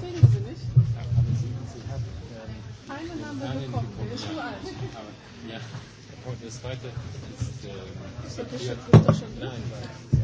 kriegen sie nicht. Eine haben wir bekommen, der ist uralt. Ja, und das zweite ist... Äh, ist der Tisch, das ist doch schon drin. Nein,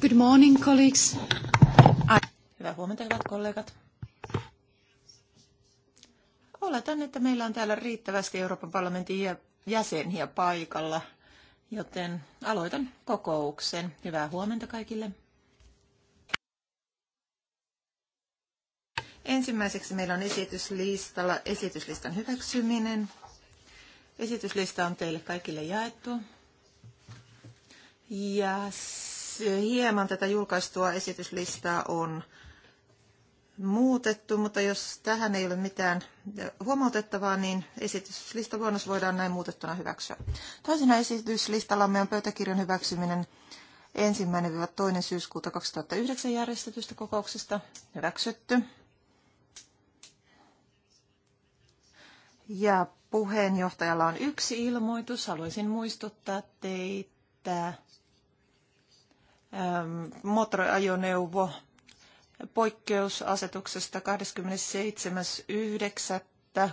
Good morning, colleagues. Hyvää huomenta, hyvät kollegat. Oletan, että meillä on täällä riittävästi Euroopan parlamentin jäseniä paikalla, joten aloitan kokouksen. Hyvää huomenta kaikille. Ensimmäiseksi meillä on esityslistalla esityslistan hyväksyminen. Esityslista on teille kaikille jaettu. Ja hieman tätä julkaistua esityslistaa on muutettu, mutta jos tähän ei ole mitään huomautettavaa, niin esityslistaluonnos voidaan näin muutettuna hyväksyä. Toisena esityslistallamme on pöytäkirjan hyväksyminen ensimmäinen toinen syyskuuta 2009 järjestetystä kokouksesta hyväksytty. Ja puheenjohtajalla on yksi ilmoitus. Haluaisin muistuttaa teitä että ähm, moottoriajoneuvo poikkeusasetuksesta 27.9.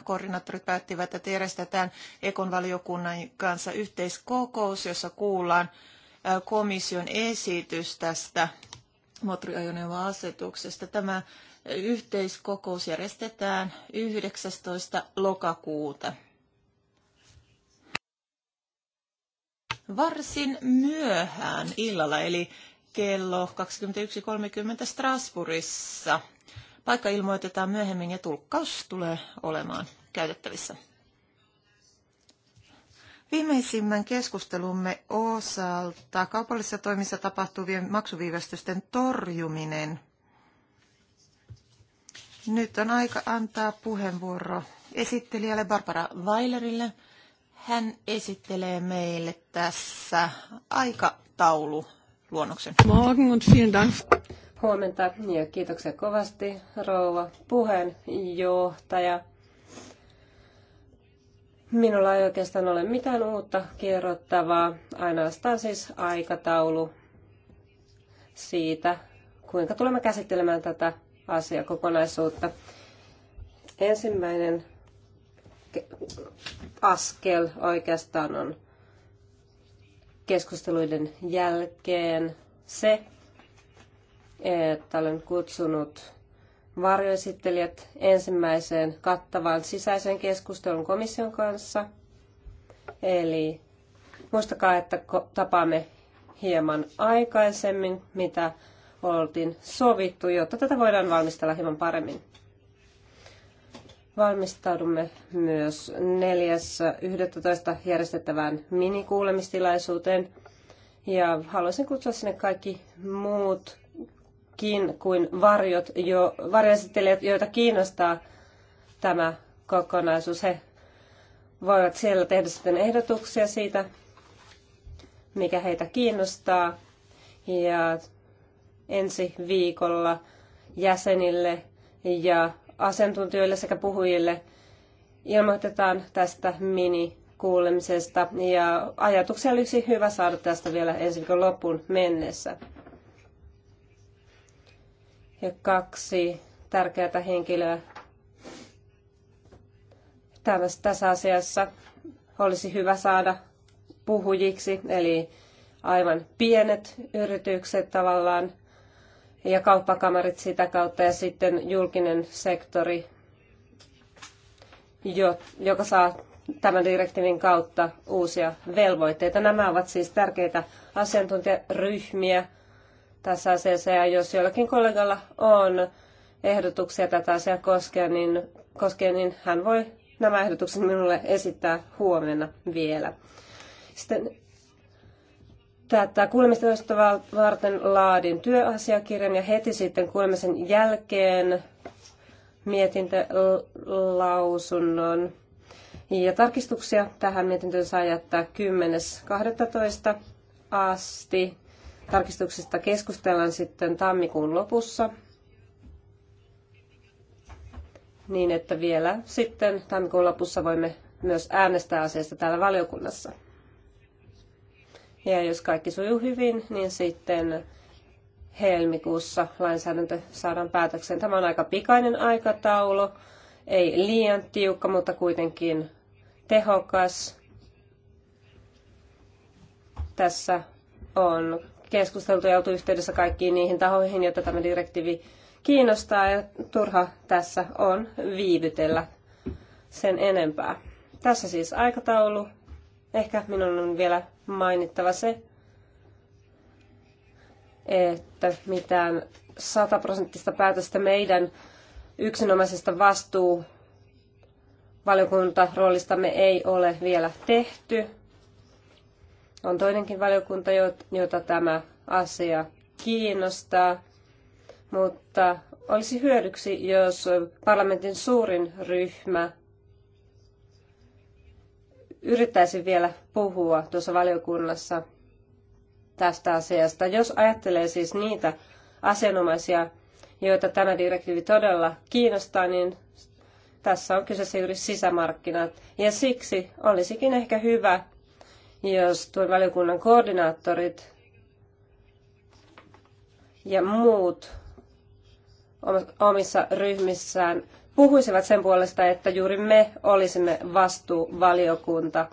koordinaattorit päättivät, että järjestetään Ekon valiokunnan kanssa yhteiskokous, jossa kuullaan äh, komission esitys tästä moottoriajoneuvoasetuksesta. Tämä yhteiskokous järjestetään 19. lokakuuta. varsin myöhään illalla, eli kello 21.30 Strasbourgissa. Paikka ilmoitetaan myöhemmin ja tulkkaus tulee olemaan käytettävissä. Viimeisimmän keskustelumme osalta kaupallisissa toimissa tapahtuvien maksuviivästysten torjuminen. Nyt on aika antaa puheenvuoro esittelijälle Barbara Weilerille. Hän esittelee meille tässä aikataulu luonnoksen. Morgen und vielen Dank. Huomenta ja kiitoksia kovasti rouva puheenjohtaja. Minulla ei oikeastaan ole mitään uutta kerrottavaa, ainoastaan siis aikataulu siitä, kuinka tulemme käsittelemään tätä asiakokonaisuutta. Ensimmäinen askel oikeastaan on keskusteluiden jälkeen se, että olen kutsunut varjoesittelijät ensimmäiseen kattavaan sisäiseen keskustelun komission kanssa. Eli muistakaa, että tapaamme hieman aikaisemmin, mitä oltiin sovittu, jotta tätä voidaan valmistella hieman paremmin valmistaudumme myös 4.11. järjestettävään minikuulemistilaisuuteen. Ja haluaisin kutsua sinne kaikki muutkin kuin varjot, jo, varjoesittelijät, joita kiinnostaa tämä kokonaisuus. He voivat siellä tehdä sitten ehdotuksia siitä, mikä heitä kiinnostaa. Ja ensi viikolla jäsenille ja asiantuntijoille sekä puhujille ilmoitetaan tästä minikuulemisesta ja ajatuksia olisi hyvä saada tästä vielä ensi viikon loppuun mennessä. Ja kaksi tärkeää henkilöä tässä asiassa olisi hyvä saada puhujiksi, eli aivan pienet yritykset tavallaan ja kauppakamarit sitä kautta ja sitten julkinen sektori, joka saa tämän direktiivin kautta uusia velvoitteita. Nämä ovat siis tärkeitä asiantuntijaryhmiä tässä asiassa ja jos jollakin kollegalla on ehdotuksia tätä asiaa koskien, niin, niin hän voi nämä ehdotukset minulle esittää huomenna vielä. Sitten Tätä kuulemista varten laadin työasiakirjan ja heti sitten kuulemisen jälkeen mietintölausunnon. Ja tarkistuksia tähän mietintöön saa jättää 10.12. asti. Tarkistuksista keskustellaan sitten tammikuun lopussa. Niin, että vielä sitten tammikuun lopussa voimme myös äänestää asiasta täällä valiokunnassa. Ja jos kaikki sujuu hyvin, niin sitten helmikuussa lainsäädäntö saadaan päätökseen. Tämä on aika pikainen aikataulu, ei liian tiukka, mutta kuitenkin tehokas. Tässä on keskusteltu ja oltu yhteydessä kaikkiin niihin tahoihin, joita tämä direktiivi kiinnostaa ja turha tässä on viivytellä sen enempää. Tässä siis aikataulu Ehkä minun on vielä mainittava se, että mitään sataprosenttista päätöstä meidän yksinomaisesta vastuu valiokuntaroolistamme ei ole vielä tehty. On toinenkin valiokunta, jota tämä asia kiinnostaa, mutta olisi hyödyksi, jos parlamentin suurin ryhmä yrittäisin vielä puhua tuossa valiokunnassa tästä asiasta. Jos ajattelee siis niitä asianomaisia, joita tämä direktiivi todella kiinnostaa, niin tässä on kyseessä juuri sisämarkkinat. Ja siksi olisikin ehkä hyvä, jos tuon valiokunnan koordinaattorit ja muut omissa ryhmissään puhuisivat sen puolesta, että juuri me olisimme vastuuvaliokunta,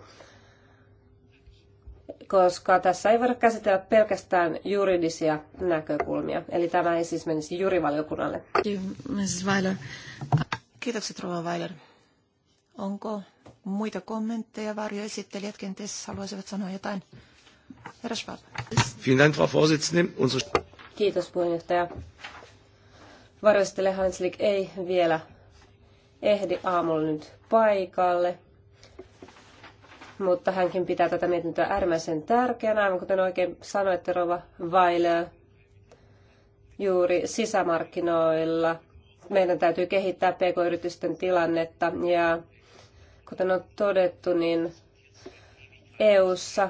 koska tässä ei voida käsitellä pelkästään juridisia näkökulmia. Eli tämä ei siis menisi jurivaliokunnalle. Kiitokset, Rova Weiler. Onko muita kommentteja? Varjoesittelijät kenties haluaisivat sanoa jotain. Herra Schwab. Kiitos puheenjohtaja. Varjostele Hanslik ei vielä ehdi aamulla nyt paikalle, mutta hänkin pitää tätä mietintöä äärimmäisen tärkeänä, aivan kuten oikein sanoitte, Rova Weiler, juuri sisämarkkinoilla. Meidän täytyy kehittää pk-yritysten tilannetta ja kuten on todettu, niin EU-ssa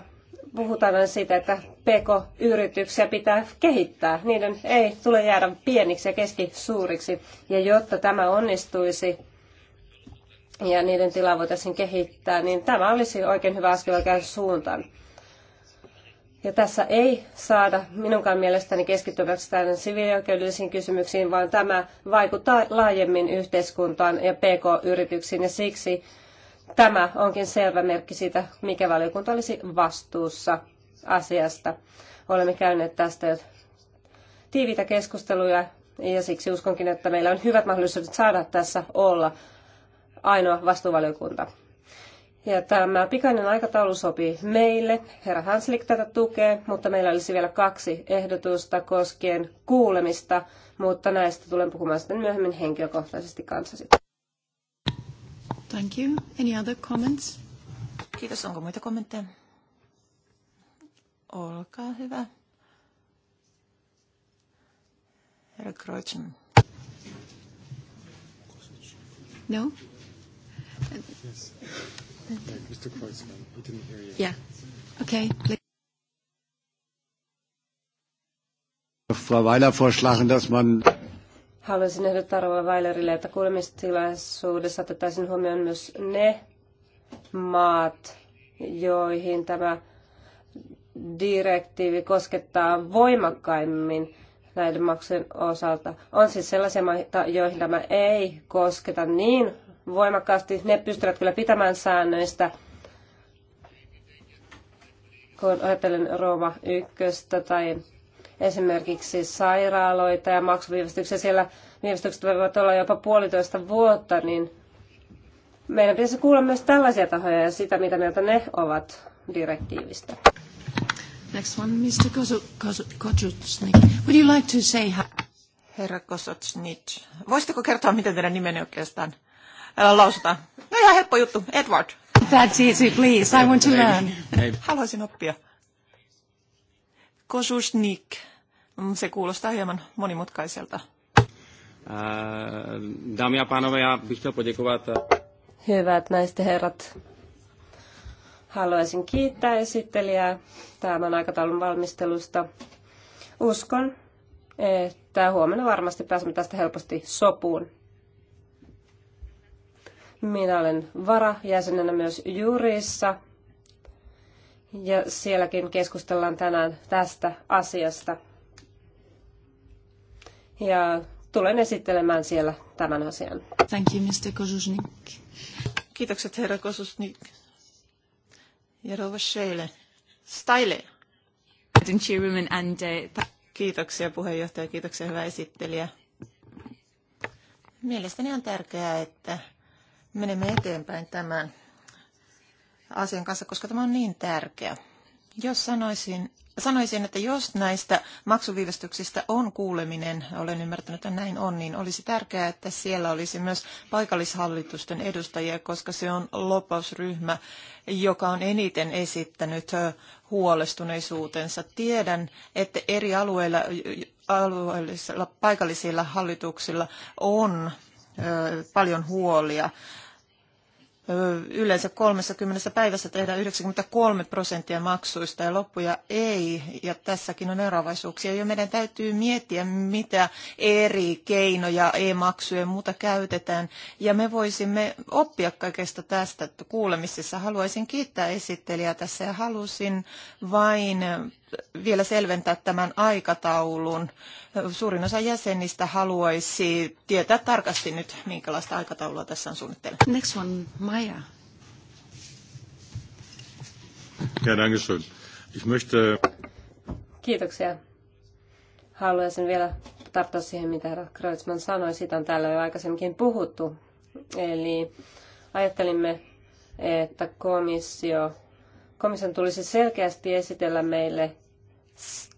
puhutaan aina siitä, että PK-yrityksiä pitää kehittää. Niiden ei tule jäädä pieniksi ja keskisuuriksi. Ja jotta tämä onnistuisi, ja niiden tilaa voitaisiin kehittää, niin tämä olisi oikein hyvä askel oikeaan suuntaan. Ja tässä ei saada minunkaan mielestäni keskittyväksi tämän siviilioikeudellisiin kysymyksiin, vaan tämä vaikuttaa laajemmin yhteiskuntaan ja pk-yrityksiin, ja siksi tämä onkin selvä merkki siitä, mikä valiokunta olisi vastuussa asiasta. Olemme käyneet tästä jo tiiviitä keskusteluja, ja siksi uskonkin, että meillä on hyvät mahdollisuudet saada tässä olla ainoa vastuuvaliokunta. Ja tämä pikainen aikataulu sopii meille. Herra Hanslik tätä tukee, mutta meillä olisi vielä kaksi ehdotusta koskien kuulemista, mutta näistä tulen puhumaan sitten myöhemmin henkilökohtaisesti kanssasi. Thank you. Any other comments? Kiitos. Onko muita kommentteja? Olkaa hyvä. Herra Kreutschen. No? Yeah. Okay. Frau Weiler vorschlagen, dass man Haluaisin ehdottaa Rova Weilerille, että kuulemistilaisuudessa otettaisiin huomioon myös ne maat, joihin tämä direktiivi koskettaa voimakkaimmin näiden maksujen osalta. On siis sellaisia maita, joihin tämä ei kosketa niin voimakkaasti. Ne pystyvät kyllä pitämään säännöistä. Kun ajattelen Rooma ykköstä tai esimerkiksi sairaaloita ja maksuviivästyksiä, siellä viivästykset voivat olla jopa puolitoista vuotta, niin meidän pitäisi kuulla myös tällaisia tahoja ja sitä, mitä mieltä ne ovat direktiivistä. Next one, Mr. Kozutsnik. Would you like to say how... Herra Kozutsnik, voisitteko kertoa, miten teidän nimenne oikeastaan lausuta. No ihan helppo juttu. Edward. That's easy, please. I want to learn. Haluaisin oppia. Kosusnik. Mm, se kuulostaa hieman monimutkaiselta. Äh, dámy ja pánové, já bych eh, Hyvät naiset herrat, haluaisin kiittää esittelijää tämän aikataulun valmistelusta. Uskon, että huomenna varmasti pääsemme tästä helposti sopuun. Minä olen varajäsenenä myös jurissa ja sielläkin keskustellaan tänään tästä asiasta. Ja tulen esittelemään siellä tämän asian. Thank you, Mr. Kosusnik. Kiitokset, herra Kosusnik. Ja rouva Sheile. Style. Uh, kiitoksia puheenjohtaja, kiitoksia hyvä esittelijä. Mielestäni on tärkeää, että menemme eteenpäin tämän asian kanssa, koska tämä on niin tärkeä. Jos sanoisin, sanoisin, että jos näistä maksuviivästyksistä on kuuleminen, olen ymmärtänyt, että näin on, niin olisi tärkeää, että siellä olisi myös paikallishallitusten edustajia, koska se on lopausryhmä, joka on eniten esittänyt huolestuneisuutensa. Tiedän, että eri alueilla, alueilla paikallisilla hallituksilla on paljon huolia yleensä 30 päivässä tehdään 93 prosenttia maksuista ja loppuja ei. Ja tässäkin on eroavaisuuksia. Ja meidän täytyy miettiä, mitä eri keinoja, e-maksuja ja muuta käytetään. Ja me voisimme oppia kaikesta tästä kuulemisessa. Haluaisin kiittää esittelijää tässä ja halusin vain vielä selventää tämän aikataulun. Suurin osa jäsenistä haluaisi tietää tarkasti nyt, minkälaista aikataulua tässä on suunnitteilla. Next one, Maja. Ja, danke Ich möchte... Kiitoksia. Haluaisin vielä tarttua siihen, mitä herra Kreutzmann sanoi. Siitä on täällä jo aikaisemminkin puhuttu. Eli ajattelimme, että komissio komission tulisi selkeästi esitellä meille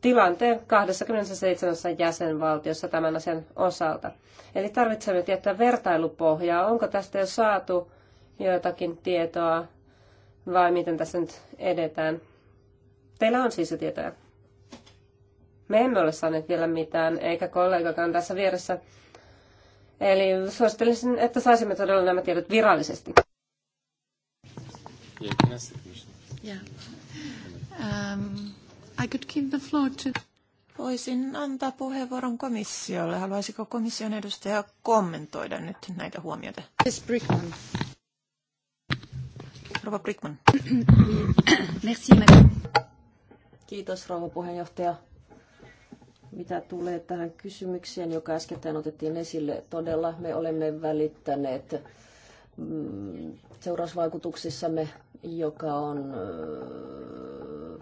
tilanteen 27 jäsenvaltiossa tämän asian osalta. Eli tarvitsemme tiettyä vertailupohjaa. Onko tästä jo saatu joitakin tietoa vai miten tässä nyt edetään? Teillä on siis jo tietoja. Me emme ole saaneet vielä mitään, eikä kollegakaan tässä vieressä. Eli suosittelisin, että saisimme todella nämä tiedot virallisesti. Yeah, Yeah. Um, I could give the floor to... Voisin antaa puheenvuoron komissiolle. Haluaisiko komission edustaja kommentoida nyt näitä huomioita? Yes, Brickman. Rova Brickman. Merci, Kiitos, rouva puheenjohtaja. Mitä tulee tähän kysymykseen, joka äsken otettiin esille, todella me olemme välittäneet mm, seurausvaikutuksissamme joka on,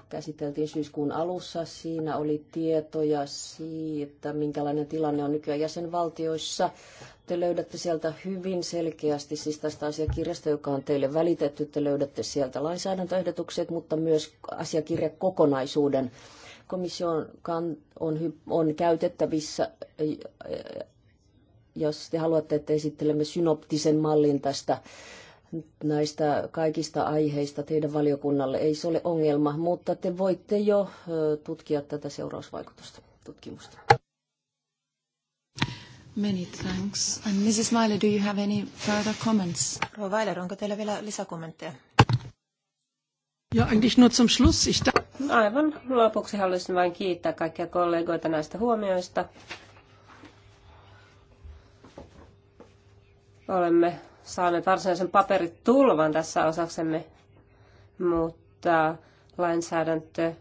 käsiteltiin syyskuun alussa. Siinä oli tietoja siitä, minkälainen tilanne on nykyään jäsenvaltioissa. Te löydätte sieltä hyvin selkeästi, siis tästä asiakirjasta, joka on teille välitetty, te löydätte sieltä lainsäädäntöehdotukset, mutta myös asiakirjakokonaisuuden. Komissio on, on, on käytettävissä jos te haluatte, että esittelemme synoptisen mallin tästä näistä kaikista aiheista teidän valiokunnalle. Ei se ole ongelma, mutta te voitte jo tutkia tätä seurausvaikutusta, tutkimusta. Many thanks. And Mrs. Miley, do you have any further comments? Frau Weiler, onko teillä vielä lisäkommentteja? Ja eigentlich nur zum Schluss. Ich no, Aivan lopuksi haluaisin vain kiittää kaikkia kollegoita näistä huomioista. Olemme saaneet varsinaisen paperitulvan tässä osaksemme, mutta lainsäädäntö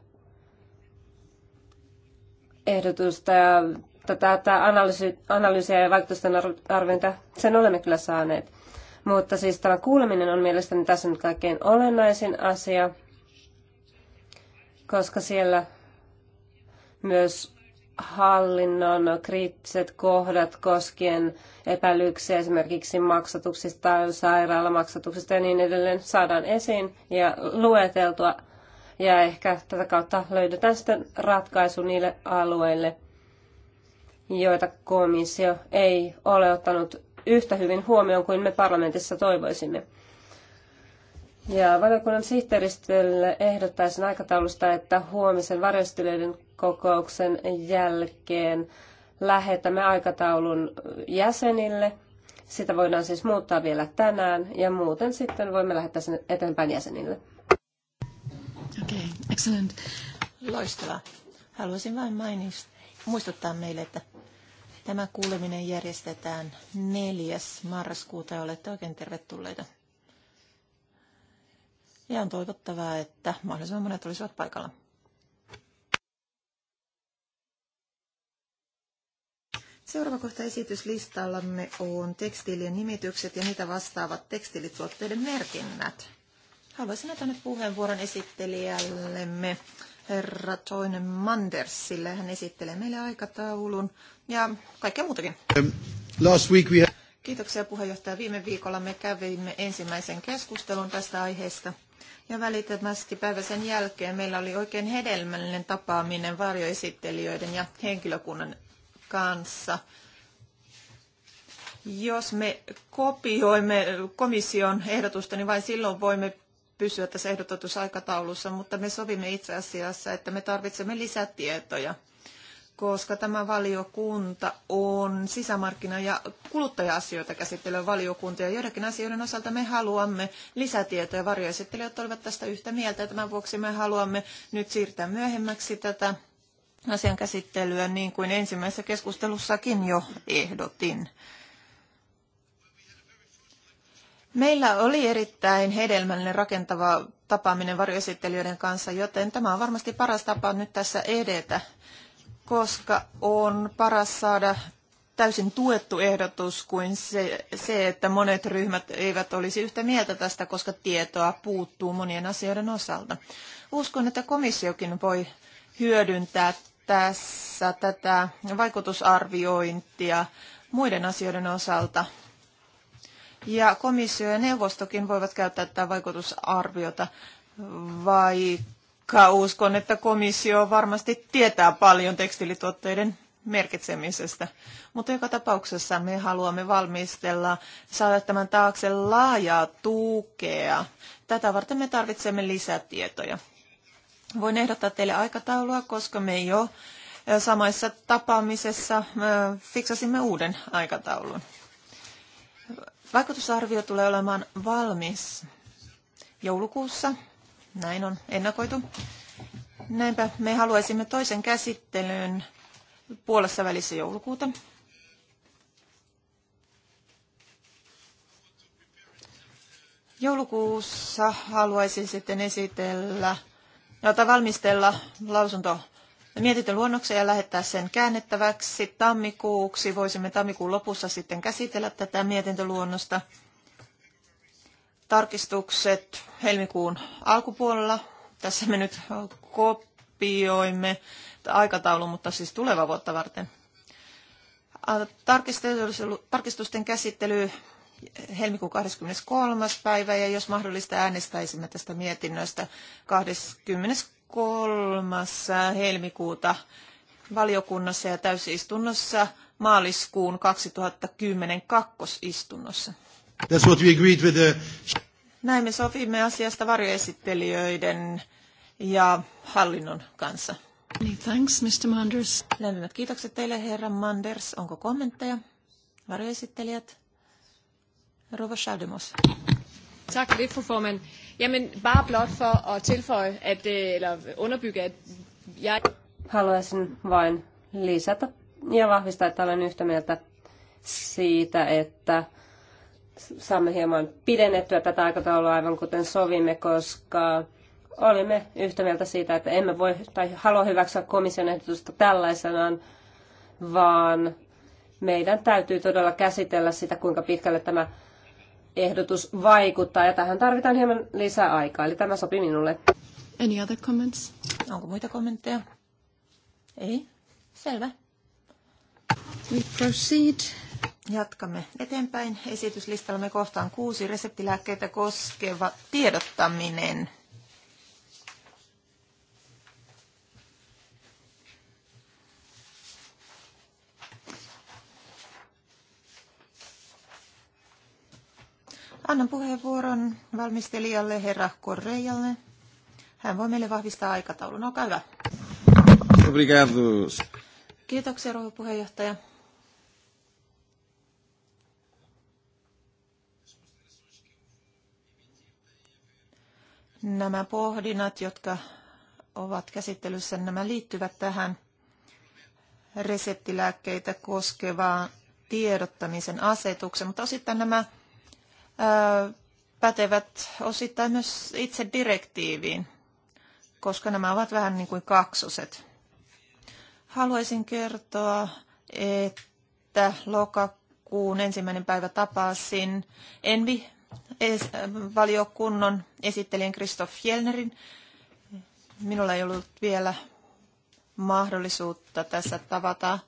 ehdotusta ja tätä, tätä analyysi, analyysiä ja vaikutusten arviointia, sen olemme kyllä saaneet. Mutta siis tämä kuuleminen on mielestäni tässä nyt kaikkein olennaisin asia, koska siellä myös hallinnon kriittiset kohdat koskien epäilyksiä esimerkiksi maksatuksista, sairaalamaksatuksista ja niin edelleen saadaan esiin ja lueteltua. Ja ehkä tätä kautta löydetään sitten ratkaisu niille alueille, joita komissio ei ole ottanut yhtä hyvin huomioon kuin me parlamentissa toivoisimme. Ja valiokunnan sihteeristölle ehdottaisin aikataulusta, että huomisen varjostyleiden kokouksen jälkeen lähetämme aikataulun jäsenille. Sitä voidaan siis muuttaa vielä tänään ja muuten sitten voimme lähettää sen eteenpäin jäsenille. Okei, okay, excellent. Loistavaa. Haluaisin vain mainista, muistuttaa meille, että tämä kuuleminen järjestetään 4. marraskuuta ja olette oikein tervetulleita ja on toivottavaa, että mahdollisimman monet olisivat paikalla. Seuraava kohta esityslistallamme on tekstiilien nimitykset ja niitä vastaavat tekstiilituotteiden merkinnät. Haluaisin antaa nyt puheenvuoron esittelijällemme herra Toinen Mandersille. Hän esittelee meille aikataulun ja kaikkea muutakin. Um, last week we had... Kiitoksia puheenjohtaja. Viime viikolla me kävimme ensimmäisen keskustelun tästä aiheesta. Ja välittömästi päivä sen jälkeen meillä oli oikein hedelmällinen tapaaminen varjoesittelijöiden ja henkilökunnan kanssa. Jos me kopioimme komission ehdotusta, niin vain silloin voimme pysyä tässä ehdotetussa aikataulussa, mutta me sovimme itse asiassa, että me tarvitsemme lisätietoja – koska tämä valiokunta on sisämarkkina- ja kuluttaja-asioita käsittelevä valiokunta, ja joidenkin asioiden osalta me haluamme lisätietoja. Varjoesittelijät olivat tästä yhtä mieltä, ja tämän vuoksi me haluamme nyt siirtää myöhemmäksi tätä asian käsittelyä, niin kuin ensimmäisessä keskustelussakin jo ehdotin. Meillä oli erittäin hedelmällinen rakentava tapaaminen varjoesittelijöiden kanssa, joten tämä on varmasti paras tapa nyt tässä edetä koska on paras saada täysin tuettu ehdotus kuin se, se, että monet ryhmät eivät olisi yhtä mieltä tästä, koska tietoa puuttuu monien asioiden osalta. Uskon, että komissiokin voi hyödyntää tässä tätä vaikutusarviointia muiden asioiden osalta. Ja komissio ja neuvostokin voivat käyttää tätä vaikutusarviota, vai vaikka uskon, että komissio varmasti tietää paljon tekstiilituotteiden merkitsemisestä. Mutta joka tapauksessa me haluamme valmistella, saada tämän taakse laajaa tukea. Tätä varten me tarvitsemme lisätietoja. Voin ehdottaa teille aikataulua, koska me jo samaissa tapaamisessa fiksasimme uuden aikataulun. Vaikutusarvio tulee olemaan valmis joulukuussa näin on ennakoitu. Näinpä me haluaisimme toisen käsittelyn puolessa välissä joulukuuta. Joulukuussa haluaisin sitten esitellä tai valmistella lausunto mietintöluonnoksen ja lähettää sen käännettäväksi tammikuuksi. Voisimme tammikuun lopussa sitten käsitellä tätä mietintöluonnosta tarkistukset helmikuun alkupuolella. Tässä me nyt kopioimme aikataulun, mutta siis tuleva vuotta varten. Tarkistusten käsittely helmikuun 23. päivä ja jos mahdollista äänestäisimme tästä mietinnöstä 23. helmikuuta valiokunnassa ja täysistunnossa maaliskuun 2010 kakkosistunnossa. That's what we agreed with the... Näin me sovimme asiasta varjoesittelijöiden ja hallinnon kanssa. Many thanks, Mr. Manders. Lämpimät kiitokset teille, herra Manders. Onko kommentteja? Varjoesittelijät? Rova Schaldemos. Tak for det, fru formand. Jamen, bare blot for at tilføje, at, øh, eller underbygge, at jeg... Haluaisin vain lisätä ja vahvistaa, että olen yhtä mieltä siitä, että saamme hieman pidennettyä tätä aikataulua aivan kuten sovimme, koska olimme yhtä mieltä siitä, että emme voi tai halua hyväksyä komission ehdotusta tällaisenaan, vaan meidän täytyy todella käsitellä sitä, kuinka pitkälle tämä ehdotus vaikuttaa, ja tähän tarvitaan hieman lisää aikaa, eli tämä sopii minulle. Any other comments? Onko muita kommentteja? Ei? Selvä. We proceed Jatkamme eteenpäin. Esityslistallamme kohtaan kuusi reseptilääkkeitä koskeva tiedottaminen. Annan puheenvuoron valmistelijalle herra Correalle. Hän voi meille vahvistaa aikataulun. Olkaa hyvä. Obrigado. Kiitoksia, rouva puheenjohtaja. Nämä pohdinnat, jotka ovat käsittelyssä, nämä liittyvät tähän reseptilääkkeitä koskevaan tiedottamisen asetuksen, mutta osittain nämä ö, pätevät osittain myös itse direktiiviin, koska nämä ovat vähän niin kuin kaksoset. Haluaisin kertoa, että lokakuun ensimmäinen päivä tapasin Envi valiokunnan esittelijän Kristoff Fjellnerin. Minulla ei ollut vielä mahdollisuutta tässä tavata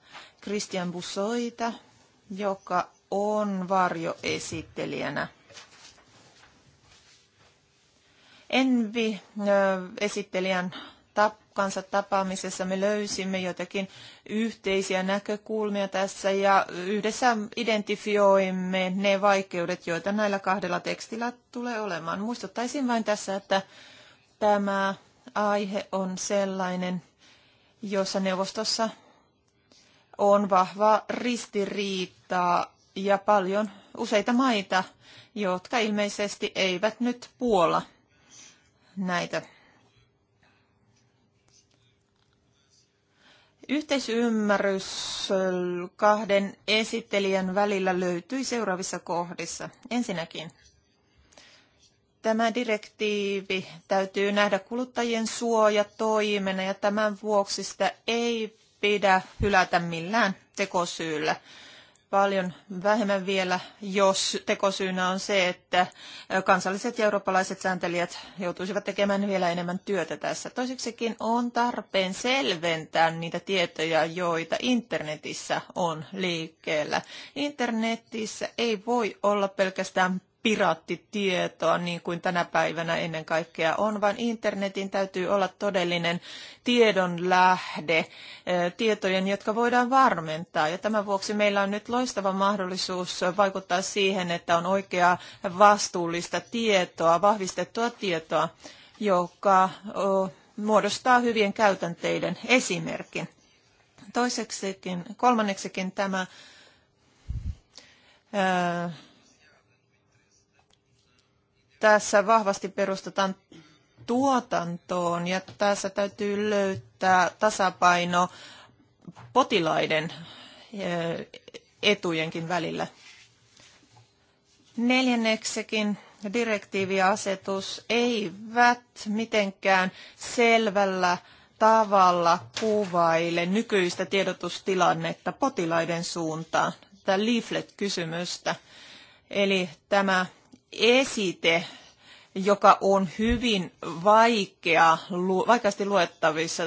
Christian Busoita, joka on varjoesittelijänä. Envi-esittelijän kanssa tapaamisessa me löysimme jotakin yhteisiä näkökulmia tässä ja yhdessä identifioimme ne vaikeudet, joita näillä kahdella tekstillä tulee olemaan. Muistuttaisin vain tässä, että tämä aihe on sellainen, jossa neuvostossa on vahva ristiriitaa ja paljon useita maita, jotka ilmeisesti eivät nyt puola näitä Yhteisymmärrys kahden esittelijän välillä löytyi seuraavissa kohdissa. Ensinnäkin tämä direktiivi täytyy nähdä kuluttajien suoja toimena ja tämän vuoksi sitä ei pidä hylätä millään tekosyyllä paljon vähemmän vielä, jos tekosyynä on se, että kansalliset ja eurooppalaiset sääntelijät joutuisivat tekemään vielä enemmän työtä tässä. Toiseksikin on tarpeen selventää niitä tietoja, joita internetissä on liikkeellä. Internetissä ei voi olla pelkästään piraattitietoa, niin kuin tänä päivänä ennen kaikkea on, vaan internetin täytyy olla todellinen tiedon lähde, eh, tietojen, jotka voidaan varmentaa. Ja tämän vuoksi meillä on nyt loistava mahdollisuus vaikuttaa siihen, että on oikeaa vastuullista tietoa, vahvistettua tietoa, joka muodostaa hyvien käytänteiden esimerkin. Toiseksikin, kolmanneksikin tämä ää, eh, tässä vahvasti perustetaan tuotantoon ja tässä täytyy löytää tasapaino potilaiden etujenkin välillä. Neljänneksikin direktiivi ja asetus eivät mitenkään selvällä tavalla kuvaile nykyistä tiedotustilannetta potilaiden suuntaan, tämä leaflet-kysymystä. Eli tämä esite, joka on hyvin vaikea, vaikeasti luettavissa,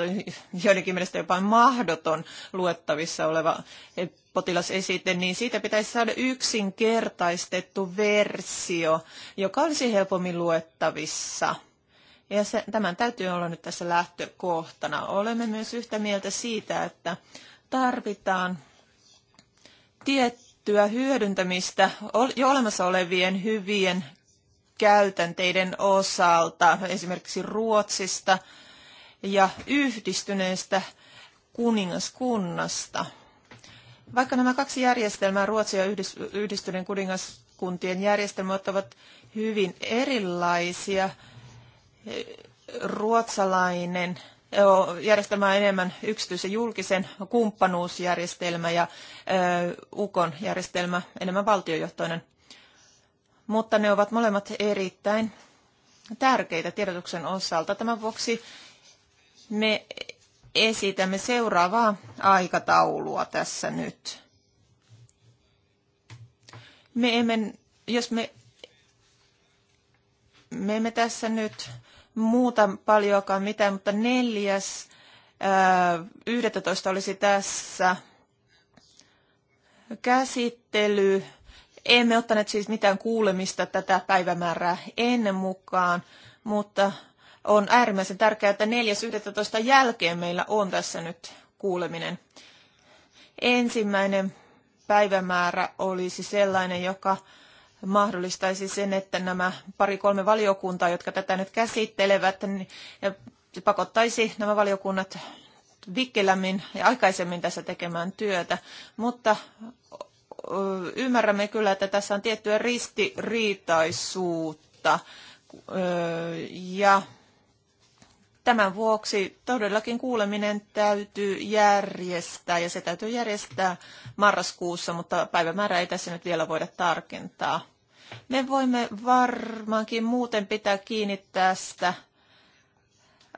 joidenkin mielestä jopa mahdoton luettavissa oleva eh, potilasesite, niin siitä pitäisi saada yksinkertaistettu versio, joka olisi helpommin luettavissa. Ja se, tämän täytyy olla nyt tässä lähtökohtana. Olemme myös yhtä mieltä siitä, että tarvitaan tiet, kehitettyä hyödyntämistä jo olemassa olevien hyvien käytänteiden osalta, esimerkiksi Ruotsista ja yhdistyneestä kuningaskunnasta. Vaikka nämä kaksi järjestelmää, Ruotsi ja yhdistyneen kuningaskuntien järjestelmä, ovat hyvin erilaisia, eh, ruotsalainen – järjestelmä on enemmän yksityisen julkisen kumppanuusjärjestelmä ja UKon järjestelmä enemmän valtiojohtoinen. Mutta ne ovat molemmat erittäin tärkeitä tiedotuksen osalta. Tämän vuoksi me esitämme seuraavaa aikataulua tässä nyt. Me emme, jos me, me emme tässä nyt muuta paljonkaan mitään, mutta neljäs 11 olisi tässä käsittely. Emme ottaneet siis mitään kuulemista tätä päivämäärää ennen mukaan, mutta on äärimmäisen tärkeää, että 4.11. jälkeen meillä on tässä nyt kuuleminen. Ensimmäinen päivämäärä olisi sellainen, joka mahdollistaisi sen, että nämä pari-kolme valiokuntaa, jotka tätä nyt käsittelevät, niin pakottaisi nämä valiokunnat vikkelämmin ja aikaisemmin tässä tekemään työtä, mutta ymmärrämme kyllä, että tässä on tiettyä ristiriitaisuutta ja tämän vuoksi todellakin kuuleminen täytyy järjestää ja se täytyy järjestää marraskuussa, mutta päivämäärää ei tässä nyt vielä voida tarkentaa. Me voimme varmaankin muuten pitää kiinni tästä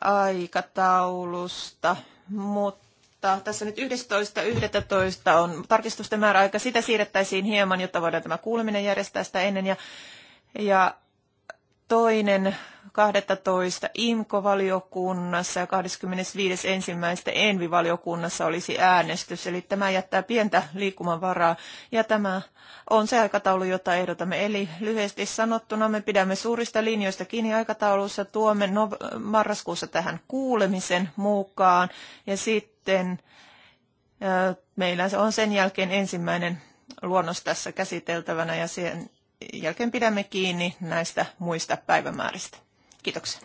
aikataulusta, mutta tässä nyt 11.11. on tarkistusten määräaika. Sitä siirrettäisiin hieman, jotta voidaan tämä kuuleminen järjestää sitä ennen. Ja, ja toinen 12. IMKO-valiokunnassa ja 25.1. ENVI-valiokunnassa olisi äänestys. Eli tämä jättää pientä liikkumavaraa ja tämä on se aikataulu, jota ehdotamme. Eli lyhyesti sanottuna me pidämme suurista linjoista kiinni aikataulussa, tuomme marraskuussa tähän kuulemisen mukaan ja sitten meillä on sen jälkeen ensimmäinen luonnos tässä käsiteltävänä ja sen jälkeen pidämme kiinni näistä muista päivämääristä. Kiitoksia.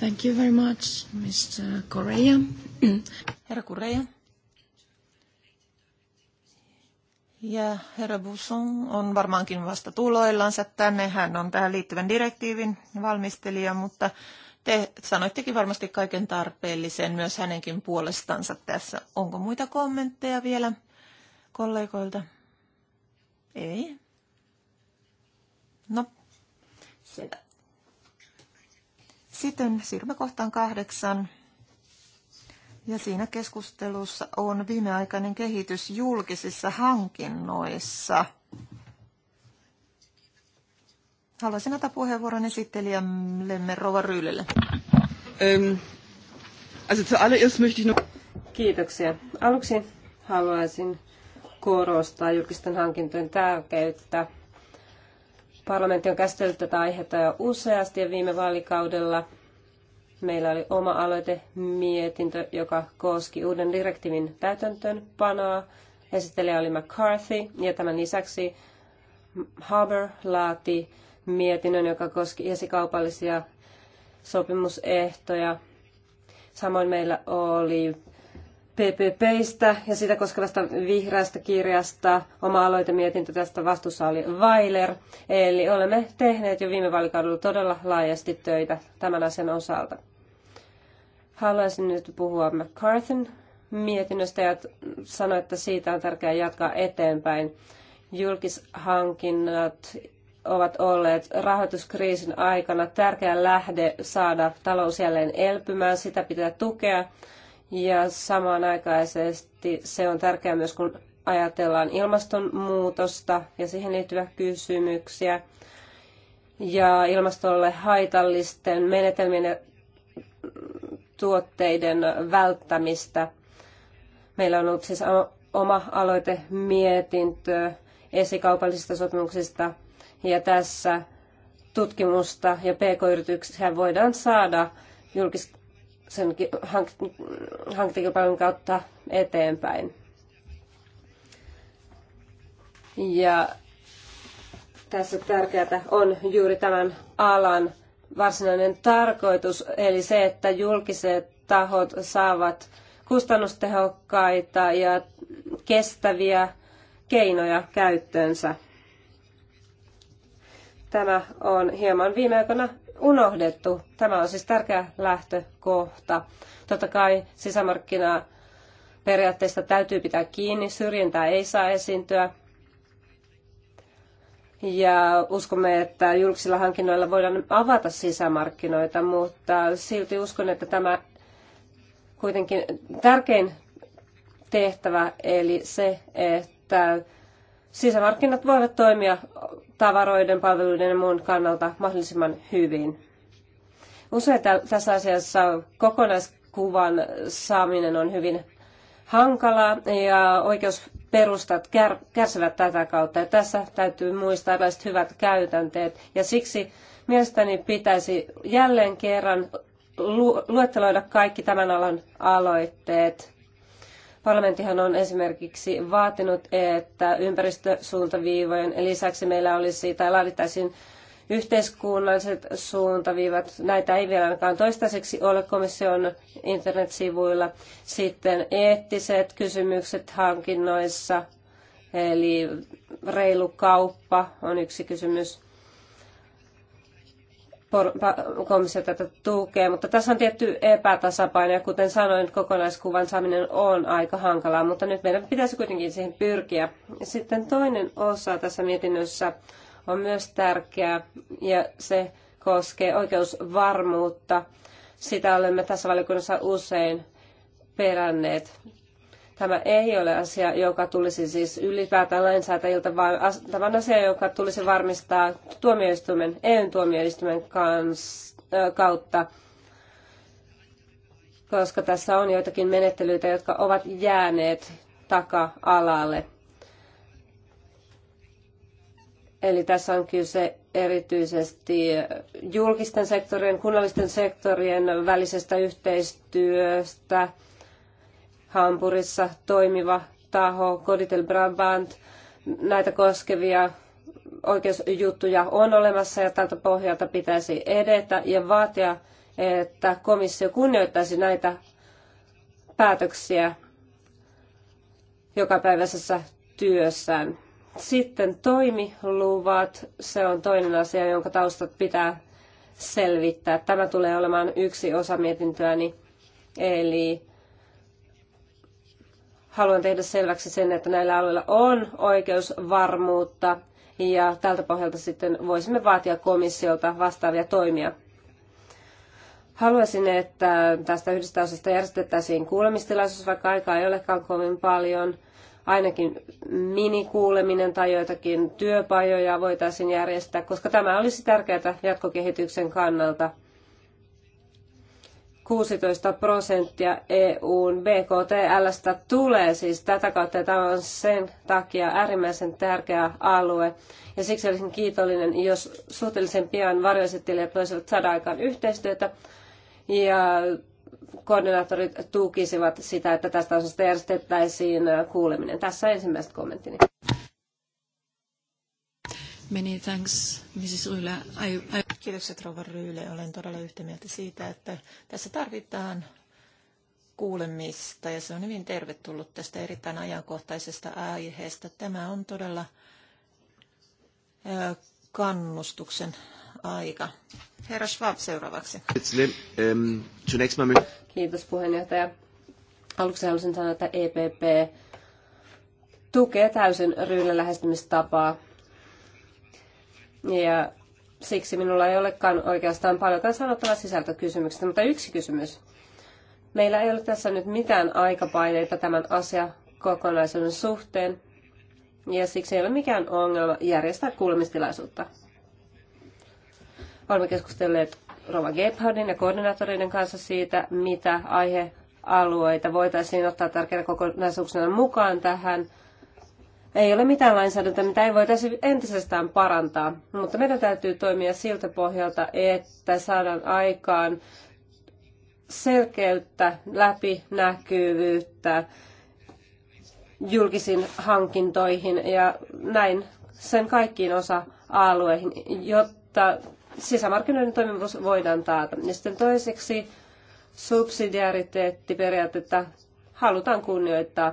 Thank you very much, Mr. Correa. Herra Correa. Ja herra Busson on varmaankin vasta tuloillansa tänne. Hän on tähän liittyvän direktiivin valmistelija, mutta te sanoittekin varmasti kaiken tarpeellisen myös hänenkin puolestansa tässä. Onko muita kommentteja vielä kollegoilta? Ei. No, selvä. Sitten siirrymme kohtaan kahdeksan. Ja siinä keskustelussa on viimeaikainen kehitys julkisissa hankinnoissa. Haluaisin ottaa puheenvuoron esittelijällemme Rova Ryylille. Ähm, Kiitoksia. Aluksi haluaisin korostaa julkisten hankintojen tärkeyttä Parlamentti on käsitellyt tätä aihetta jo useasti ja viime vaalikaudella meillä oli oma aloite mietintö, joka koski uuden direktiivin täytäntöönpanoa. Esittelijä oli McCarthy ja tämän lisäksi Haber laati mietinnön, joka koski esikaupallisia sopimusehtoja. Samoin meillä oli PPPistä ja sitä koskevasta vihreästä kirjasta. Oma aloitemietintö tästä vastuussa oli Weiler. Eli olemme tehneet jo viime vaalikaudella todella laajasti töitä tämän asian osalta. Haluaisin nyt puhua McCarthyn mietinnöstä ja sanoa, että siitä on tärkeää jatkaa eteenpäin. Julkishankinnat ovat olleet rahoituskriisin aikana tärkeä lähde saada talous jälleen elpymään. Sitä pitää tukea ja samanaikaisesti se on tärkeää myös, kun ajatellaan ilmastonmuutosta ja siihen liittyviä kysymyksiä ja ilmastolle haitallisten menetelmien ja tuotteiden välttämistä. Meillä on ollut siis oma aloite mietintö esikaupallisista sopimuksista ja tässä tutkimusta ja pk-yrityksiä voidaan saada julkis- sen hank- hankintakilpailun kautta eteenpäin. Ja tässä tärkeää on juuri tämän alan varsinainen tarkoitus, eli se, että julkiset tahot saavat kustannustehokkaita ja kestäviä keinoja käyttöönsä. Tämä on hieman viime aikoina unohdettu. Tämä on siis tärkeä lähtökohta. Totta kai sisämarkkinaa periaatteista täytyy pitää kiinni, syrjintää ei saa esiintyä. Ja uskomme, että julkisilla hankinnoilla voidaan avata sisämarkkinoita, mutta silti uskon, että tämä kuitenkin tärkein tehtävä, eli se, että sisämarkkinat voivat toimia tavaroiden, palveluiden ja muun kannalta mahdollisimman hyvin. Usein tässä asiassa kokonaiskuvan saaminen on hyvin hankalaa ja oikeusperustat kär, kärsivät tätä kautta. Ja tässä täytyy muistaa erilaiset hyvät käytänteet ja siksi mielestäni pitäisi jälleen kerran luetteloida kaikki tämän alan aloitteet. Parlamenttihan on esimerkiksi vaatinut, että ympäristösuuntaviivojen lisäksi meillä olisi tai laadittaisiin yhteiskunnalliset suuntaviivat. Näitä ei vielä ainakaan toistaiseksi ole komission internetsivuilla. Sitten eettiset kysymykset hankinnoissa, eli reilu kauppa on yksi kysymys komissio tätä tukee, mutta tässä on tietty epätasapaino ja kuten sanoin, kokonaiskuvan saaminen on aika hankalaa, mutta nyt meidän pitäisi kuitenkin siihen pyrkiä. Sitten toinen osa tässä mietinnössä on myös tärkeä ja se koskee oikeusvarmuutta. Sitä olemme tässä valiokunnassa usein peränneet. Tämä ei ole asia, joka tulisi siis ylipäätään lainsäätäjiltä, vaan tämä on asia, joka tulisi varmistaa tuomioistuimen, EU-tuomioistuimen kans, kautta, koska tässä on joitakin menettelyitä, jotka ovat jääneet taka-alalle. Eli tässä on kyse erityisesti julkisten sektorien, kunnallisten sektorien välisestä yhteistyöstä – Hampurissa toimiva taho, Koditel Brabant, näitä koskevia oikeusjuttuja on olemassa ja tältä pohjalta pitäisi edetä ja vaatia, että komissio kunnioittaisi näitä päätöksiä jokapäiväisessä työssään. Sitten toimiluvat, se on toinen asia, jonka taustat pitää selvittää. Tämä tulee olemaan yksi osa mietintöäni, eli haluan tehdä selväksi sen, että näillä alueilla on oikeusvarmuutta ja tältä pohjalta sitten voisimme vaatia komissiolta vastaavia toimia. Haluaisin, että tästä yhdestä osasta järjestettäisiin kuulemistilaisuus, vaikka aikaa ei olekaan kovin paljon. Ainakin minikuuleminen tai joitakin työpajoja voitaisiin järjestää, koska tämä olisi tärkeää jatkokehityksen kannalta – 16 prosenttia EUn BKTLstä tulee siis tätä kautta, ja tämä on sen takia äärimmäisen tärkeä alue. Ja siksi olisin kiitollinen, jos suhteellisen pian varjoesittelijät voisivat saada aikaan yhteistyötä, ja koordinaattorit tukisivat sitä, että tästä osasta järjestettäisiin kuuleminen. Tässä ensimmäiset kommenttini. Many thanks, Mrs. Yle. I, I... Kiitokset, Rova Ryyle. Olen todella yhtä mieltä siitä, että tässä tarvitaan kuulemista ja se on hyvin tervetullut tästä erittäin ajankohtaisesta aiheesta. Tämä on todella kannustuksen aika. Herra Schwab seuraavaksi. Kiitos puheenjohtaja. Aluksi haluaisin sanoa, että EPP tukee täysin ryylän lähestymistapaa ja siksi minulla ei olekaan oikeastaan paljonkaan sanottavaa sisältökysymyksistä, mutta yksi kysymys. Meillä ei ole tässä nyt mitään aikapaineita tämän asia kokonaisuuden suhteen, ja siksi ei ole mikään ongelma järjestää kuulemistilaisuutta. Olemme keskustelleet Rova Gebhardin ja koordinaattoreiden kanssa siitä, mitä aihealueita voitaisiin ottaa tärkeänä kokonaisuuksena mukaan tähän – ei ole mitään lainsäädäntöä, mitä ei voitaisiin entisestään parantaa, mutta meidän täytyy toimia siltä pohjalta, että saadaan aikaan selkeyttä, läpinäkyvyyttä julkisiin hankintoihin ja näin sen kaikkiin osa-alueihin, jotta sisämarkkinoiden toimivuus voidaan taata. Ja sitten toiseksi subsidiariteettiperiaatetta halutaan kunnioittaa.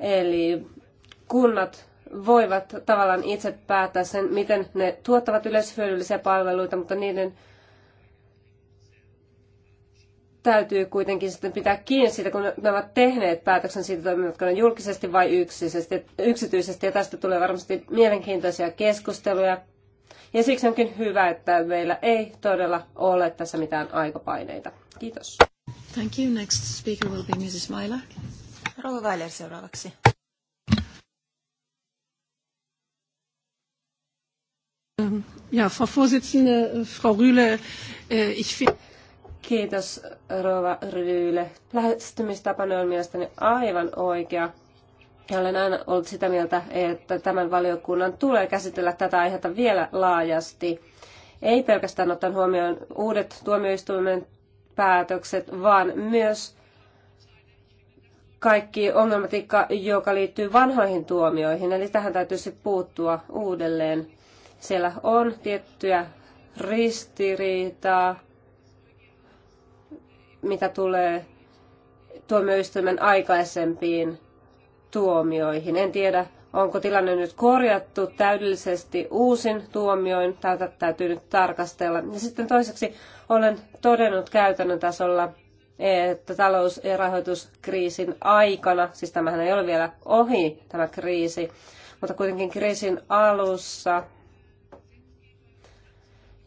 Eli kunnat voivat tavallaan itse päättää sen, miten ne tuottavat yleishyödyllisiä palveluita, mutta niiden täytyy kuitenkin sitten pitää kiinni siitä, kun ne ovat tehneet päätöksen siitä, toimivatko ne julkisesti vai yksisesti, yksityisesti. Ja tästä tulee varmasti mielenkiintoisia keskusteluja. Ja siksi onkin hyvä, että meillä ei todella ole tässä mitään aikapaineita. Kiitos. Thank you. Next speaker will be Mrs. Mailer. Rouva Weiler seuraavaksi. Ähm, ja, Frau Vorsitzende, äh, Frau Rühle, äh, ich finde... Kiitos, Rova Lähestymistapani on mielestäni aivan oikea. Ja olen aina ollut sitä mieltä, että tämän valiokunnan tulee käsitellä tätä aihetta vielä laajasti. Ei pelkästään ottaen huomioon uudet tuomioistuimen päätökset, vaan myös kaikki ongelmatiikka, joka liittyy vanhoihin tuomioihin. Eli tähän täytyisi puuttua uudelleen. Siellä on tiettyä ristiriitaa, mitä tulee tuomioistuimen aikaisempiin tuomioihin. En tiedä, onko tilanne nyt korjattu täydellisesti uusin tuomioin, tätä täytyy nyt tarkastella. Ja sitten toiseksi olen todennut käytännön tasolla, että talous- ja rahoituskriisin aikana, siis tämähän ei ole vielä ohi tämä kriisi, mutta kuitenkin kriisin alussa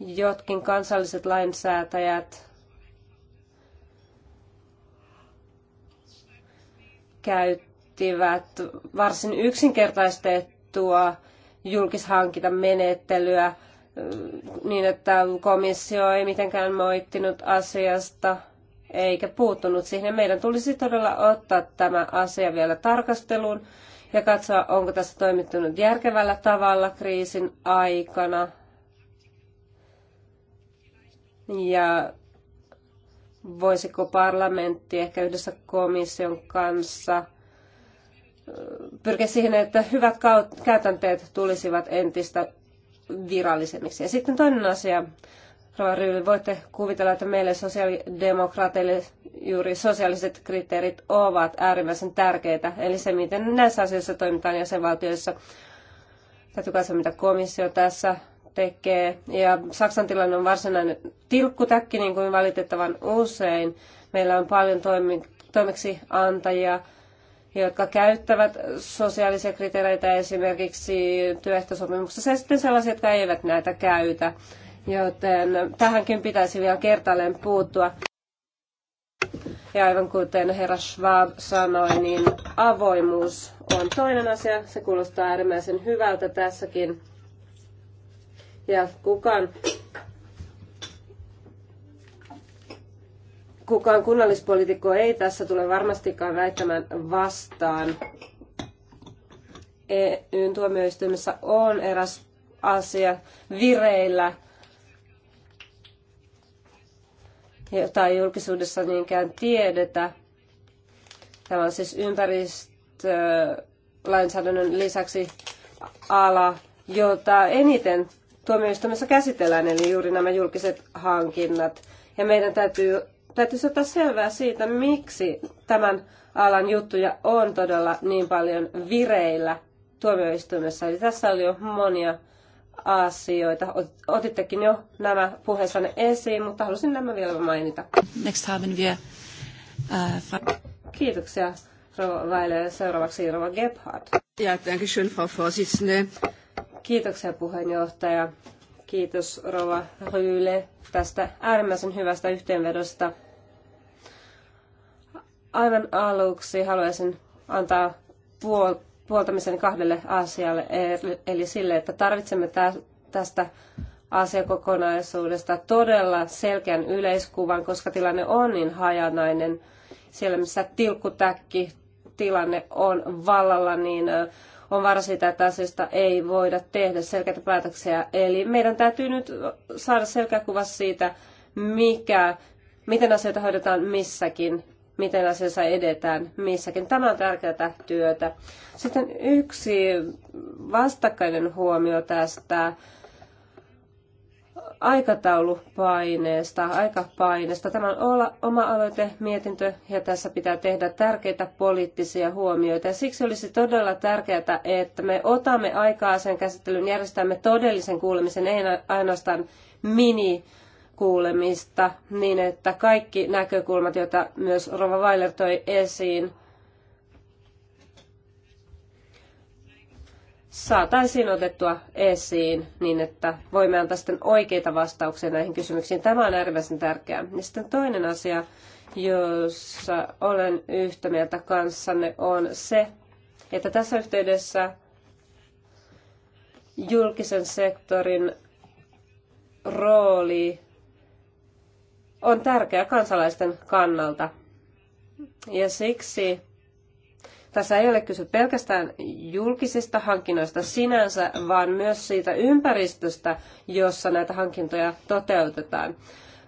Jotkin kansalliset lainsäätäjät käyttivät varsin yksinkertaistettua julkishankintamenettelyä niin, että komissio ei mitenkään moittinut asiasta eikä puuttunut siihen. Meidän tulisi todella ottaa tämä asia vielä tarkasteluun ja katsoa, onko tässä toimittunut järkevällä tavalla kriisin aikana ja voisiko parlamentti ehkä yhdessä komission kanssa pyrkiä siihen, että hyvät käytänteet tulisivat entistä virallisemmiksi. Ja sitten toinen asia, Rova Ryyli, voitte kuvitella, että meille sosiaalidemokraateille juuri sosiaaliset kriteerit ovat äärimmäisen tärkeitä. Eli se, miten näissä asioissa toimitaan jäsenvaltioissa. Täytyy katsoa, mitä komissio tässä tekee. Ja Saksan tilanne on varsinainen tilkkutäkki, niin kuin valitettavan usein. Meillä on paljon toimi, toimeksiantajia, jotka käyttävät sosiaalisia kriteereitä esimerkiksi työehtosopimuksessa ja sitten sellaisia, jotka eivät näitä käytä. Joten tähänkin pitäisi vielä kertaalleen puuttua. Ja aivan kuten herra Schwab sanoi, niin avoimuus on toinen asia. Se kuulostaa äärimmäisen hyvältä tässäkin ja kukaan, kukaan kunnallispoliitikko ei tässä tule varmastikaan väittämään vastaan. EUn tuomioistuimessa on eräs asia vireillä, jota ei julkisuudessa niinkään tiedetä. Tämä on siis ympäristölainsäädännön lisäksi ala, jota eniten tuomioistuimessa käsitellään, eli juuri nämä julkiset hankinnat. Ja meidän täytyy, täytyy ottaa selvää siitä, miksi tämän alan juttuja on todella niin paljon vireillä tuomioistuimessa. Eli tässä oli jo monia asioita. Otittekin jo nämä puheessanne esiin, mutta halusin nämä vielä mainita. Next in via, uh, Kiitoksia, Rova Väilö. Seuraavaksi Rova Gebhardt. Ja, danke schön, Frau Vorsitzende. Kiitoksia puheenjohtaja. Kiitos Rova Ryyle tästä äärimmäisen hyvästä yhteenvedosta. Aivan aluksi haluaisin antaa puoltamisen kahdelle asialle, eli sille, että tarvitsemme tästä asiakokonaisuudesta todella selkeän yleiskuvan, koska tilanne on niin hajanainen. Siellä, missä tilkkutäkki tilanne on vallalla, niin on vaara siitä, että asioista ei voida tehdä selkeitä päätöksiä. Eli meidän täytyy nyt saada selkeä kuva siitä, mikä, miten asioita hoidetaan missäkin, miten asiassa edetään missäkin. Tämä on tärkeää työtä. Sitten yksi vastakkainen huomio tästä aikataulupaineesta, aikapaineesta. Tämä on oma aloite, mietintö ja tässä pitää tehdä tärkeitä poliittisia huomioita. Ja siksi olisi todella tärkeää, että me otamme aikaa sen käsittelyn, järjestämme todellisen kuulemisen, ei ainoastaan mini kuulemista, niin että kaikki näkökulmat, joita myös Rova Weiler toi esiin, saataisiin otettua esiin niin, että voimme antaa sitten oikeita vastauksia näihin kysymyksiin. Tämä on äärimmäisen tärkeää. Ja sitten toinen asia, jossa olen yhtä mieltä kanssanne, on se, että tässä yhteydessä julkisen sektorin rooli on tärkeä kansalaisten kannalta. Ja siksi tässä ei ole kyse pelkästään julkisista hankinnoista sinänsä, vaan myös siitä ympäristöstä, jossa näitä hankintoja toteutetaan.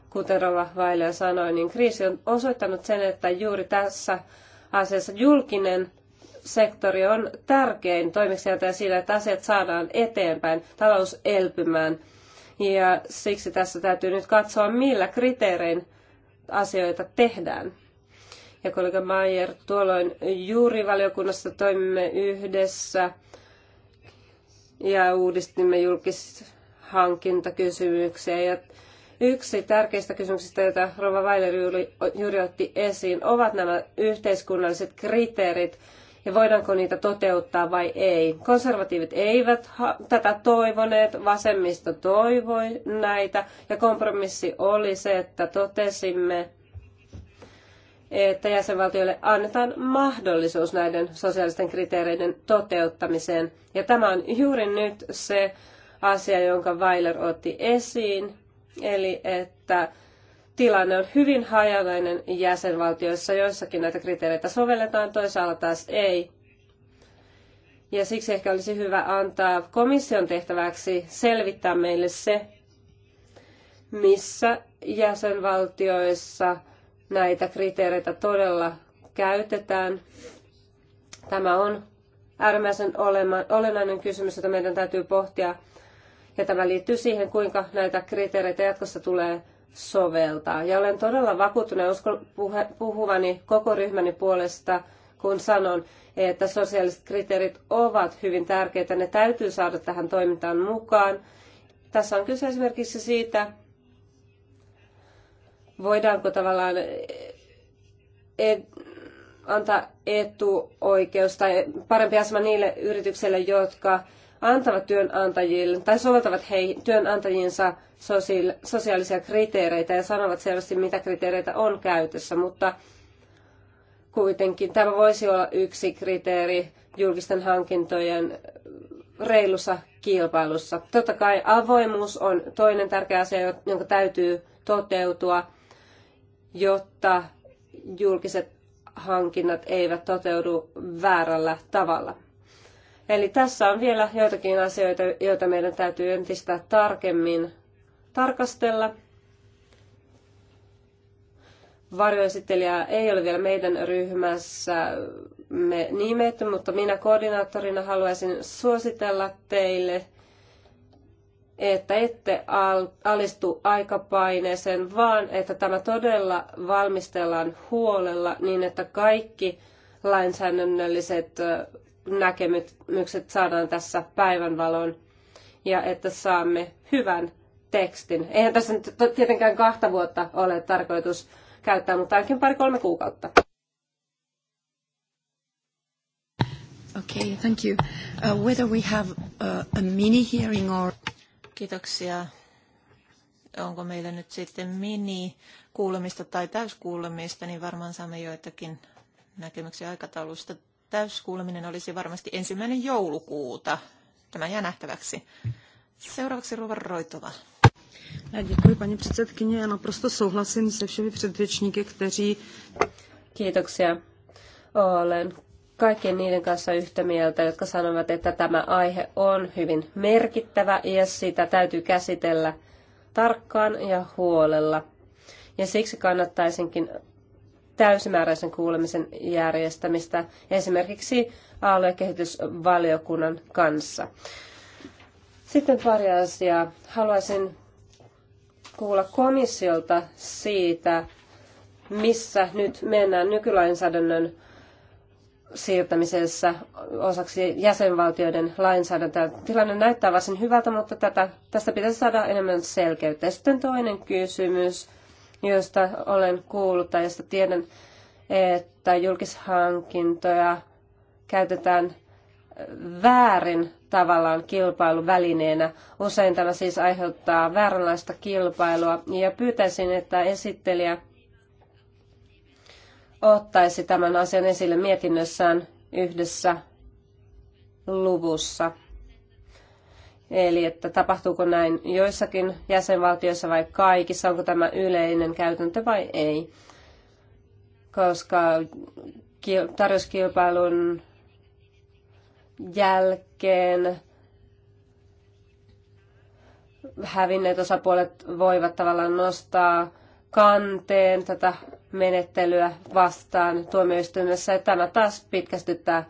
Kuten Rova Vailea sanoi, niin kriisi on osoittanut sen, että juuri tässä asiassa julkinen sektori on tärkein ja sillä, että asiat saadaan eteenpäin, talous elpymään. Ja siksi tässä täytyy nyt katsoa, millä kriteerein asioita tehdään ja kollega Mayer. Tuolloin juuri valiokunnassa toimimme yhdessä ja uudistimme julkishankintakysymyksiä. Ja yksi tärkeistä kysymyksistä, joita Rova Weiler juuri otti esiin, ovat nämä yhteiskunnalliset kriteerit ja voidaanko niitä toteuttaa vai ei. Konservatiivit eivät tätä toivoneet, vasemmisto toivoi näitä ja kompromissi oli se, että totesimme, että jäsenvaltioille annetaan mahdollisuus näiden sosiaalisten kriteereiden toteuttamiseen. Ja tämä on juuri nyt se asia, jonka Weiler otti esiin, eli että tilanne on hyvin hajanainen jäsenvaltioissa, joissakin näitä kriteereitä sovelletaan, toisaalla taas ei. Ja siksi ehkä olisi hyvä antaa komission tehtäväksi selvittää meille se, missä jäsenvaltioissa – näitä kriteereitä todella käytetään. Tämä on äärimmäisen olennainen kysymys, jota meidän täytyy pohtia. Ja tämä liittyy siihen, kuinka näitä kriteereitä jatkossa tulee soveltaa. Ja olen todella vakuuttunut uskon puhuvani koko ryhmäni puolesta, kun sanon, että sosiaaliset kriteerit ovat hyvin tärkeitä. Ne täytyy saada tähän toimintaan mukaan. Tässä on kyse esimerkiksi siitä, voidaanko tavallaan et, e, antaa etuoikeus tai parempi asema niille yrityksille, jotka antavat työnantajille tai soveltavat hei, työnantajinsa sosiaalisia kriteereitä ja sanovat selvästi, mitä kriteereitä on käytössä, mutta kuitenkin tämä voisi olla yksi kriteeri julkisten hankintojen reilussa kilpailussa. Totta kai avoimuus on toinen tärkeä asia, jonka täytyy toteutua – jotta julkiset hankinnat eivät toteudu väärällä tavalla. Eli tässä on vielä joitakin asioita, joita meidän täytyy entistä tarkemmin tarkastella. Varjoesittelijää ei ole vielä meidän ryhmässä me nimetty, mutta minä koordinaattorina haluaisin suositella teille että ette alistu aikapaineeseen, vaan että tämä todella valmistellaan huolella niin, että kaikki lainsäädännölliset näkemykset saadaan tässä päivänvaloon ja että saamme hyvän tekstin. Eihän tässä nyt tietenkään kahta vuotta ole tarkoitus käyttää, mutta ainakin pari-kolme kuukautta. Okay, thank you. Uh, whether we have uh, a mini hearing or... Kiitoksia. Onko meillä nyt sitten mini-kuulemista tai täyskuulemista, niin varmaan saamme joitakin näkemyksiä aikataulusta. Täyskuuleminen olisi varmasti ensimmäinen joulukuuta. Tämä jää nähtäväksi. Seuraavaksi Ruva Roitova. Děkuji, paní předsedkyně. Já naprosto souhlasím se všemi předřečníky, kteří... Kiitoksia. Olen kaikkien niiden kanssa yhtä mieltä, jotka sanovat, että tämä aihe on hyvin merkittävä ja sitä täytyy käsitellä tarkkaan ja huolella. Ja siksi kannattaisinkin täysimääräisen kuulemisen järjestämistä esimerkiksi aluekehitysvaliokunnan kanssa. Sitten pari asiaa. Haluaisin kuulla komissiolta siitä, missä nyt mennään nykylainsäädännön siirtämisessä osaksi jäsenvaltioiden lainsäädäntöä. Tilanne näyttää varsin hyvältä, mutta tätä, tästä pitäisi saada enemmän selkeyttä. sitten toinen kysymys, josta olen kuullut tai josta tiedän, että julkishankintoja käytetään väärin tavallaan kilpailuvälineenä. Usein tämä siis aiheuttaa vääränlaista kilpailua ja pyytäisin, että esittelijä ottaisi tämän asian esille mietinnössään yhdessä luvussa. Eli että tapahtuuko näin joissakin jäsenvaltioissa vai kaikissa, onko tämä yleinen käytäntö vai ei. Koska tarjouskilpailun jälkeen hävinneet osapuolet voivat tavallaan nostaa kanteen tätä menettelyä vastaan tuomioistuimessa ja tämä taas pitkästyttää,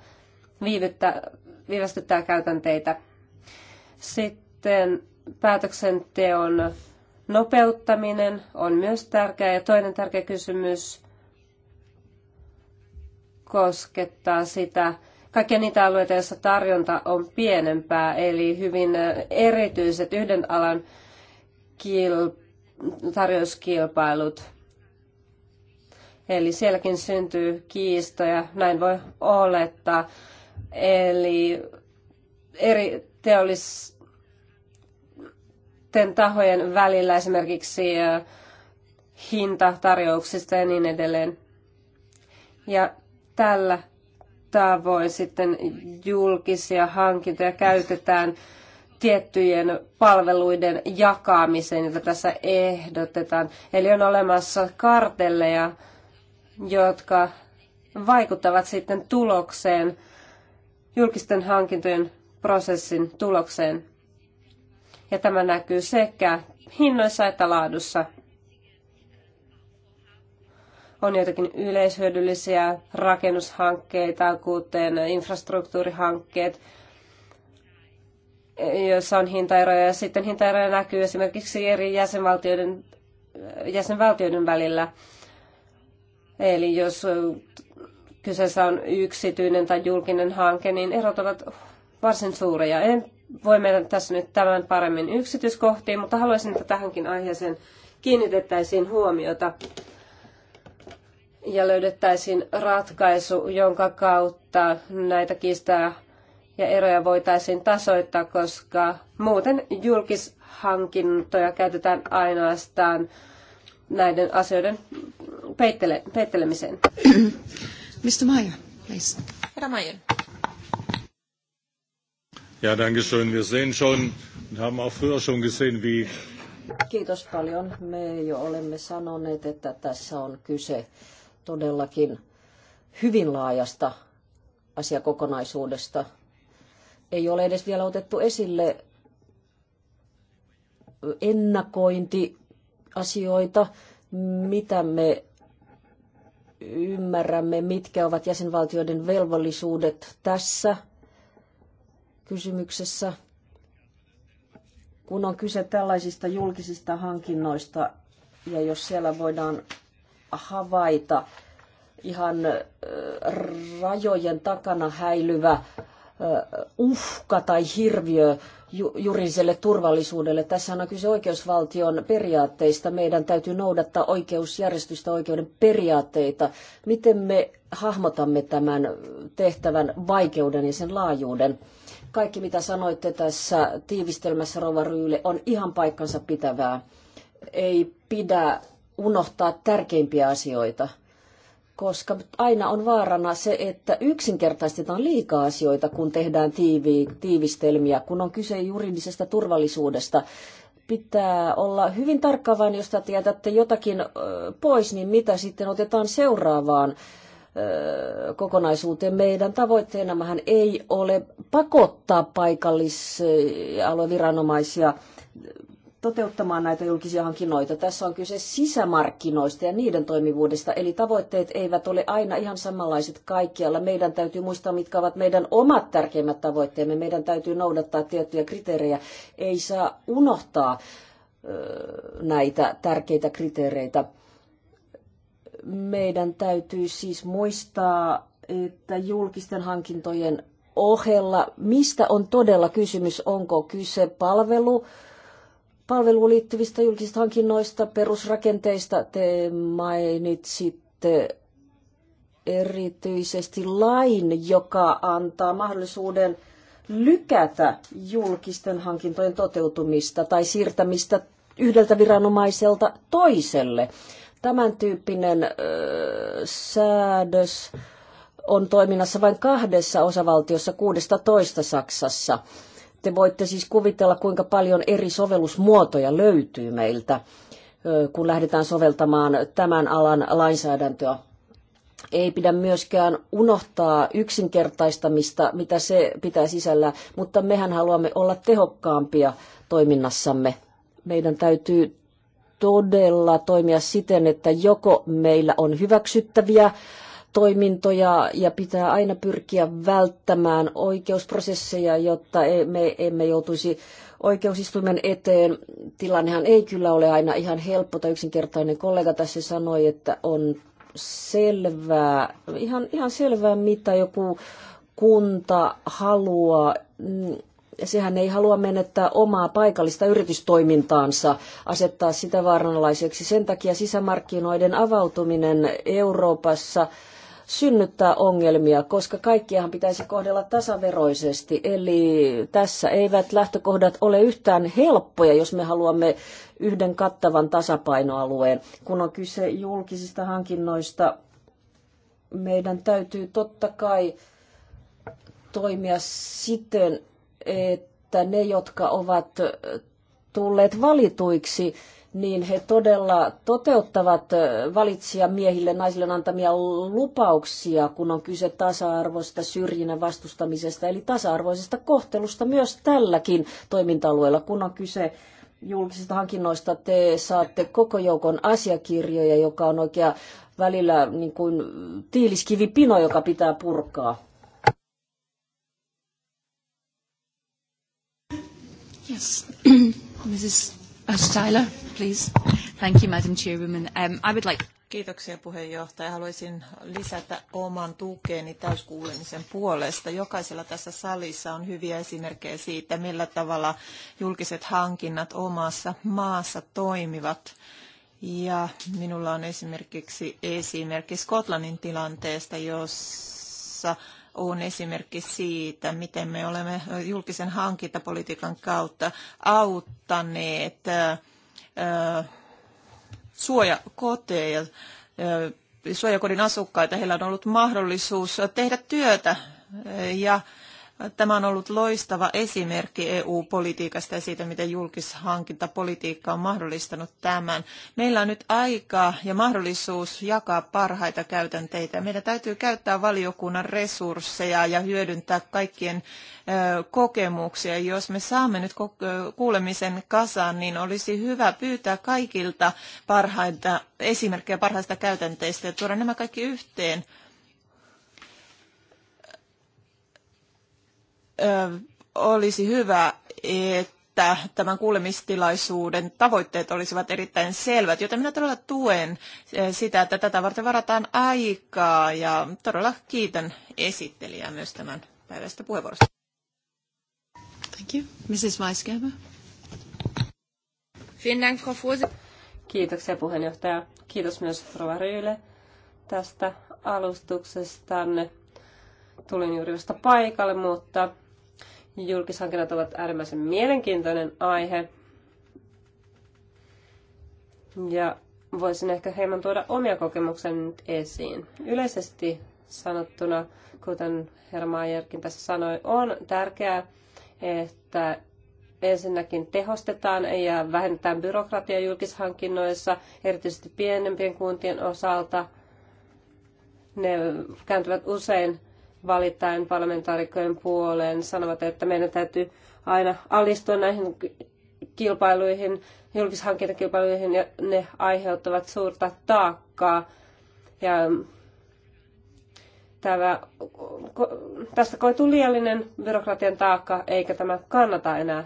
viivyttää, viivästyttää käytänteitä. Sitten päätöksenteon nopeuttaminen on myös tärkeä ja toinen tärkeä kysymys koskettaa sitä, kaikkia niitä alueita, joissa tarjonta on pienempää, eli hyvin erityiset yhden alan kil, tarjouskilpailut. Eli sielläkin syntyy kiistoja, näin voi olettaa. Eli eri teollisten tahojen välillä esimerkiksi hinta tarjouksista ja niin edelleen. Ja tällä tavoin sitten julkisia hankintoja käytetään tiettyjen palveluiden jakamiseen, jota tässä ehdotetaan. Eli on olemassa kartelleja, jotka vaikuttavat sitten tulokseen, julkisten hankintojen prosessin tulokseen. Ja tämä näkyy sekä hinnoissa että laadussa. On joitakin yleishyödyllisiä rakennushankkeita, kuten infrastruktuurihankkeet, joissa on hintaeroja. Ja sitten hintaeroja näkyy esimerkiksi eri jäsenvaltioiden, jäsenvaltioiden välillä. Eli jos kyseessä on yksityinen tai julkinen hanke, niin erot ovat varsin suuria. En voi mennä tässä nyt tämän paremmin yksityiskohtiin, mutta haluaisin, että tähänkin aiheeseen kiinnitettäisiin huomiota ja löydettäisiin ratkaisu, jonka kautta näitä kiistää ja eroja voitaisiin tasoittaa, koska muuten julkishankintoja käytetään ainoastaan näiden asioiden peittele, peittelemiseen. Mr. Meyer, please. Herra Meyer. Ja, danke schön. Wir sehen schon und haben auch früher schon gesehen, wie Kiitos paljon. Me jo olemme sanoneet, että tässä on kyse todellakin hyvin laajasta asiakokonaisuudesta. Ei ole edes vielä otettu esille ennakointiasioita, mitä me ymmärrämme, mitkä ovat jäsenvaltioiden velvollisuudet tässä kysymyksessä, kun on kyse tällaisista julkisista hankinnoista ja jos siellä voidaan havaita ihan rajojen takana häilyvä uhka tai hirviö, juridiselle turvallisuudelle. Tässä on kyse oikeusvaltion periaatteista. Meidän täytyy noudattaa oikeusjärjestystä, oikeuden periaatteita. Miten me hahmotamme tämän tehtävän vaikeuden ja sen laajuuden? Kaikki, mitä sanoitte tässä tiivistelmässä, Rova Ryyle, on ihan paikkansa pitävää. Ei pidä unohtaa tärkeimpiä asioita – koska aina on vaarana se, että yksinkertaistetaan liikaa asioita, kun tehdään tiivi, tiivistelmiä, kun on kyse juridisesta turvallisuudesta. Pitää olla hyvin tarkkaavainen, jos tietätte jotakin pois, niin mitä sitten otetaan seuraavaan kokonaisuuteen. Meidän tavoitteenammehan ei ole pakottaa paikallis- ja alueviranomaisia toteuttamaan näitä julkisia hankinnoita. Tässä on kyse sisämarkkinoista ja niiden toimivuudesta, eli tavoitteet eivät ole aina ihan samanlaiset kaikkialla. Meidän täytyy muistaa, mitkä ovat meidän omat tärkeimmät tavoitteemme. Meidän täytyy noudattaa tiettyjä kriteerejä. Ei saa unohtaa näitä tärkeitä kriteereitä. Meidän täytyy siis muistaa, että julkisten hankintojen ohella, mistä on todella kysymys, onko kyse palvelu, palveluun liittyvistä julkisista hankinnoista, perusrakenteista te mainitsitte erityisesti lain, joka antaa mahdollisuuden lykätä julkisten hankintojen toteutumista tai siirtämistä yhdeltä viranomaiselta toiselle. Tämän tyyppinen ö, säädös on toiminnassa vain kahdessa osavaltiossa 16 Saksassa. Te voitte siis kuvitella, kuinka paljon eri sovellusmuotoja löytyy meiltä, kun lähdetään soveltamaan tämän alan lainsäädäntöä. Ei pidä myöskään unohtaa yksinkertaistamista, mitä se pitää sisällä, mutta mehän haluamme olla tehokkaampia toiminnassamme. Meidän täytyy todella toimia siten, että joko meillä on hyväksyttäviä toimintoja ja pitää aina pyrkiä välttämään oikeusprosesseja, jotta e- me emme joutuisi oikeusistuimen eteen. Tilannehan ei kyllä ole aina ihan helppo tai yksinkertainen. Kollega tässä sanoi, että on selvää, ihan, ihan selvää mitä joku kunta haluaa ja mm, sehän ei halua menettää omaa paikallista yritystoimintaansa, asettaa sitä vaaranalaiseksi. Sen takia sisämarkkinoiden avautuminen Euroopassa – synnyttää ongelmia, koska kaikkiahan pitäisi kohdella tasaveroisesti. Eli tässä eivät lähtökohdat ole yhtään helppoja, jos me haluamme yhden kattavan tasapainoalueen. Kun on kyse julkisista hankinnoista, meidän täytyy totta kai toimia siten, että ne, jotka ovat tulleet valituiksi, niin he todella toteuttavat miehille naisille antamia lupauksia, kun on kyse tasa-arvoista syrjinnän vastustamisesta, eli tasa-arvoisesta kohtelusta myös tälläkin toiminta-alueella, kun on kyse julkisista hankinnoista te saatte koko joukon asiakirjoja, joka on oikea välillä niin kuin tiiliskivipino, joka pitää purkaa. Yes. Uh, Styler, please. Thank you, Madam Chairwoman. Um, I would like... Kiitoksia puheenjohtaja. Haluaisin lisätä oman tukeni täyskuulemisen puolesta. Jokaisella tässä salissa on hyviä esimerkkejä siitä, millä tavalla julkiset hankinnat omassa maassa toimivat. Ja minulla on esimerkiksi esimerkki Skotlannin tilanteesta, jossa on esimerkki siitä, miten me olemme julkisen hankintapolitiikan kautta auttaneet suojakoteja, suojakodin asukkaita. Heillä on ollut mahdollisuus tehdä työtä ja Tämä on ollut loistava esimerkki EU-politiikasta ja siitä, miten julkishankintapolitiikka on mahdollistanut tämän. Meillä on nyt aikaa ja mahdollisuus jakaa parhaita käytänteitä. Meidän täytyy käyttää valiokunnan resursseja ja hyödyntää kaikkien kokemuksia. Jos me saamme nyt kuulemisen kasaan, niin olisi hyvä pyytää kaikilta parhaita esimerkkejä parhaista käytänteistä ja tuoda nämä kaikki yhteen olisi hyvä, että tämän kuulemistilaisuuden tavoitteet olisivat erittäin selvät, joten minä todella tuen sitä, että tätä varten varataan aikaa ja todella kiitän esittelijää myös tämän päivästä puheenvuorosta. Thank you. Mrs. Weisgerber. Vielen Kiitoksia puheenjohtaja. Kiitos myös Rova Ryyle tästä alustuksesta, Tulin juuri vasta paikalle, mutta Julkishankinnat ovat äärimmäisen mielenkiintoinen aihe. Ja voisin ehkä hieman tuoda omia kokemuksia nyt esiin. Yleisesti sanottuna, kuten herra Maajerkin tässä sanoi, on tärkeää, että ensinnäkin tehostetaan ja vähennetään byrokratia julkishankinnoissa, erityisesti pienempien kuntien osalta. Ne kääntyvät usein valittain parlamentaarikkojen puoleen sanovat, että meidän täytyy aina alistua näihin kilpailuihin, julkishankintakilpailuihin, ja ne aiheuttavat suurta taakkaa. Ja tämä, tästä koituu liiallinen byrokratian taakka, eikä tämä kannata enää.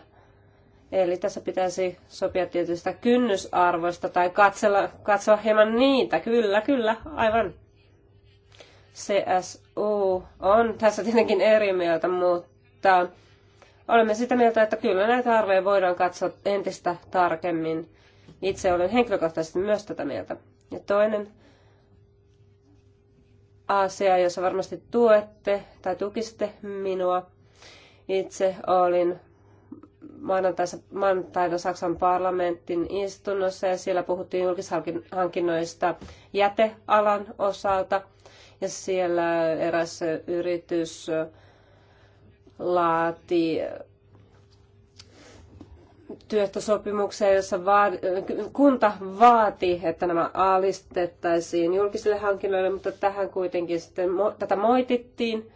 Eli tässä pitäisi sopia tietystä kynnysarvoista tai katsella, katsoa hieman niitä. Kyllä, kyllä, aivan. CSU on tässä tietenkin eri mieltä, mutta olemme sitä mieltä, että kyllä näitä arvoja voidaan katsoa entistä tarkemmin. Itse olen henkilökohtaisesti myös tätä mieltä. Ja toinen asia, jossa varmasti tuette tai tukisitte minua. Itse olin maanantaina Saksan parlamentin istunnossa ja siellä puhuttiin julkishankinnoista jätealan osalta – ja siellä eräs yritys laati työehtosopimuksia, jossa vaad, kunta vaati, että nämä alistettaisiin julkisille hankinnoille, mutta tähän kuitenkin sitten tätä moitittiin.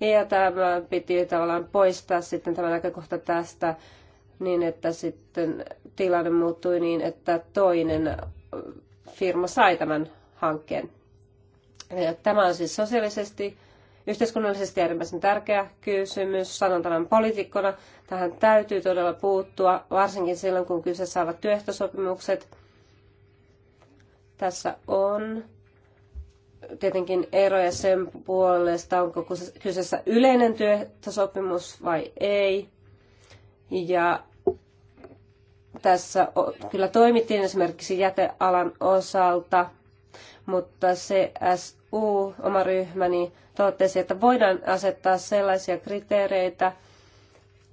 Ja tämä piti tavallaan poistaa sitten tämä näkökohta tästä niin, että sitten tilanne muuttui niin, että toinen firma sai tämän hankkeen. Ja tämä on siis sosiaalisesti, yhteiskunnallisesti äärimmäisen tärkeä kysymys. Sanon tämän poliitikkona. Tähän täytyy todella puuttua, varsinkin silloin, kun kyseessä ovat työehtosopimukset. Tässä on tietenkin eroja sen puolesta, onko kyseessä yleinen työehtosopimus vai ei. Ja tässä kyllä toimittiin esimerkiksi jätealan osalta, mutta se EU, oma ryhmäni, totesi, että voidaan asettaa sellaisia kriteereitä,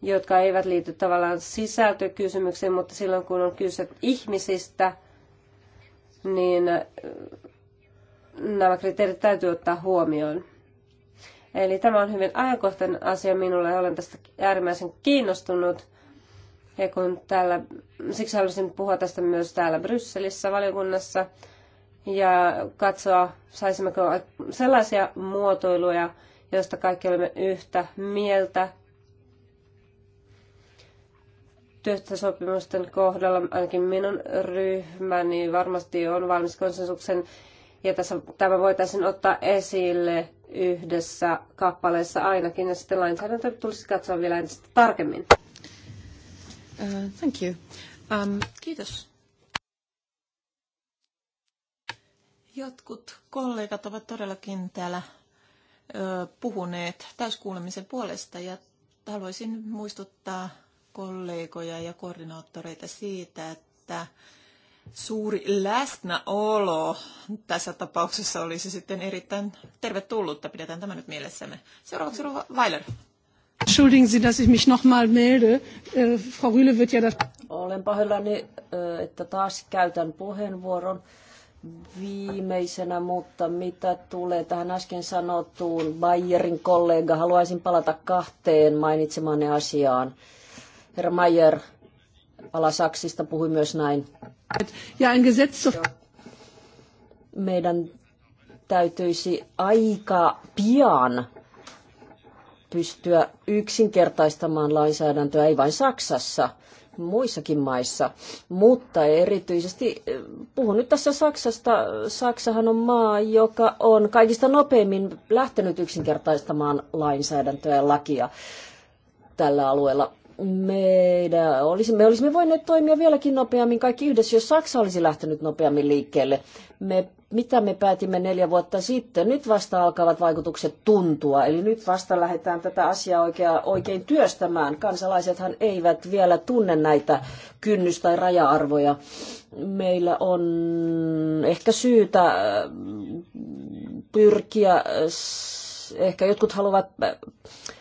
jotka eivät liity tavallaan sisältökysymykseen, mutta silloin kun on kyse ihmisistä, niin äh, nämä kriteerit täytyy ottaa huomioon. Eli tämä on hyvin ajankohtainen asia minulle ja olen tästä äärimmäisen kiinnostunut. Ja kun täällä, siksi halusin puhua tästä myös täällä Brysselissä valiokunnassa, ja katsoa, saisimmeko sellaisia muotoiluja, joista kaikki olemme yhtä mieltä. Työhtösopimusten kohdalla ainakin minun ryhmäni varmasti on valmis konsensuksen ja tässä, tämä voitaisiin ottaa esille yhdessä kappaleessa ainakin, ja sitten lainsäädäntö tulisi katsoa vielä entistä tarkemmin. Uh, thank you. Um, kiitos. Jotkut kollegat ovat todellakin täällä puhuneet täyskuulemisen puolesta ja haluaisin muistuttaa kollegoja ja koordinaattoreita siitä, että suuri läsnäolo tässä tapauksessa olisi sitten erittäin tervetullutta. Pidetään tämä nyt mielessämme. Seuraavaksi Ruva Weiler. Entschuldigen Sie, dass ich mich noch mal melde. Äh, Frau Rühle wird ja das... Olen pahoillani, äh, että taas käytän puheenvuoron viimeisenä, mutta mitä tulee tähän äsken sanottuun Bayerin kollega, haluaisin palata kahteen mainitsemanne asiaan. Herra Mayer ala Saksista puhui myös näin. Ja en Gesetz Meidän täytyisi aika pian pystyä yksinkertaistamaan lainsäädäntöä, ei vain Saksassa – muissakin maissa, mutta erityisesti, eh, puhun nyt tässä Saksasta, Saksahan on maa, joka on kaikista nopeimmin lähtenyt yksinkertaistamaan lainsäädäntöä ja lakia tällä alueella meidän olisimme, me olisimme voineet toimia vieläkin nopeammin kaikki yhdessä, jos Saksa olisi lähtenyt nopeammin liikkeelle. Me mitä me päätimme neljä vuotta sitten. Nyt vasta alkavat vaikutukset tuntua, eli nyt vasta lähdetään tätä asiaa oikea, oikein työstämään. Kansalaisethan eivät vielä tunne näitä kynnys- tai raja-arvoja. Meillä on ehkä syytä äh, pyrkiä, äh, ehkä jotkut haluavat äh,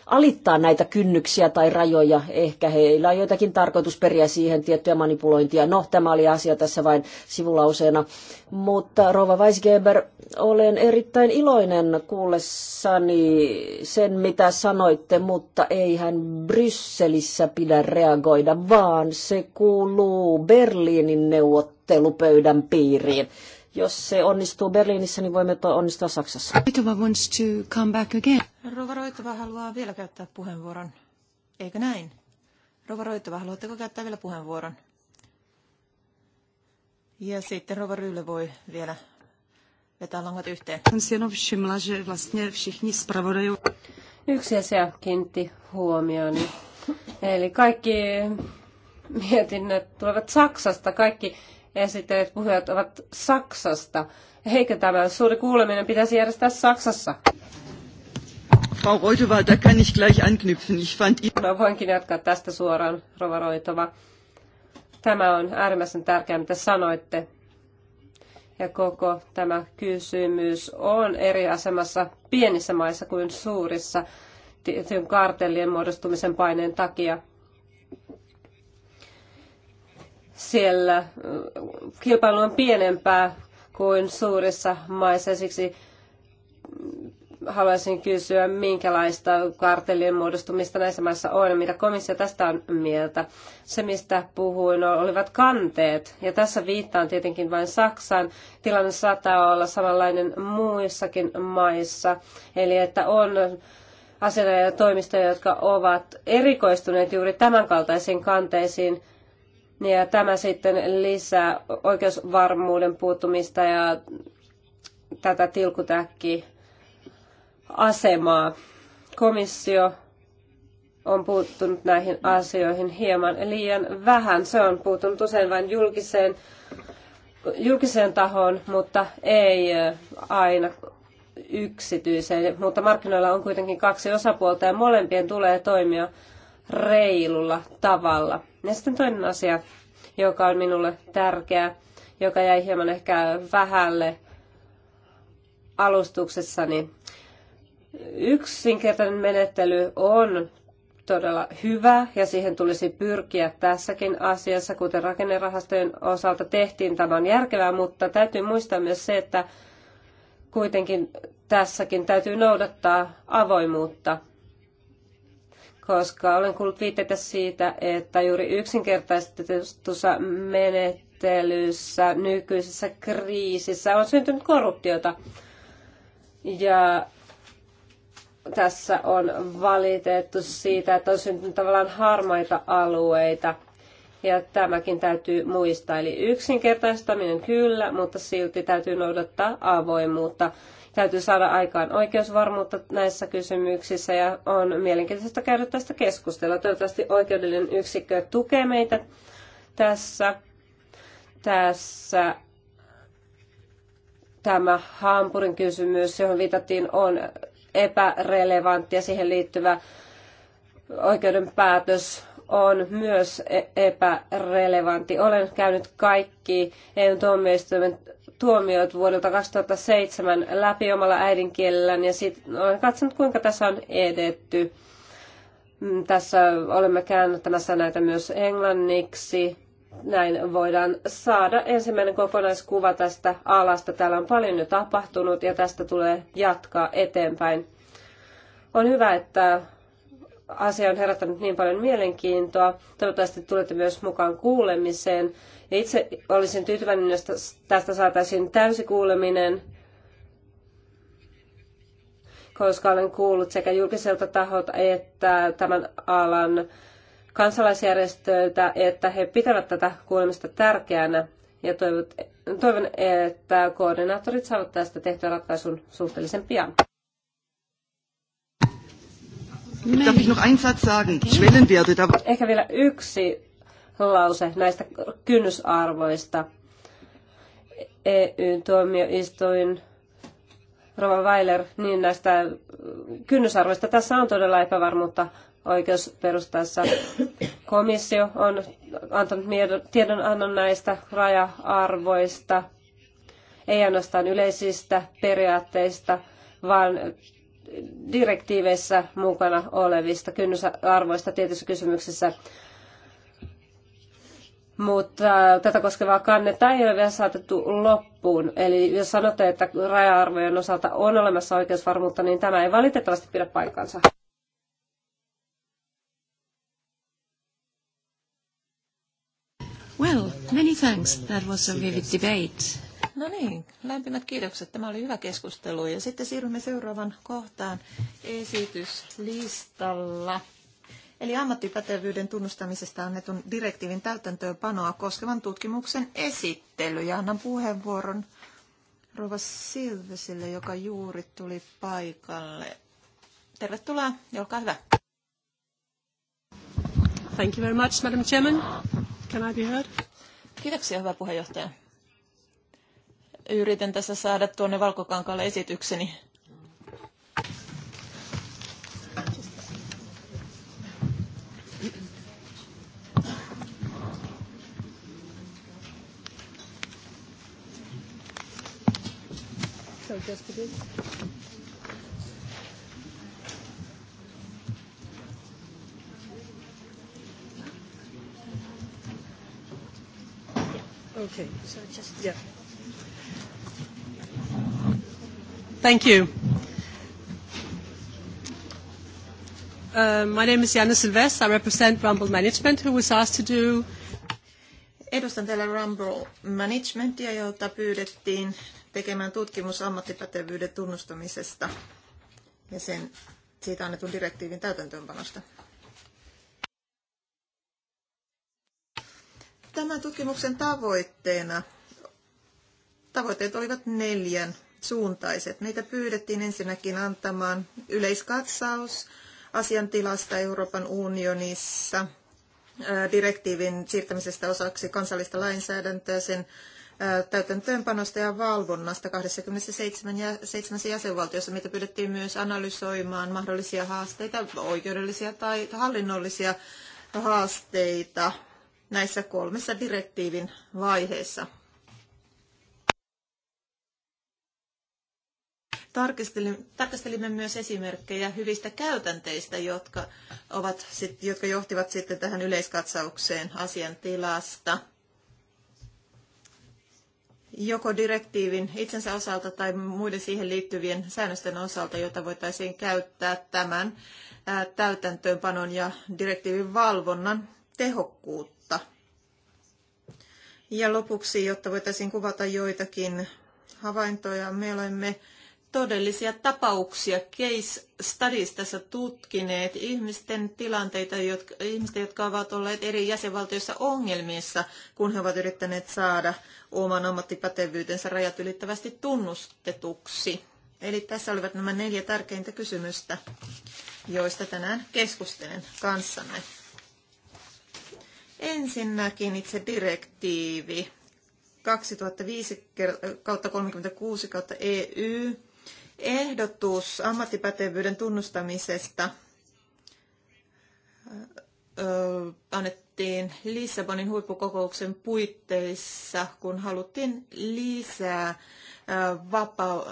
alittaa näitä kynnyksiä tai rajoja. Ehkä heillä on joitakin tarkoitusperiä siihen, tiettyjä manipulointia. No, tämä oli asia tässä vain sivulauseena. Mutta Rova Weisgeber, olen erittäin iloinen kuullessani sen, mitä sanoitte, mutta eihän Brysselissä pidä reagoida, vaan se kuuluu Berliinin neuvottelupöydän piiriin. Jos se onnistuu Berliinissä, niin voimme onnistua Saksassa. Roitova wants to come back again. Rova Roitova haluaa vielä käyttää puheenvuoron. Eikö näin? Rova Roitova, haluatteko käyttää vielä puheenvuoron? Ja sitten Rova Ryyle voi vielä vetää langat yhteen. Yksi asia kiinnitti huomioon. Eli kaikki mietinnät tulevat Saksasta, kaikki esittäjät puhujat ovat Saksasta. Eikö tämä suuri kuuleminen pitäisi järjestää Saksassa? Frau Reutova, da kann ich gleich anknüpfen. Ich fand... No, voinkin jatkaa tästä suoraan, Rova Roitova. Tämä on äärimmäisen tärkeää, mitä sanoitte. Ja koko tämä kysymys on eri asemassa pienissä maissa kuin suurissa tietyn kartellien muodostumisen paineen takia siellä kilpailu on pienempää kuin suurissa maissa. Siksi haluaisin kysyä, minkälaista kartellien muodostumista näissä maissa on, mitä komissio tästä on mieltä. Se, mistä puhuin, olivat kanteet. Ja tässä viittaan tietenkin vain Saksaan. Tilanne saattaa olla samanlainen muissakin maissa. Eli että on asianajatoimistoja, jotka ovat erikoistuneet juuri tämänkaltaisiin kanteisiin – ja tämä sitten lisää oikeusvarmuuden puuttumista ja tätä tilkutäkki asemaa. Komissio on puuttunut näihin asioihin hieman liian vähän. Se on puuttunut usein vain julkiseen, julkiseen tahoon, mutta ei aina yksityiseen. Mutta markkinoilla on kuitenkin kaksi osapuolta ja molempien tulee toimia reilulla tavalla. Ja sitten toinen asia, joka on minulle tärkeä, joka jäi hieman ehkä vähälle alustuksessani. Yksinkertainen menettely on todella hyvä ja siihen tulisi pyrkiä tässäkin asiassa, kuten rakennerahastojen osalta tehtiin. Tämä on järkevää, mutta täytyy muistaa myös se, että kuitenkin tässäkin täytyy noudattaa avoimuutta koska olen kuullut viitteitä siitä, että juuri yksinkertaistetussa menettelyssä nykyisessä kriisissä on syntynyt korruptiota. Ja tässä on valitettu siitä, että on syntynyt tavallaan harmaita alueita. Ja tämäkin täytyy muistaa. Eli yksinkertaistaminen kyllä, mutta silti täytyy noudattaa avoimuutta. Täytyy saada aikaan oikeusvarmuutta näissä kysymyksissä ja on mielenkiintoista käydä tästä keskustelua. Toivottavasti oikeudellinen yksikkö tukee meitä tässä. Tässä tämä Hampurin kysymys, johon viitattiin, on epärelevantti ja siihen liittyvä oikeuden päätös on myös e- epärelevantti. Olen käynyt kaikki EU-tuomioistuimen tuomiot vuodelta 2007 läpi omalla äidinkielellään ja sitten olen katsonut, kuinka tässä on edetty. Mm, tässä olemme käännyttämässä näitä myös englanniksi. Näin voidaan saada ensimmäinen kokonaiskuva tästä alasta. Täällä on paljon jo tapahtunut ja tästä tulee jatkaa eteenpäin. On hyvä, että asia on herättänyt niin paljon mielenkiintoa. Toivottavasti tulette myös mukaan kuulemiseen itse olisin tyytyväinen, jos tästä saataisiin täysi kuuleminen, koska olen kuullut sekä julkiselta taholta että tämän alan kansalaisjärjestöiltä, että he pitävät tätä kuulemista tärkeänä ja toivot, toivon, että koordinaattorit saavat tästä tehtyä ratkaisun suhteellisen pian. Darf ich noch einen Satz sagen? Schwellenwerte. Da Ehkä vielä yksi lause näistä kynnysarvoista. EUn tuomioistuin Rova Weiler, niin näistä kynnysarvoista tässä on todella epävarmuutta oikeusperustassa. Komissio on antanut tiedonannon näistä raja-arvoista, ei ainoastaan yleisistä periaatteista, vaan direktiiveissä mukana olevista kynnysarvoista tietyissä kysymyksissä mutta äh, tätä koskevaa kannetta ei ole vielä saatettu loppuun. Eli jos sanotte, että raja-arvojen osalta on olemassa oikeusvarmuutta, niin tämä ei valitettavasti pidä paikkansa. Well, many thanks. That was a vivid debate. No niin, lämpimät kiitokset. Tämä oli hyvä keskustelu. Ja sitten siirrymme seuraavan kohtaan esityslistalla eli ammattipätevyyden tunnustamisesta annetun direktiivin täytäntöönpanoa koskevan tutkimuksen esittely. Ja annan puheenvuoron Rova Silvesille, joka juuri tuli paikalle. Tervetuloa ja olkaa hyvä. Thank you very much, Madam Chairman. Can I be heard? Kiitoksia, hyvä puheenjohtaja. Yritän tässä saada tuonne valkokankaalle esitykseni. so just Okay. So just. Yeah. Thank you. Uh, my name is Janne Silvest. I represent Rumble Management, who was asked to do. Edustan täällä Rumble Managementia, jolta pyydettiin tekemään tutkimus ammattipätevyyden tunnustamisesta ja sen siitä annetun direktiivin täytäntöönpanosta. Tämän tutkimuksen tavoitteena, tavoitteet olivat neljän suuntaiset. Meitä pyydettiin ensinnäkin antamaan yleiskatsaus asiantilasta Euroopan unionissa, direktiivin siirtämisestä osaksi kansallista lainsäädäntöä, sen täytäntöönpanosta ja valvonnasta 27 jäsenvaltiossa. mitä pyydettiin myös analysoimaan mahdollisia haasteita, oikeudellisia tai hallinnollisia haasteita näissä kolmessa direktiivin vaiheessa. tarkastelimme myös esimerkkejä hyvistä käytänteistä, jotka, ovat sit, jotka johtivat sitten tähän yleiskatsaukseen asiantilasta joko direktiivin itsensä osalta tai muiden siihen liittyvien säännösten osalta, jota voitaisiin käyttää tämän täytäntöönpanon ja direktiivin valvonnan tehokkuutta. Ja lopuksi, jotta voitaisiin kuvata joitakin havaintoja, me olemme todellisia tapauksia, case studies tässä tutkineet, ihmisten tilanteita, jotka, ihmisten, jotka ovat olleet eri jäsenvaltioissa ongelmissa, kun he ovat yrittäneet saada oman ammattipätevyytensä rajat ylittävästi tunnustetuksi. Eli tässä olivat nämä neljä tärkeintä kysymystä, joista tänään keskustelen kanssanne. Ensinnäkin itse direktiivi 2005 36 EY ehdotus ammattipätevyyden tunnustamisesta annettiin Lissabonin huippukokouksen puitteissa, kun haluttiin lisää vapaa,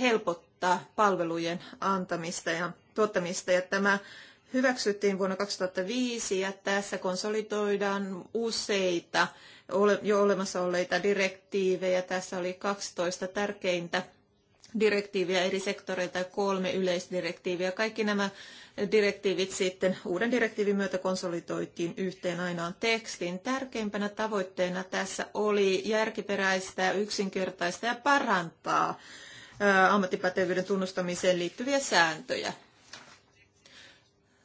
helpottaa palvelujen antamista ja tuottamista. Ja tämä hyväksyttiin vuonna 2005 ja tässä konsolidoidaan useita jo olemassa olleita direktiivejä. Tässä oli 12 tärkeintä direktiiviä eri sektoreilta ja kolme yleisdirektiiviä. Kaikki nämä direktiivit sitten uuden direktiivin myötä konsolidoitiin yhteen ainaan tekstiin. Tärkeimpänä tavoitteena tässä oli ja yksinkertaista ja parantaa ammattipätevyyden tunnustamiseen liittyviä sääntöjä.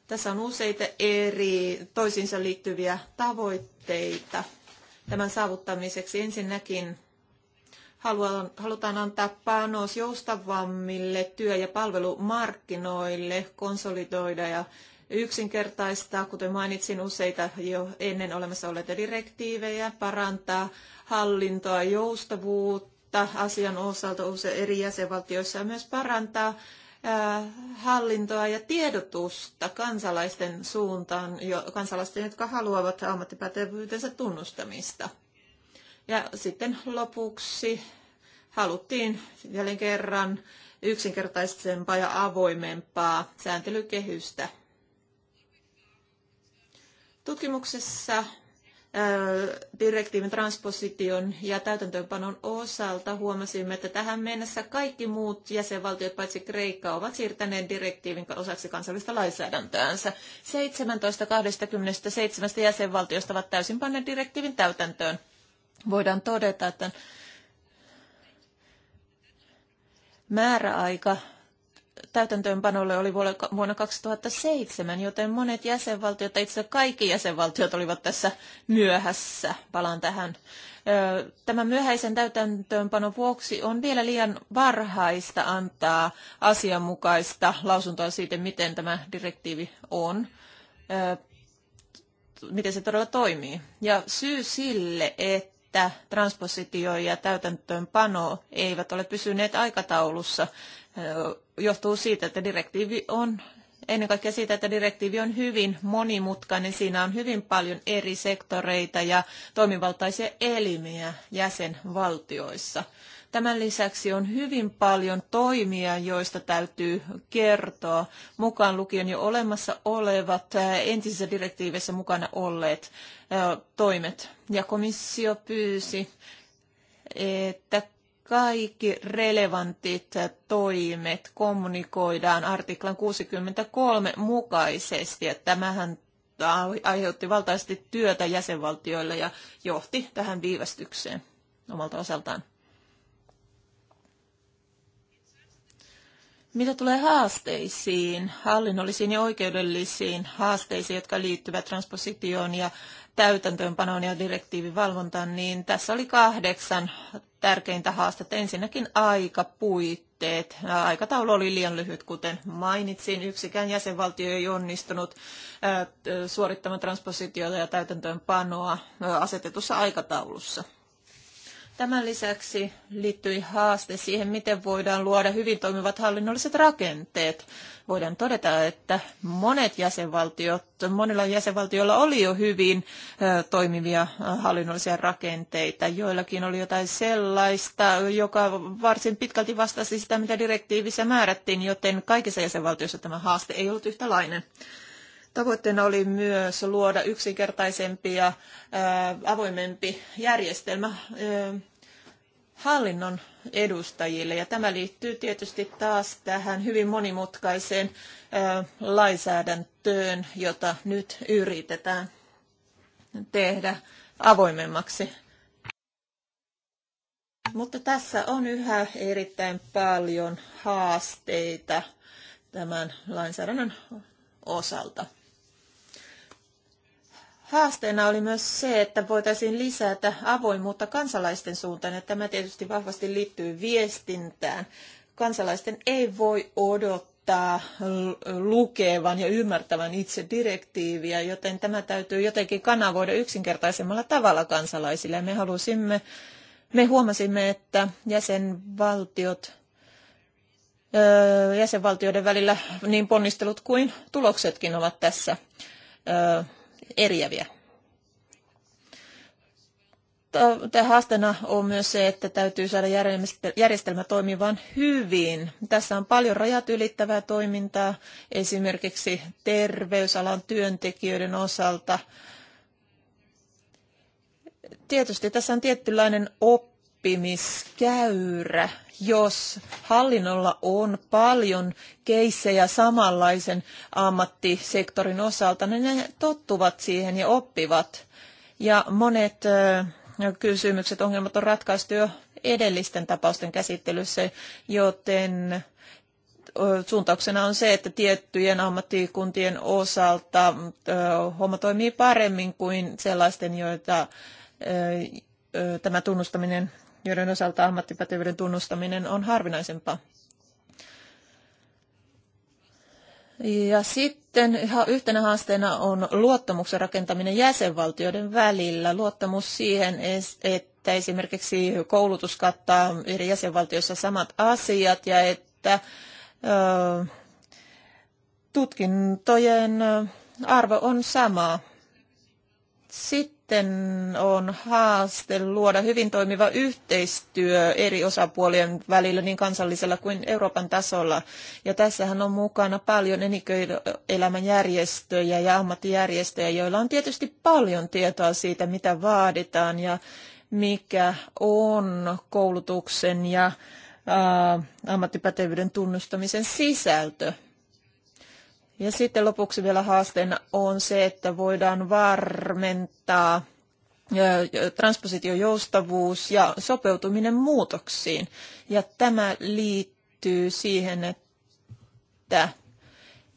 Tässä on useita eri toisiinsa liittyviä tavoitteita tämän saavuttamiseksi. Ensinnäkin halutaan antaa panos joustavammille työ- ja palvelumarkkinoille, konsolidoida ja yksinkertaistaa, kuten mainitsin, useita jo ennen olemassa olleita direktiivejä, parantaa hallintoa, joustavuutta asian osalta usein eri jäsenvaltioissa ja myös parantaa hallintoa ja tiedotusta kansalaisten suuntaan, kansalaisten, jotka haluavat ammattipätevyytensä tunnustamista. Ja sitten lopuksi haluttiin jälleen kerran yksinkertaisempaa ja avoimempaa sääntelykehystä. Tutkimuksessa äh, direktiivin transposition ja täytäntöönpanon osalta huomasimme, että tähän mennessä kaikki muut jäsenvaltiot paitsi Kreikka ovat siirtäneet direktiivin osaksi kansallista lainsäädäntöänsä. 17 jäsenvaltiosta ovat täysin panneet direktiivin täytäntöön voidaan todeta, että määräaika täytäntöönpanolle oli vuonna 2007, joten monet jäsenvaltiot, itse asiassa kaikki jäsenvaltiot olivat tässä myöhässä. Palaan tähän. Tämän myöhäisen täytäntöönpanon vuoksi on vielä liian varhaista antaa asianmukaista lausuntoa siitä, miten tämä direktiivi on miten se todella toimii. Ja syy sille, että että transpositio ja täytäntöönpano eivät ole pysyneet aikataulussa, johtuu siitä, että direktiivi on ennen kaikkea siitä, että direktiivi on hyvin monimutkainen. Siinä on hyvin paljon eri sektoreita ja toimivaltaisia elimiä jäsenvaltioissa. Tämän lisäksi on hyvin paljon toimia, joista täytyy kertoa, mukaan lukien jo olemassa olevat, entisissä direktiiveissä mukana olleet toimet. Ja komissio pyysi, että kaikki relevantit toimet kommunikoidaan artiklan 63 mukaisesti. Ja tämähän aiheutti valtaisesti työtä jäsenvaltioille ja johti tähän viivästykseen omalta osaltaan. Mitä tulee haasteisiin, hallinnollisiin ja oikeudellisiin haasteisiin, jotka liittyvät transpositioon ja täytäntöönpanoon ja direktiivin valvontaan, niin tässä oli kahdeksan tärkeintä haastetta. Ensinnäkin aikapuitteet. Aikataulu oli liian lyhyt, kuten mainitsin. Yksikään jäsenvaltio ei onnistunut suorittamaan transpositiota ja täytäntöönpanoa asetetussa aikataulussa. Tämän lisäksi liittyi haaste siihen, miten voidaan luoda hyvin toimivat hallinnolliset rakenteet. Voidaan todeta, että monet jäsenvaltiot, monilla jäsenvaltioilla oli jo hyvin toimivia hallinnollisia rakenteita. Joillakin oli jotain sellaista, joka varsin pitkälti vastasi sitä, mitä direktiivissä määrättiin, joten kaikissa jäsenvaltioissa tämä haaste ei ollut yhtälainen. Tavoitteena oli myös luoda yksinkertaisempi ja avoimempi järjestelmä hallinnon edustajille. Ja tämä liittyy tietysti taas tähän hyvin monimutkaiseen lainsäädäntöön, jota nyt yritetään tehdä avoimemmaksi. Mutta tässä on yhä erittäin paljon haasteita tämän lainsäädännön osalta. Haasteena oli myös se, että voitaisiin lisätä avoimuutta kansalaisten suuntaan, ja tämä tietysti vahvasti liittyy viestintään. Kansalaisten ei voi odottaa lukevan ja ymmärtävän itse direktiiviä, joten tämä täytyy jotenkin kanavoida yksinkertaisemmalla tavalla kansalaisille. Me halusimme, me huomasimme, että jäsenvaltiot jäsenvaltioiden välillä niin ponnistelut kuin tuloksetkin ovat tässä eriäviä. Haasteena on myös se, että täytyy saada järjestelmä toimimaan hyvin. Tässä on paljon rajat ylittävää toimintaa, esimerkiksi terveysalan työntekijöiden osalta. Tietysti tässä on tiettylainen oppi oppimiskäyrä, jos hallinnolla on paljon keissejä samanlaisen ammattisektorin osalta, niin ne tottuvat siihen ja oppivat. Ja monet kysymykset, ongelmat on ratkaistu jo edellisten tapausten käsittelyssä, joten suuntauksena on se, että tiettyjen ammattikuntien osalta homma toimii paremmin kuin sellaisten, joita tämä tunnustaminen joiden osalta ammattipätevyyden tunnustaminen on harvinaisempaa. Ja sitten yhtenä haasteena on luottamuksen rakentaminen jäsenvaltioiden välillä. Luottamus siihen, että esimerkiksi koulutus kattaa eri jäsenvaltioissa samat asiat ja että tutkintojen arvo on sama. Sitten sitten on haaste luoda hyvin toimiva yhteistyö eri osapuolien välillä niin kansallisella kuin Euroopan tasolla. Ja tässähän on mukana paljon elinkeinoelämän järjestöjä ja ammattijärjestöjä, joilla on tietysti paljon tietoa siitä, mitä vaaditaan ja mikä on koulutuksen ja ammattipätevyyden tunnustamisen sisältö. Ja sitten lopuksi vielä haasteena on se, että voidaan varmentaa transpositiojoustavuus joustavuus ja sopeutuminen muutoksiin. Ja tämä liittyy siihen, että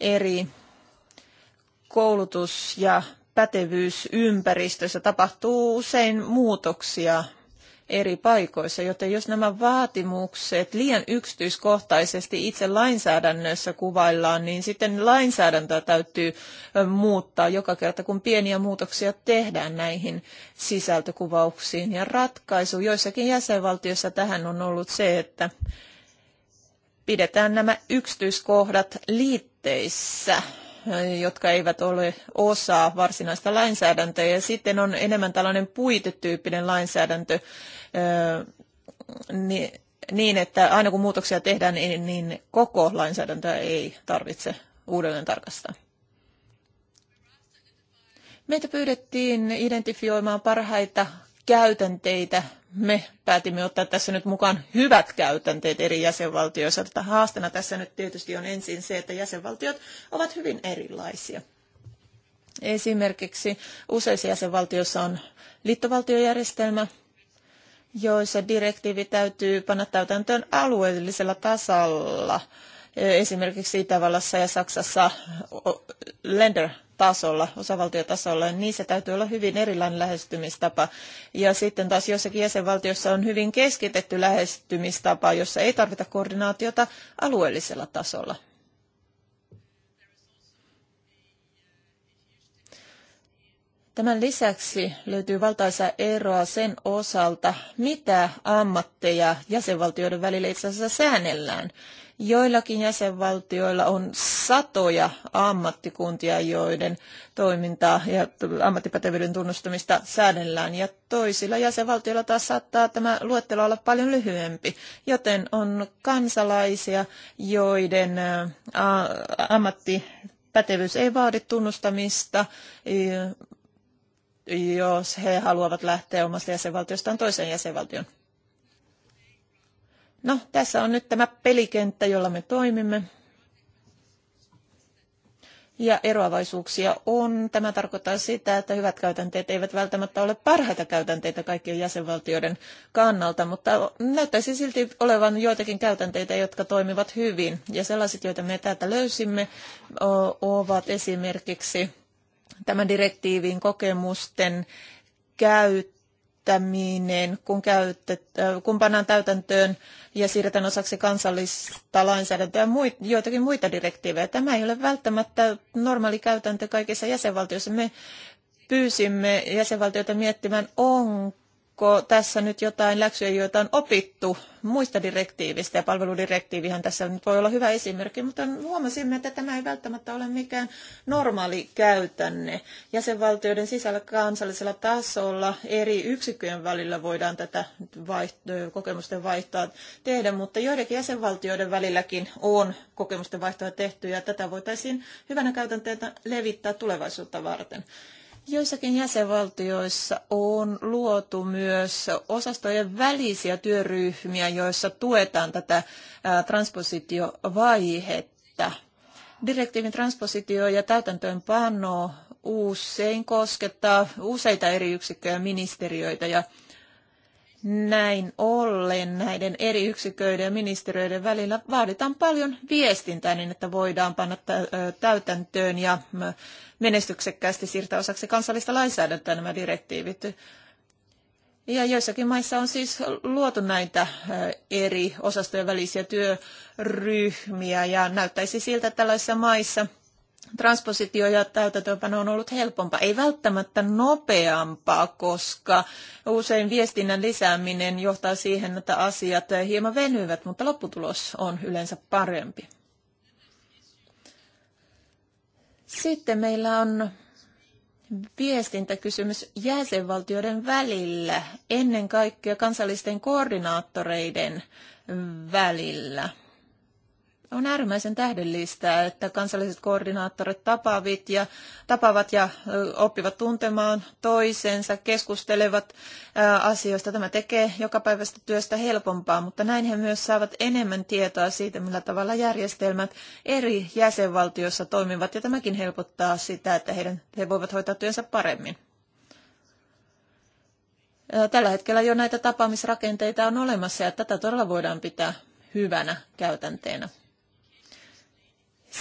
eri koulutus- ja pätevyysympäristössä tapahtuu usein muutoksia eri paikoissa, joten jos nämä vaatimukset liian yksityiskohtaisesti itse lainsäädännössä kuvaillaan, niin sitten lainsäädäntöä täytyy muuttaa joka kerta, kun pieniä muutoksia tehdään näihin sisältökuvauksiin. Ja ratkaisu joissakin jäsenvaltioissa tähän on ollut se, että pidetään nämä yksityiskohdat liitteissä jotka eivät ole osa varsinaista lainsäädäntöä. Ja sitten on enemmän tällainen puitetyyppinen lainsäädäntö niin, että aina kun muutoksia tehdään, niin, niin koko lainsäädäntöä ei tarvitse uudelleen tarkastaa. Meitä pyydettiin identifioimaan parhaita käytänteitä me päätimme ottaa tässä nyt mukaan hyvät käytänteet eri jäsenvaltioissa. Tätä haasteena tässä nyt tietysti on ensin se, että jäsenvaltiot ovat hyvin erilaisia. Esimerkiksi useissa jäsenvaltioissa on liittovaltiojärjestelmä, joissa direktiivi täytyy panna täytäntöön alueellisella tasalla. Esimerkiksi Itävallassa ja Saksassa Länder tasolla, osavaltiotasolla, niin niissä täytyy olla hyvin erilainen lähestymistapa. Ja sitten taas jossakin jäsenvaltiossa on hyvin keskitetty lähestymistapa, jossa ei tarvita koordinaatiota alueellisella tasolla. Tämän lisäksi löytyy valtaisa eroa sen osalta, mitä ammatteja jäsenvaltioiden välillä itse asiassa säännellään. Joillakin jäsenvaltioilla on satoja ammattikuntia, joiden toimintaa ja ammattipätevyyden tunnustamista säädellään, ja toisilla jäsenvaltioilla taas saattaa tämä luettelo olla paljon lyhyempi, joten on kansalaisia, joiden ammattipätevyys ei vaadi tunnustamista, jos he haluavat lähteä omasta jäsenvaltiostaan toiseen jäsenvaltioon. No, tässä on nyt tämä pelikenttä, jolla me toimimme. Ja eroavaisuuksia on. Tämä tarkoittaa sitä, että hyvät käytänteet eivät välttämättä ole parhaita käytänteitä kaikkien jäsenvaltioiden kannalta, mutta näyttäisi silti olevan joitakin käytänteitä, jotka toimivat hyvin. Ja sellaiset, joita me täältä löysimme, ovat esimerkiksi tämän direktiivin kokemusten käyttö käyttäminen, kun, käytet, äh, kun pannaan täytäntöön ja siirretään osaksi kansallista lainsäädäntöä ja muit, joitakin muita direktiivejä. Tämä ei ole välttämättä normaali käytäntö kaikissa jäsenvaltioissa. Me pyysimme jäsenvaltioita miettimään, onko Onko tässä nyt jotain läksyjä, joita on opittu muista direktiivistä, ja palveludirektiivihän tässä nyt voi olla hyvä esimerkki, mutta huomasimme, että tämä ei välttämättä ole mikään normaali käytänne. Jäsenvaltioiden sisällä kansallisella tasolla eri yksikköjen välillä voidaan tätä kokemusten vaihtoa tehdä, mutta joidenkin jäsenvaltioiden välilläkin on kokemusten vaihtoa tehty, ja tätä voitaisiin hyvänä käytänteitä levittää tulevaisuutta varten. Joissakin jäsenvaltioissa on luotu myös osastojen välisiä työryhmiä, joissa tuetaan tätä transpositiovaihetta. Direktiivin transpositio ja täytäntöönpano usein koskettaa useita eri yksikköjä ministeriöitä ja ministeriöitä näin ollen näiden eri yksiköiden ja ministeriöiden välillä vaaditaan paljon viestintää niin, että voidaan panna täytäntöön ja menestyksekkäästi siirtää osaksi kansallista lainsäädäntöä nämä direktiivit. Ja joissakin maissa on siis luotu näitä eri osastojen välisiä työryhmiä ja näyttäisi siltä, että tällaisissa maissa – transpositio ja täytäntöönpano on ollut helpompaa, ei välttämättä nopeampaa, koska usein viestinnän lisääminen johtaa siihen, että asiat hieman venyvät, mutta lopputulos on yleensä parempi. Sitten meillä on viestintäkysymys jäsenvaltioiden välillä, ennen kaikkea kansallisten koordinaattoreiden välillä. On äärimmäisen tähdellistä, että kansalliset koordinaattorit tapaavat ja, tapaavat ja oppivat tuntemaan toisensa, keskustelevat asioista. Tämä tekee joka päivästä työstä helpompaa, mutta näin he myös saavat enemmän tietoa siitä, millä tavalla järjestelmät eri jäsenvaltioissa toimivat. Ja tämäkin helpottaa sitä, että heidän, he voivat hoitaa työnsä paremmin. Tällä hetkellä jo näitä tapaamisrakenteita on olemassa ja tätä todella voidaan pitää hyvänä käytänteenä.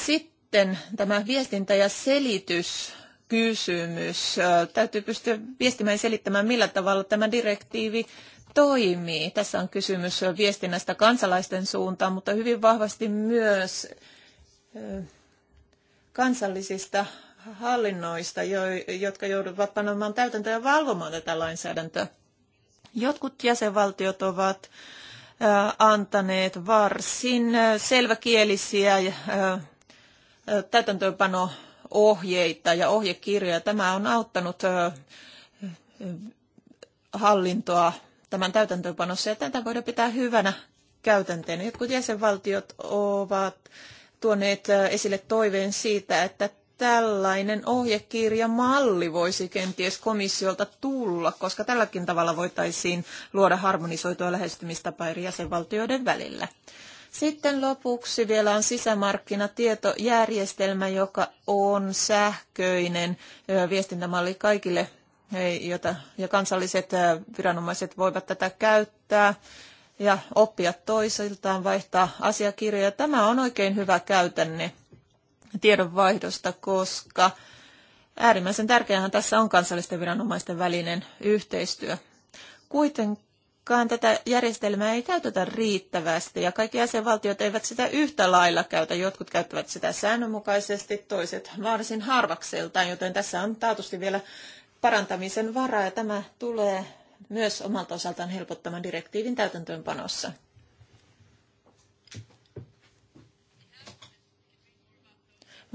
Sitten tämä viestintä- ja selitys kysymys. Täytyy pystyä viestimään ja selittämään, millä tavalla tämä direktiivi toimii. Tässä on kysymys viestinnästä kansalaisten suuntaan, mutta hyvin vahvasti myös kansallisista hallinnoista, jotka jouduvat panemaan täytäntöön ja valvomaan tätä lainsäädäntöä. Jotkut jäsenvaltiot ovat antaneet varsin selväkielisiä täytäntöönpano ohjeita ja ohjekirjoja. Tämä on auttanut hallintoa tämän täytäntöönpanossa ja tätä voidaan pitää hyvänä käytänteenä. Jotkut jäsenvaltiot ovat tuoneet esille toiveen siitä, että tällainen ohjekirjamalli voisi kenties komissiolta tulla, koska tälläkin tavalla voitaisiin luoda harmonisoitua lähestymistapa eri jäsenvaltioiden välillä. Sitten lopuksi vielä on sisämarkkinatietojärjestelmä, joka on sähköinen viestintämalli kaikille, jota, ja kansalliset viranomaiset voivat tätä käyttää ja oppia toisiltaan, vaihtaa asiakirjoja. Tämä on oikein hyvä käytänne tiedonvaihdosta, koska äärimmäisen tärkeähän tässä on kansallisten viranomaisten välinen yhteistyö. Kuiten kuitenkaan tätä järjestelmää ei käytetä riittävästi ja kaikki jäsenvaltiot eivät sitä yhtä lailla käytä. Jotkut käyttävät sitä säännönmukaisesti, toiset varsin harvakseltaan, joten tässä on taatusti vielä parantamisen varaa ja tämä tulee myös omalta osaltaan helpottamaan direktiivin täytäntöönpanossa.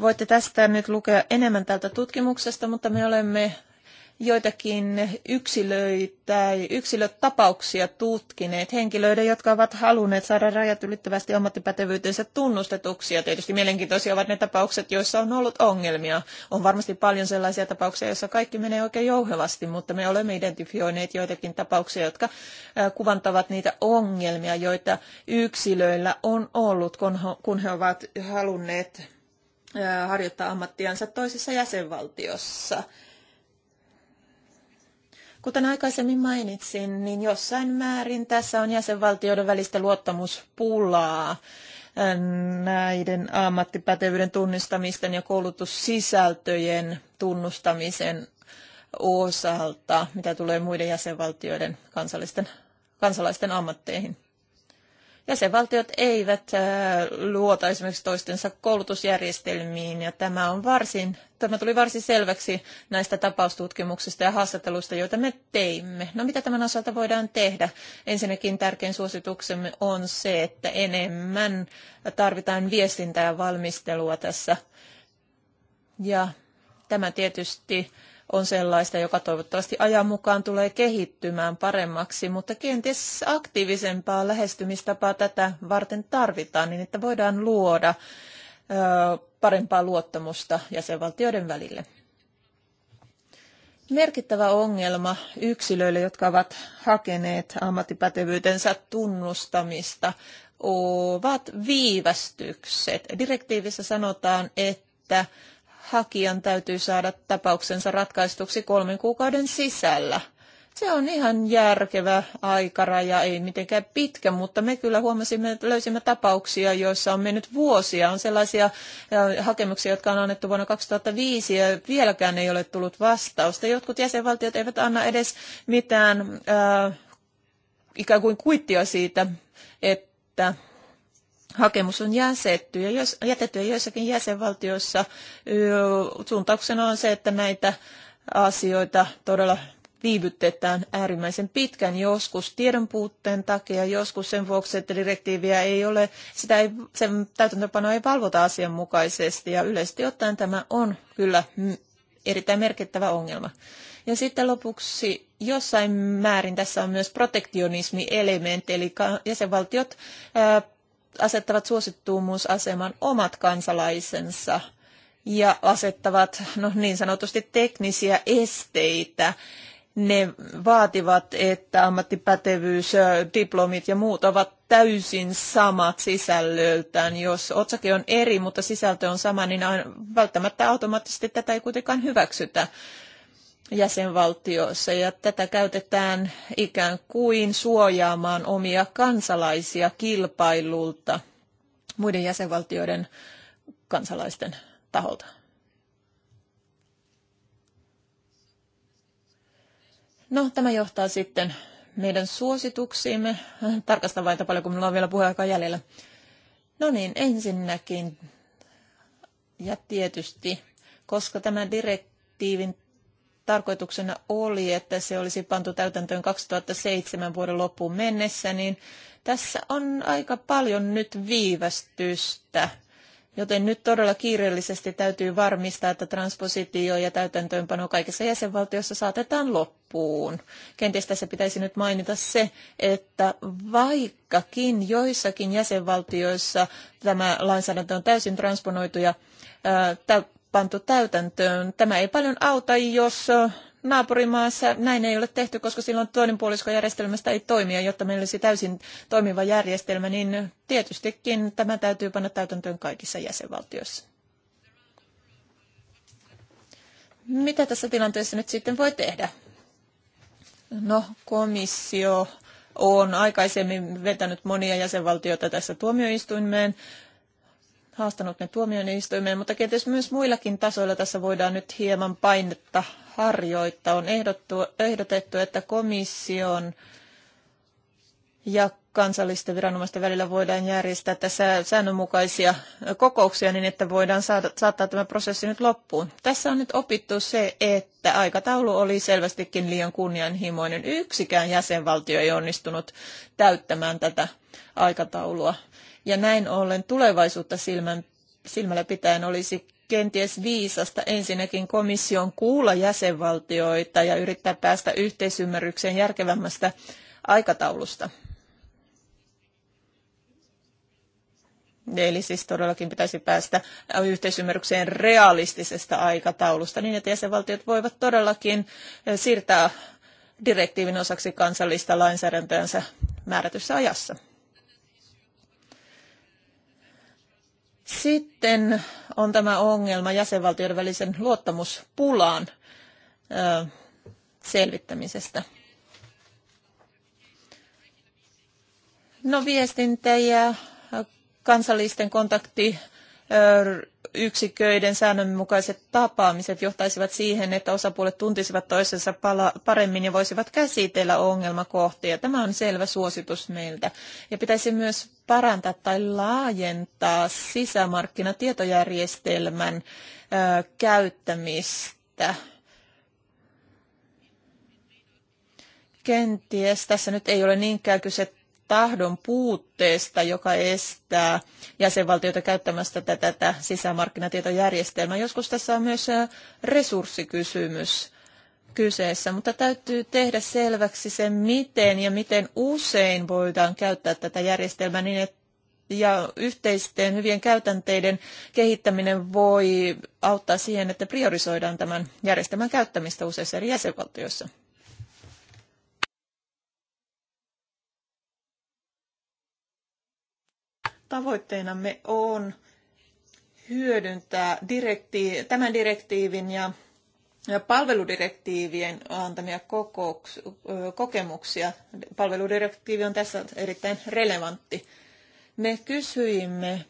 Voitte tästä nyt lukea enemmän tältä tutkimuksesta, mutta me olemme joitakin yksilöitä, yksilötapauksia tutkineet henkilöiden, jotka ovat halunneet saada rajat ylittävästi ammattipätevyytensä tunnustetuksi. Ja tietysti mielenkiintoisia ovat ne tapaukset, joissa on ollut ongelmia. On varmasti paljon sellaisia tapauksia, joissa kaikki menee oikein jouhevasti, mutta me olemme identifioineet joitakin tapauksia, jotka kuvantavat niitä ongelmia, joita yksilöillä on ollut, kun he ovat halunneet harjoittaa ammattiansa toisessa jäsenvaltiossa. Kuten aikaisemmin mainitsin, niin jossain määrin tässä on jäsenvaltioiden välistä luottamuspulaa ähm, näiden ammattipätevyyden tunnistamisten ja koulutussisältöjen tunnustamisen osalta, mitä tulee muiden jäsenvaltioiden kansalaisten ammatteihin jäsenvaltiot eivät äh, luota esimerkiksi toistensa koulutusjärjestelmiin ja tämä, on varsin, tämä tuli varsin selväksi näistä tapaustutkimuksista ja haastatteluista, joita me teimme. No mitä tämän osalta voidaan tehdä? Ensinnäkin tärkein suosituksemme on se, että enemmän tarvitaan viestintää ja valmistelua tässä. Ja tämä tietysti on sellaista, joka toivottavasti ajan mukaan tulee kehittymään paremmaksi, mutta kenties aktiivisempaa lähestymistapaa tätä varten tarvitaan, niin että voidaan luoda parempaa luottamusta jäsenvaltioiden välille. Merkittävä ongelma yksilöille, jotka ovat hakeneet ammattipätevyytensä tunnustamista, ovat viivästykset. Direktiivissä sanotaan, että hakijan täytyy saada tapauksensa ratkaistuksi kolmen kuukauden sisällä. Se on ihan järkevä aikaraja, ei mitenkään pitkä, mutta me kyllä huomasimme, että löysimme tapauksia, joissa on mennyt vuosia. On sellaisia hakemuksia, jotka on annettu vuonna 2005 ja vieläkään ei ole tullut vastausta. Jotkut jäsenvaltiot eivät anna edes mitään äh, ikään kuin kuittia siitä, että hakemus on jäsetty ja jätetty ja joissakin jäsenvaltioissa suuntauksena on se, että näitä asioita todella viivytetään äärimmäisen pitkän, joskus tiedon puutteen takia, joskus sen vuoksi, että direktiiviä ei ole, sitä ei, sen täytäntöpano ei valvota asianmukaisesti ja yleisesti ottaen tämä on kyllä erittäin merkittävä ongelma. Ja sitten lopuksi jossain määrin tässä on myös protektionismi-elementti, eli jäsenvaltiot asettavat suosittuumuusaseman omat kansalaisensa ja asettavat no, niin sanotusti teknisiä esteitä. Ne vaativat, että ammattipätevyys, diplomit ja muut ovat täysin samat sisällöltään. Jos otsake on eri, mutta sisältö on sama, niin välttämättä automaattisesti tätä ei kuitenkaan hyväksytä jäsenvaltioissa ja tätä käytetään ikään kuin suojaamaan omia kansalaisia kilpailulta muiden jäsenvaltioiden kansalaisten taholta. No, tämä johtaa sitten meidän suosituksiimme. Tarkastan vain, paljonko minulla on vielä puheaikaa jäljellä. No niin, ensinnäkin ja tietysti, koska tämä direktiivin tarkoituksena oli, että se olisi pantu täytäntöön 2007 vuoden loppuun mennessä, niin tässä on aika paljon nyt viivästystä. Joten nyt todella kiireellisesti täytyy varmistaa, että transpositio ja täytäntöönpano kaikissa jäsenvaltioissa saatetaan loppuun. Kenties tässä pitäisi nyt mainita se, että vaikkakin joissakin jäsenvaltioissa tämä lainsäädäntö on täysin transponoitu ja pantu täytäntöön. Tämä ei paljon auta, jos naapurimaassa näin ei ole tehty, koska silloin toinen puolisko järjestelmästä ei ja jotta meillä olisi täysin toimiva järjestelmä, niin tietystikin tämä täytyy panna täytäntöön kaikissa jäsenvaltioissa. Mitä tässä tilanteessa nyt sitten voi tehdä? No, komissio on aikaisemmin vetänyt monia jäsenvaltioita tässä tuomioistuimeen haastanut ne tuomioistuimeen, mutta kenties myös muillakin tasoilla tässä voidaan nyt hieman painetta harjoittaa. On ehdotettu, että komission ja kansallisten viranomaisten välillä voidaan järjestää tässä säännönmukaisia kokouksia niin, että voidaan saada, saattaa tämä prosessi nyt loppuun. Tässä on nyt opittu se, että aikataulu oli selvästikin liian kunnianhimoinen. Yksikään jäsenvaltio ei onnistunut täyttämään tätä aikataulua ja näin ollen tulevaisuutta silmän, silmällä pitäen olisi kenties viisasta ensinnäkin komission kuulla jäsenvaltioita ja yrittää päästä yhteisymmärrykseen järkevämmästä aikataulusta. Eli siis todellakin pitäisi päästä yhteisymmärrykseen realistisesta aikataulusta niin, että jäsenvaltiot voivat todellakin siirtää direktiivin osaksi kansallista lainsäädäntöänsä määrätyssä ajassa. Sitten on tämä ongelma jäsenvaltioiden välisen luottamuspulaan selvittämisestä. No viestintä ja kansallisten kontakti yksiköiden säännönmukaiset tapaamiset johtaisivat siihen, että osapuolet tuntisivat toisensa paremmin ja voisivat käsitellä ongelmakohtia. Tämä on selvä suositus meiltä. Ja pitäisi myös parantaa tai laajentaa sisämarkkinatietojärjestelmän käyttämistä. Kenties tässä nyt ei ole niinkään kyse tahdon puutteesta, joka estää jäsenvaltioita käyttämästä tätä, tätä sisämarkkinatietojärjestelmää. Joskus tässä on myös äh, resurssikysymys kyseessä, mutta täytyy tehdä selväksi se, miten ja miten usein voidaan käyttää tätä järjestelmää niin, että ja yhteisten hyvien käytänteiden kehittäminen voi auttaa siihen, että priorisoidaan tämän järjestelmän käyttämistä useissa eri jäsenvaltioissa. Tavoitteenamme on hyödyntää direkti- tämän direktiivin ja palveludirektiivien antamia kokouks- kokemuksia. Palveludirektiivi on tässä erittäin relevantti. Me kysyimme,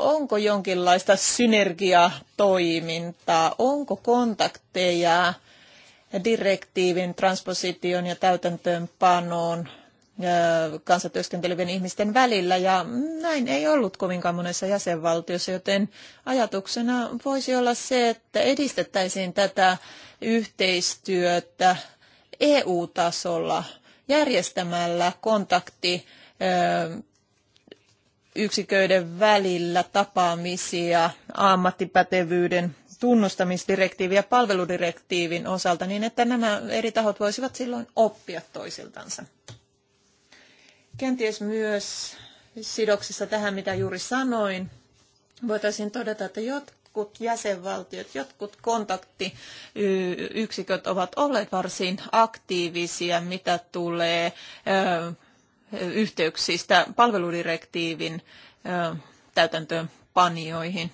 onko jonkinlaista synergiatoimintaa, onko kontakteja direktiivin transpositioon ja täytäntöönpanoon kansatyöskentelevien ihmisten välillä ja näin ei ollut kovinkaan monessa jäsenvaltiossa, joten ajatuksena voisi olla se, että edistettäisiin tätä yhteistyötä EU-tasolla järjestämällä kontakti yksiköiden välillä tapaamisia ammattipätevyyden tunnustamisdirektiivin ja palveludirektiivin osalta niin, että nämä eri tahot voisivat silloin oppia toisiltansa. Kenties myös sidoksissa tähän, mitä juuri sanoin, voitaisiin todeta, että jotkut jäsenvaltiot, jotkut kontaktiyksiköt ovat olleet varsin aktiivisia, mitä tulee yhteyksistä palveludirektiivin täytäntöönpanijoihin.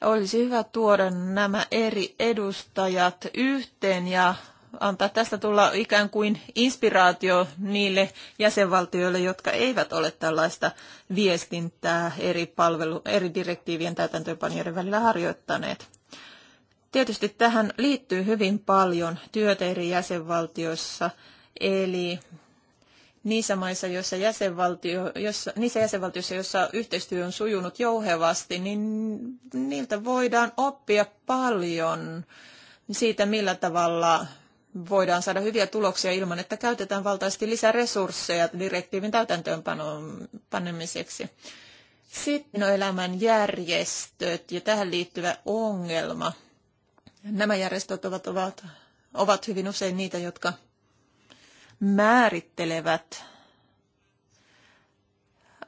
Olisi hyvä tuoda nämä eri edustajat yhteen ja antaa tästä tulla ikään kuin inspiraatio niille jäsenvaltioille, jotka eivät ole tällaista viestintää eri, palvelu, eri direktiivien täytäntöönpanijoiden välillä harjoittaneet. Tietysti tähän liittyy hyvin paljon työtä eri jäsenvaltioissa, eli niissä maissa, joissa jäsenvaltio, jossa, niissä jäsenvaltioissa, joissa yhteistyö on sujunut jouhevasti, niin niiltä voidaan oppia paljon siitä, millä tavalla voidaan saada hyviä tuloksia ilman, että käytetään valtaisesti lisäresursseja direktiivin täytäntöönpanemiseksi. Sitten on elämän järjestöt ja tähän liittyvä ongelma. Nämä järjestöt ovat, ovat, ovat hyvin usein niitä, jotka määrittelevät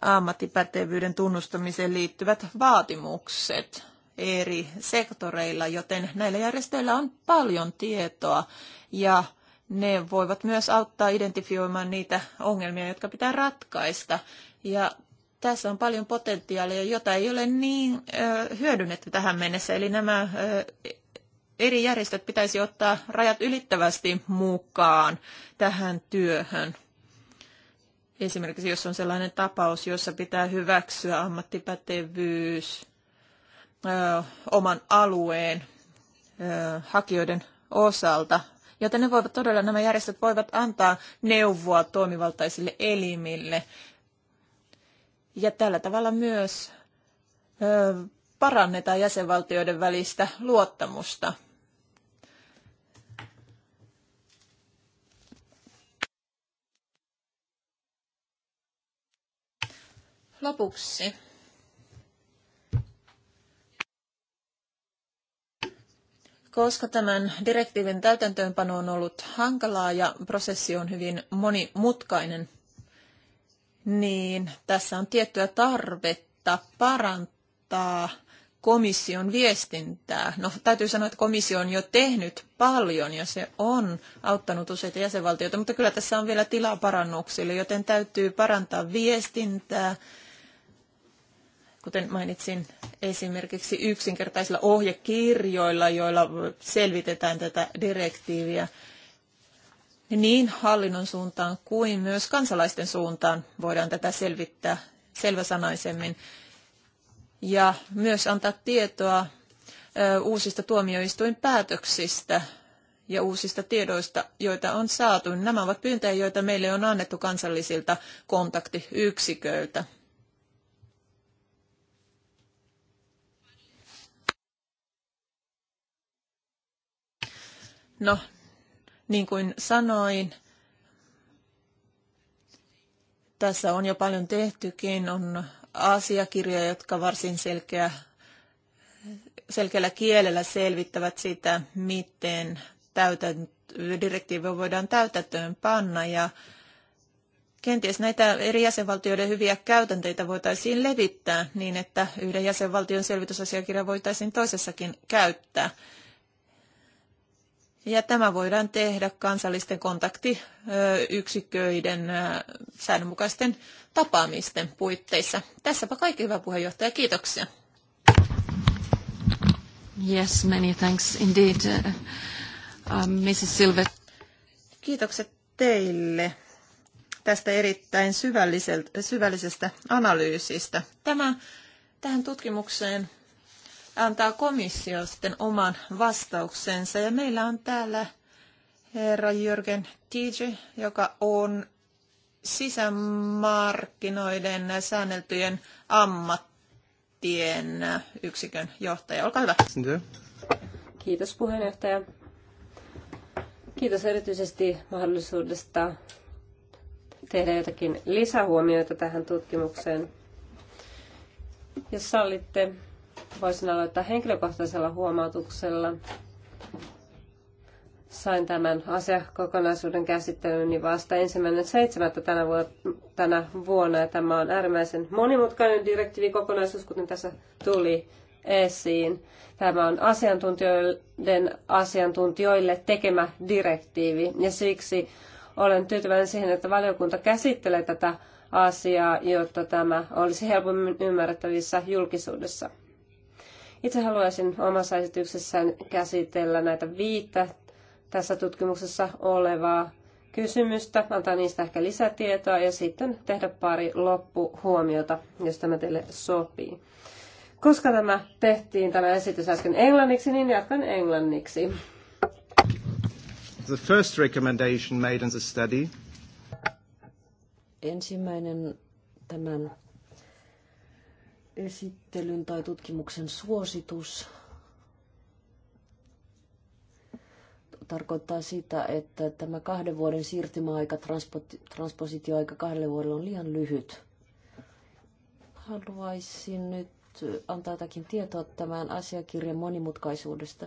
ammattipätevyyden tunnustamiseen liittyvät vaatimukset eri sektoreilla, joten näillä järjestöillä on paljon tietoa ja ne voivat myös auttaa identifioimaan niitä ongelmia, jotka pitää ratkaista. Ja tässä on paljon potentiaalia, jota ei ole niin hyödynnetty tähän mennessä. Eli nämä eri järjestöt pitäisi ottaa rajat ylittävästi mukaan tähän työhön. Esimerkiksi jos on sellainen tapaus, jossa pitää hyväksyä ammattipätevyys oman alueen hakijoiden osalta, joten ne voivat todella, nämä järjestöt voivat antaa neuvoa toimivaltaisille elimille. Ja tällä tavalla myös ö, parannetaan jäsenvaltioiden välistä luottamusta. Lopuksi Koska tämän direktiivin täytäntöönpano on ollut hankalaa ja prosessi on hyvin monimutkainen, niin tässä on tiettyä tarvetta parantaa komission viestintää. No, täytyy sanoa, että komissio on jo tehnyt paljon ja se on auttanut useita jäsenvaltioita, mutta kyllä tässä on vielä tilaa parannuksille, joten täytyy parantaa viestintää kuten mainitsin, esimerkiksi yksinkertaisilla ohjekirjoilla, joilla selvitetään tätä direktiiviä niin, niin hallinnon suuntaan kuin myös kansalaisten suuntaan voidaan tätä selvittää selväsanaisemmin ja myös antaa tietoa uusista tuomioistuinpäätöksistä ja uusista tiedoista, joita on saatu. Nämä ovat pyyntöjä, joita meille on annettu kansallisilta kontaktiyksiköiltä. No, niin kuin sanoin, tässä on jo paljon tehtykin, on asiakirjoja, jotka varsin selkeä, selkeällä kielellä selvittävät sitä, miten täytäntö, voidaan täytäntöön panna ja kenties näitä eri jäsenvaltioiden hyviä käytänteitä voitaisiin levittää niin, että yhden jäsenvaltion selvitysasiakirja voitaisiin toisessakin käyttää. Ja tämä voidaan tehdä kansallisten kontaktiyksiköiden säännönmukaisten tapaamisten puitteissa. Tässäpä kaikki hyvä puheenjohtaja. Kiitoksia. Yes, many thanks indeed, uh, Mrs. Um, Silver. Kiitokset teille tästä erittäin syvällisestä analyysistä. Tämä, tähän tutkimukseen antaa komissio sitten oman vastauksensa. Ja meillä on täällä herra Jürgen Tiege, joka on sisämarkkinoiden säänneltyjen ammattien yksikön johtaja. Olkaa hyvä. Kiitos puheenjohtaja. Kiitos erityisesti mahdollisuudesta tehdä jotakin lisähuomioita tähän tutkimukseen. Jos sallitte, Voisin aloittaa henkilökohtaisella huomautuksella. Sain tämän asiakokonaisuuden käsittelyni vasta ensimmäinen seitsemättä tänä, vu- tänä vuonna. Ja tämä on äärimmäisen monimutkainen direktiivikokonaisuus, kuten tässä tuli esiin. Tämä on asiantuntijoiden asiantuntijoille tekemä direktiivi ja siksi olen tyytyväinen siihen, että valiokunta käsittelee tätä asiaa, jotta tämä olisi helpommin ymmärrettävissä julkisuudessa. Itse haluaisin omassa esityksessään käsitellä näitä viittä tässä tutkimuksessa olevaa kysymystä, antaa niistä ehkä lisätietoa ja sitten tehdä pari loppuhuomiota, jos tämä teille sopii. Koska tämä tehtiin tämä esitys äsken englanniksi, niin jatkan englanniksi. The first recommendation made in the study. Ensimmäinen tämän esittelyn tai tutkimuksen suositus tarkoittaa sitä, että tämä kahden vuoden siirtymäaika, transpositioaika kahdelle vuodelle on liian lyhyt. Haluaisin nyt antaa jotakin tietoa tämän asiakirjan monimutkaisuudesta.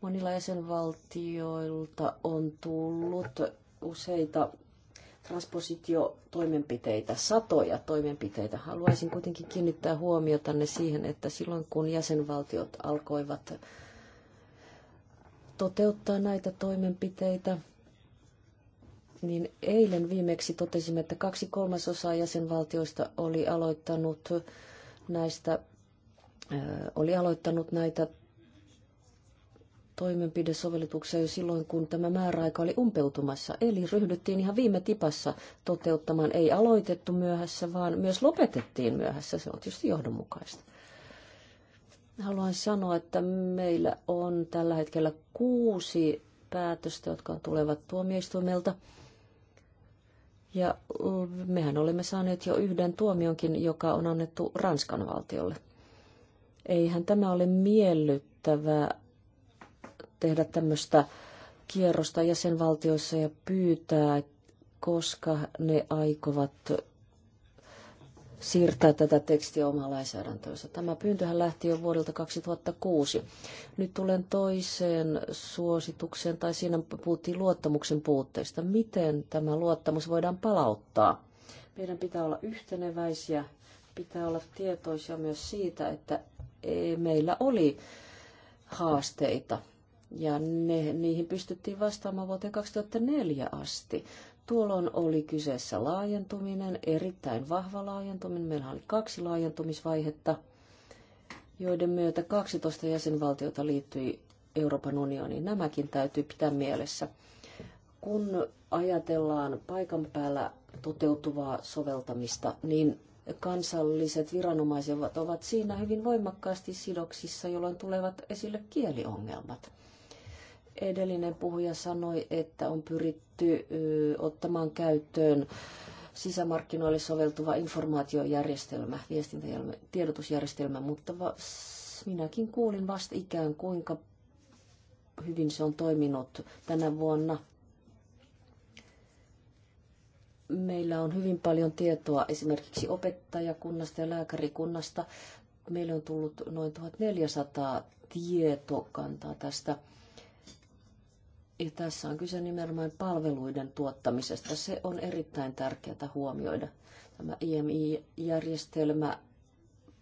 Monilla jäsenvaltioilta on tullut useita transpositiotoimenpiteitä, satoja toimenpiteitä. Haluaisin kuitenkin kiinnittää ne siihen, että silloin kun jäsenvaltiot alkoivat toteuttaa näitä toimenpiteitä, niin eilen viimeksi totesimme, että kaksi kolmasosaa jäsenvaltioista oli aloittanut näistä oli aloittanut näitä toimenpidesovellutukseen jo silloin, kun tämä määräaika oli umpeutumassa. Eli ryhdyttiin ihan viime tipassa toteuttamaan. Ei aloitettu myöhässä, vaan myös lopetettiin myöhässä. Se on tietysti johdonmukaista. Haluan sanoa, että meillä on tällä hetkellä kuusi päätöstä, jotka tulevat tuomioistuimelta. Ja mehän olemme saaneet jo yhden tuomionkin, joka on annettu Ranskan valtiolle. Eihän tämä ole miellyttävä tehdä tämmöistä kierrosta jäsenvaltioissa ja pyytää, koska ne aikovat siirtää tätä tekstiä omaan lainsäädäntöönsä. Tämä pyyntöhän lähti jo vuodelta 2006. Nyt tulen toiseen suositukseen, tai siinä puhuttiin luottamuksen puutteista. Miten tämä luottamus voidaan palauttaa? Meidän pitää olla yhteneväisiä, pitää olla tietoisia myös siitä, että meillä oli haasteita ja ne, niihin pystyttiin vastaamaan vuoteen 2004 asti. Tuolloin oli kyseessä laajentuminen, erittäin vahva laajentuminen. Meillä oli kaksi laajentumisvaihetta, joiden myötä 12 jäsenvaltiota liittyi Euroopan unioniin. Nämäkin täytyy pitää mielessä. Kun ajatellaan paikan päällä toteutuvaa soveltamista, niin kansalliset viranomaiset ovat siinä hyvin voimakkaasti sidoksissa, jolloin tulevat esille kieliongelmat – Edellinen puhuja sanoi, että on pyritty ottamaan käyttöön sisämarkkinoille soveltuva informaatiojärjestelmä, tiedotusjärjestelmä, mutta minäkin kuulin vasta ikään kuinka hyvin se on toiminut tänä vuonna. Meillä on hyvin paljon tietoa esimerkiksi opettajakunnasta ja lääkärikunnasta. Meillä on tullut noin 1400 tietokantaa tästä ja tässä on kyse nimenomaan palveluiden tuottamisesta. Se on erittäin tärkeää huomioida. Tämä IMI-järjestelmä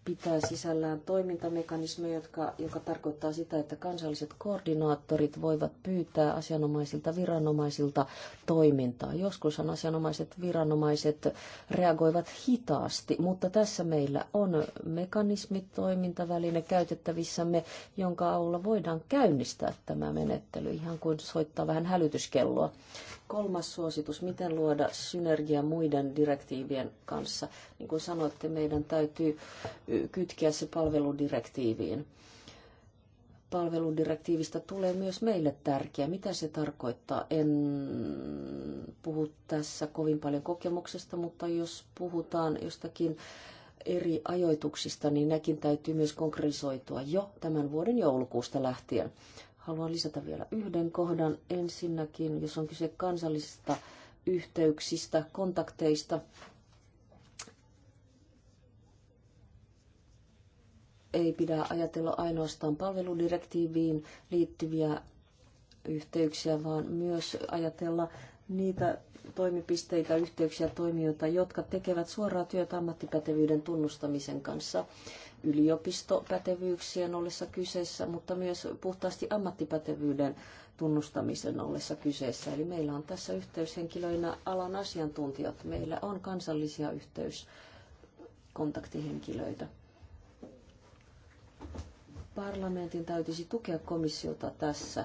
pitää sisällään toimintamekanismeja, jotka, joka tarkoittaa sitä, että kansalliset koordinaattorit voivat pyytää asianomaisilta viranomaisilta toimintaa. Joskushan asianomaiset viranomaiset reagoivat hitaasti, mutta tässä meillä on mekanismi, toimintaväline käytettävissämme, jonka avulla voidaan käynnistää tämä menettely, ihan kuin soittaa vähän hälytyskelloa. Kolmas suositus, miten luoda synergia muiden direktiivien kanssa. Niin kuin sanoitte, meidän täytyy kytkeä se palveludirektiiviin. Palveludirektiivistä tulee myös meille tärkeä. Mitä se tarkoittaa? En puhu tässä kovin paljon kokemuksesta, mutta jos puhutaan jostakin eri ajoituksista, niin näkin täytyy myös konkretisoitua jo tämän vuoden joulukuusta lähtien. Haluan lisätä vielä yhden kohdan. Ensinnäkin, jos on kyse kansallisista yhteyksistä, kontakteista, ei pidä ajatella ainoastaan palveludirektiiviin liittyviä yhteyksiä, vaan myös ajatella niitä toimipisteitä, yhteyksiä, toimijoita, jotka tekevät suoraa työtä ammattipätevyyden tunnustamisen kanssa yliopistopätevyyksien ollessa kyseessä, mutta myös puhtaasti ammattipätevyyden tunnustamisen ollessa kyseessä. Eli meillä on tässä yhteyshenkilöinä alan asiantuntijat. Meillä on kansallisia yhteyskontaktihenkilöitä. Parlamentin täytyisi tukea komissiota tässä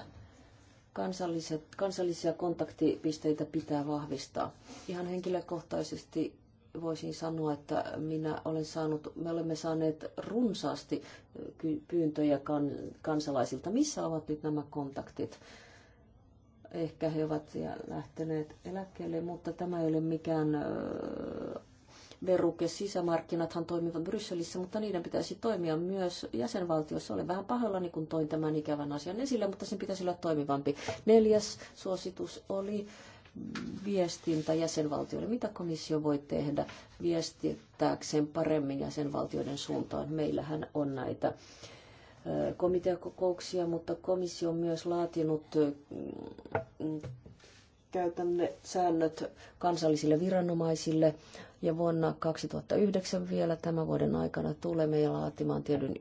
kansalliset, kansallisia kontaktipisteitä pitää vahvistaa. Ihan henkilökohtaisesti voisin sanoa, että minä olen saanut, me olemme saaneet runsaasti pyyntöjä kan, kansalaisilta. Missä ovat nyt nämä kontaktit? Ehkä he ovat lähteneet eläkkeelle, mutta tämä ei ole mikään veruke. Sisämarkkinathan toimivat Brysselissä, mutta niiden pitäisi toimia myös jäsenvaltiossa. Olen vähän pahoillani, kun toin tämän ikävän asian esille, mutta sen pitäisi olla toimivampi. Neljäs suositus oli viestintä jäsenvaltioille. Mitä komissio voi tehdä viestittääkseen paremmin jäsenvaltioiden suuntaan? Meillähän on näitä komiteakokouksia, mutta komissio on myös laatinut mm, käytännön säännöt kansallisille viranomaisille. Ja vuonna 2009 vielä tämän vuoden aikana tulemme ja laatimaan tiedon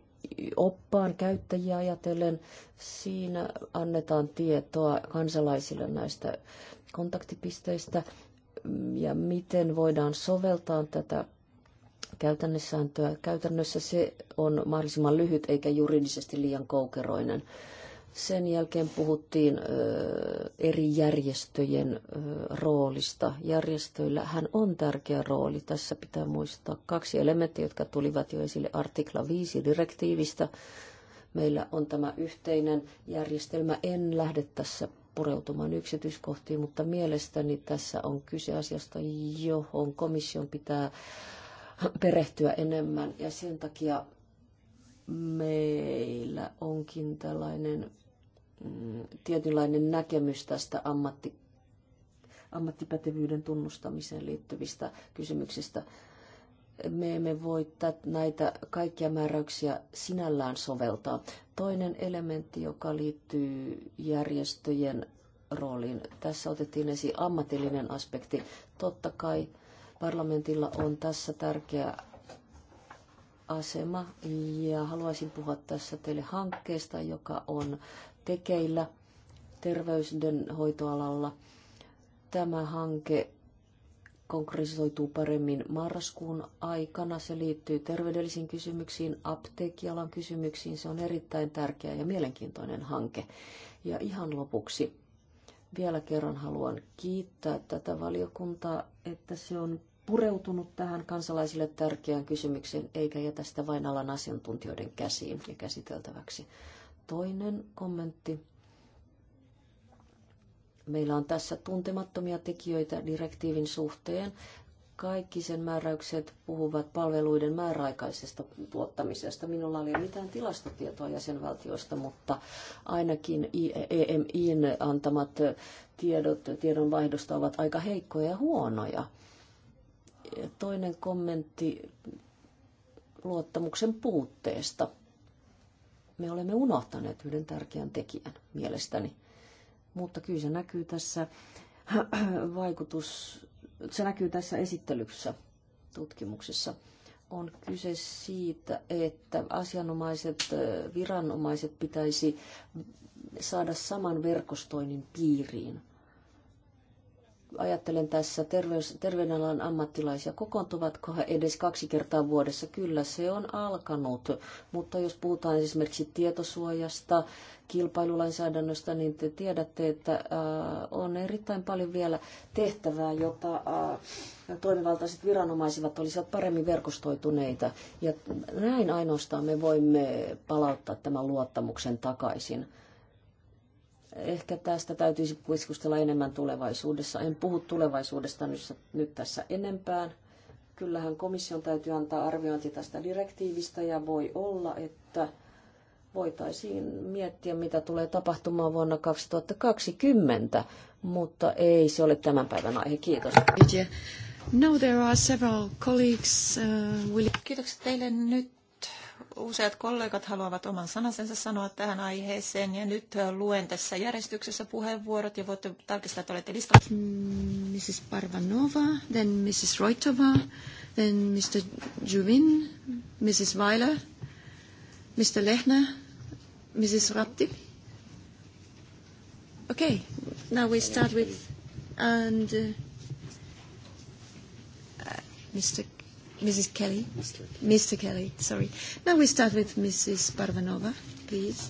oppaan käyttäjiä ajatellen. Siinä annetaan tietoa kansalaisille näistä kontaktipisteistä mm, ja miten voidaan soveltaa tätä käytännössääntöä. Käytännössä se on mahdollisimman lyhyt eikä juridisesti liian koukeroinen. Sen jälkeen puhuttiin eri järjestöjen roolista. Järjestöillä hän on tärkeä rooli. Tässä pitää muistaa kaksi elementtiä, jotka tulivat jo esille artikla 5 direktiivistä. Meillä on tämä yhteinen järjestelmä. En lähde tässä pureutumaan yksityiskohtiin, mutta mielestäni tässä on kyse asiasta, johon komission pitää perehtyä enemmän. Ja sen takia meillä onkin tällainen mm, tietynlainen näkemys tästä ammatti, ammattipätevyyden tunnustamiseen liittyvistä kysymyksistä. Me emme voi näitä kaikkia määräyksiä sinällään soveltaa toinen elementti, joka liittyy järjestöjen rooliin. Tässä otettiin esiin ammatillinen aspekti. Totta kai parlamentilla on tässä tärkeä asema ja haluaisin puhua tässä teille hankkeesta, joka on tekeillä terveydenhoitoalalla. Tämä hanke konkretisoituu paremmin marraskuun aikana. Se liittyy terveydellisiin kysymyksiin, apteekialan kysymyksiin. Se on erittäin tärkeä ja mielenkiintoinen hanke. Ja ihan lopuksi vielä kerran haluan kiittää tätä valiokuntaa, että se on pureutunut tähän kansalaisille tärkeään kysymykseen, eikä jätä sitä vain alan asiantuntijoiden käsiin ja käsiteltäväksi. Toinen kommentti Meillä on tässä tuntemattomia tekijöitä direktiivin suhteen. Kaikki sen määräykset puhuvat palveluiden määräaikaisesta tuottamisesta. Minulla ei ole mitään tilastotietoa jäsenvaltioista, mutta ainakin EMIin antamat tiedot tiedonvaihdosta ovat aika heikkoja ja huonoja. Toinen kommentti luottamuksen puutteesta. Me olemme unohtaneet yhden tärkeän tekijän mielestäni – mutta kyllä se näkyy tässä vaikutus, se näkyy tässä esittelyssä tutkimuksessa. On kyse siitä, että asianomaiset viranomaiset pitäisi saada saman verkostoinnin piiriin ajattelen tässä terveys, terveydenalan ammattilaisia, kokoontuvatko he edes kaksi kertaa vuodessa? Kyllä se on alkanut, mutta jos puhutaan esimerkiksi tietosuojasta, kilpailulainsäädännöstä, niin te tiedätte, että on erittäin paljon vielä tehtävää, jota toimivaltaiset viranomaiset olisivat paremmin verkostoituneita. Ja näin ainoastaan me voimme palauttaa tämän luottamuksen takaisin. Ehkä tästä täytyisi keskustella enemmän tulevaisuudessa. En puhu tulevaisuudesta nyt, tässä enempään. Kyllähän komission täytyy antaa arviointi tästä direktiivistä ja voi olla, että voitaisiin miettiä, mitä tulee tapahtumaan vuonna 2020, mutta ei se ole tämän päivän aihe. Kiitos. No, there are several colleagues, uh, will... Kiitokset teille nyt useat kollegat haluavat oman sanasensa sanoa tähän aiheeseen ja nyt äh, luen tässä järjestyksessä puheenvuorot ja voitte tarkistaa, että olette listalla. Mrs. Mm, Parvanova, then Mrs. Roitova, then Mr. Juvin, Mrs. Weiler, Mr. Lehner, Mrs. Rapti. Okay, now we start with and uh, uh Mr. Mrs. Kelly? Mr. Mr. Kelly, sorry. Now we start with Mrs. Parvanova, please.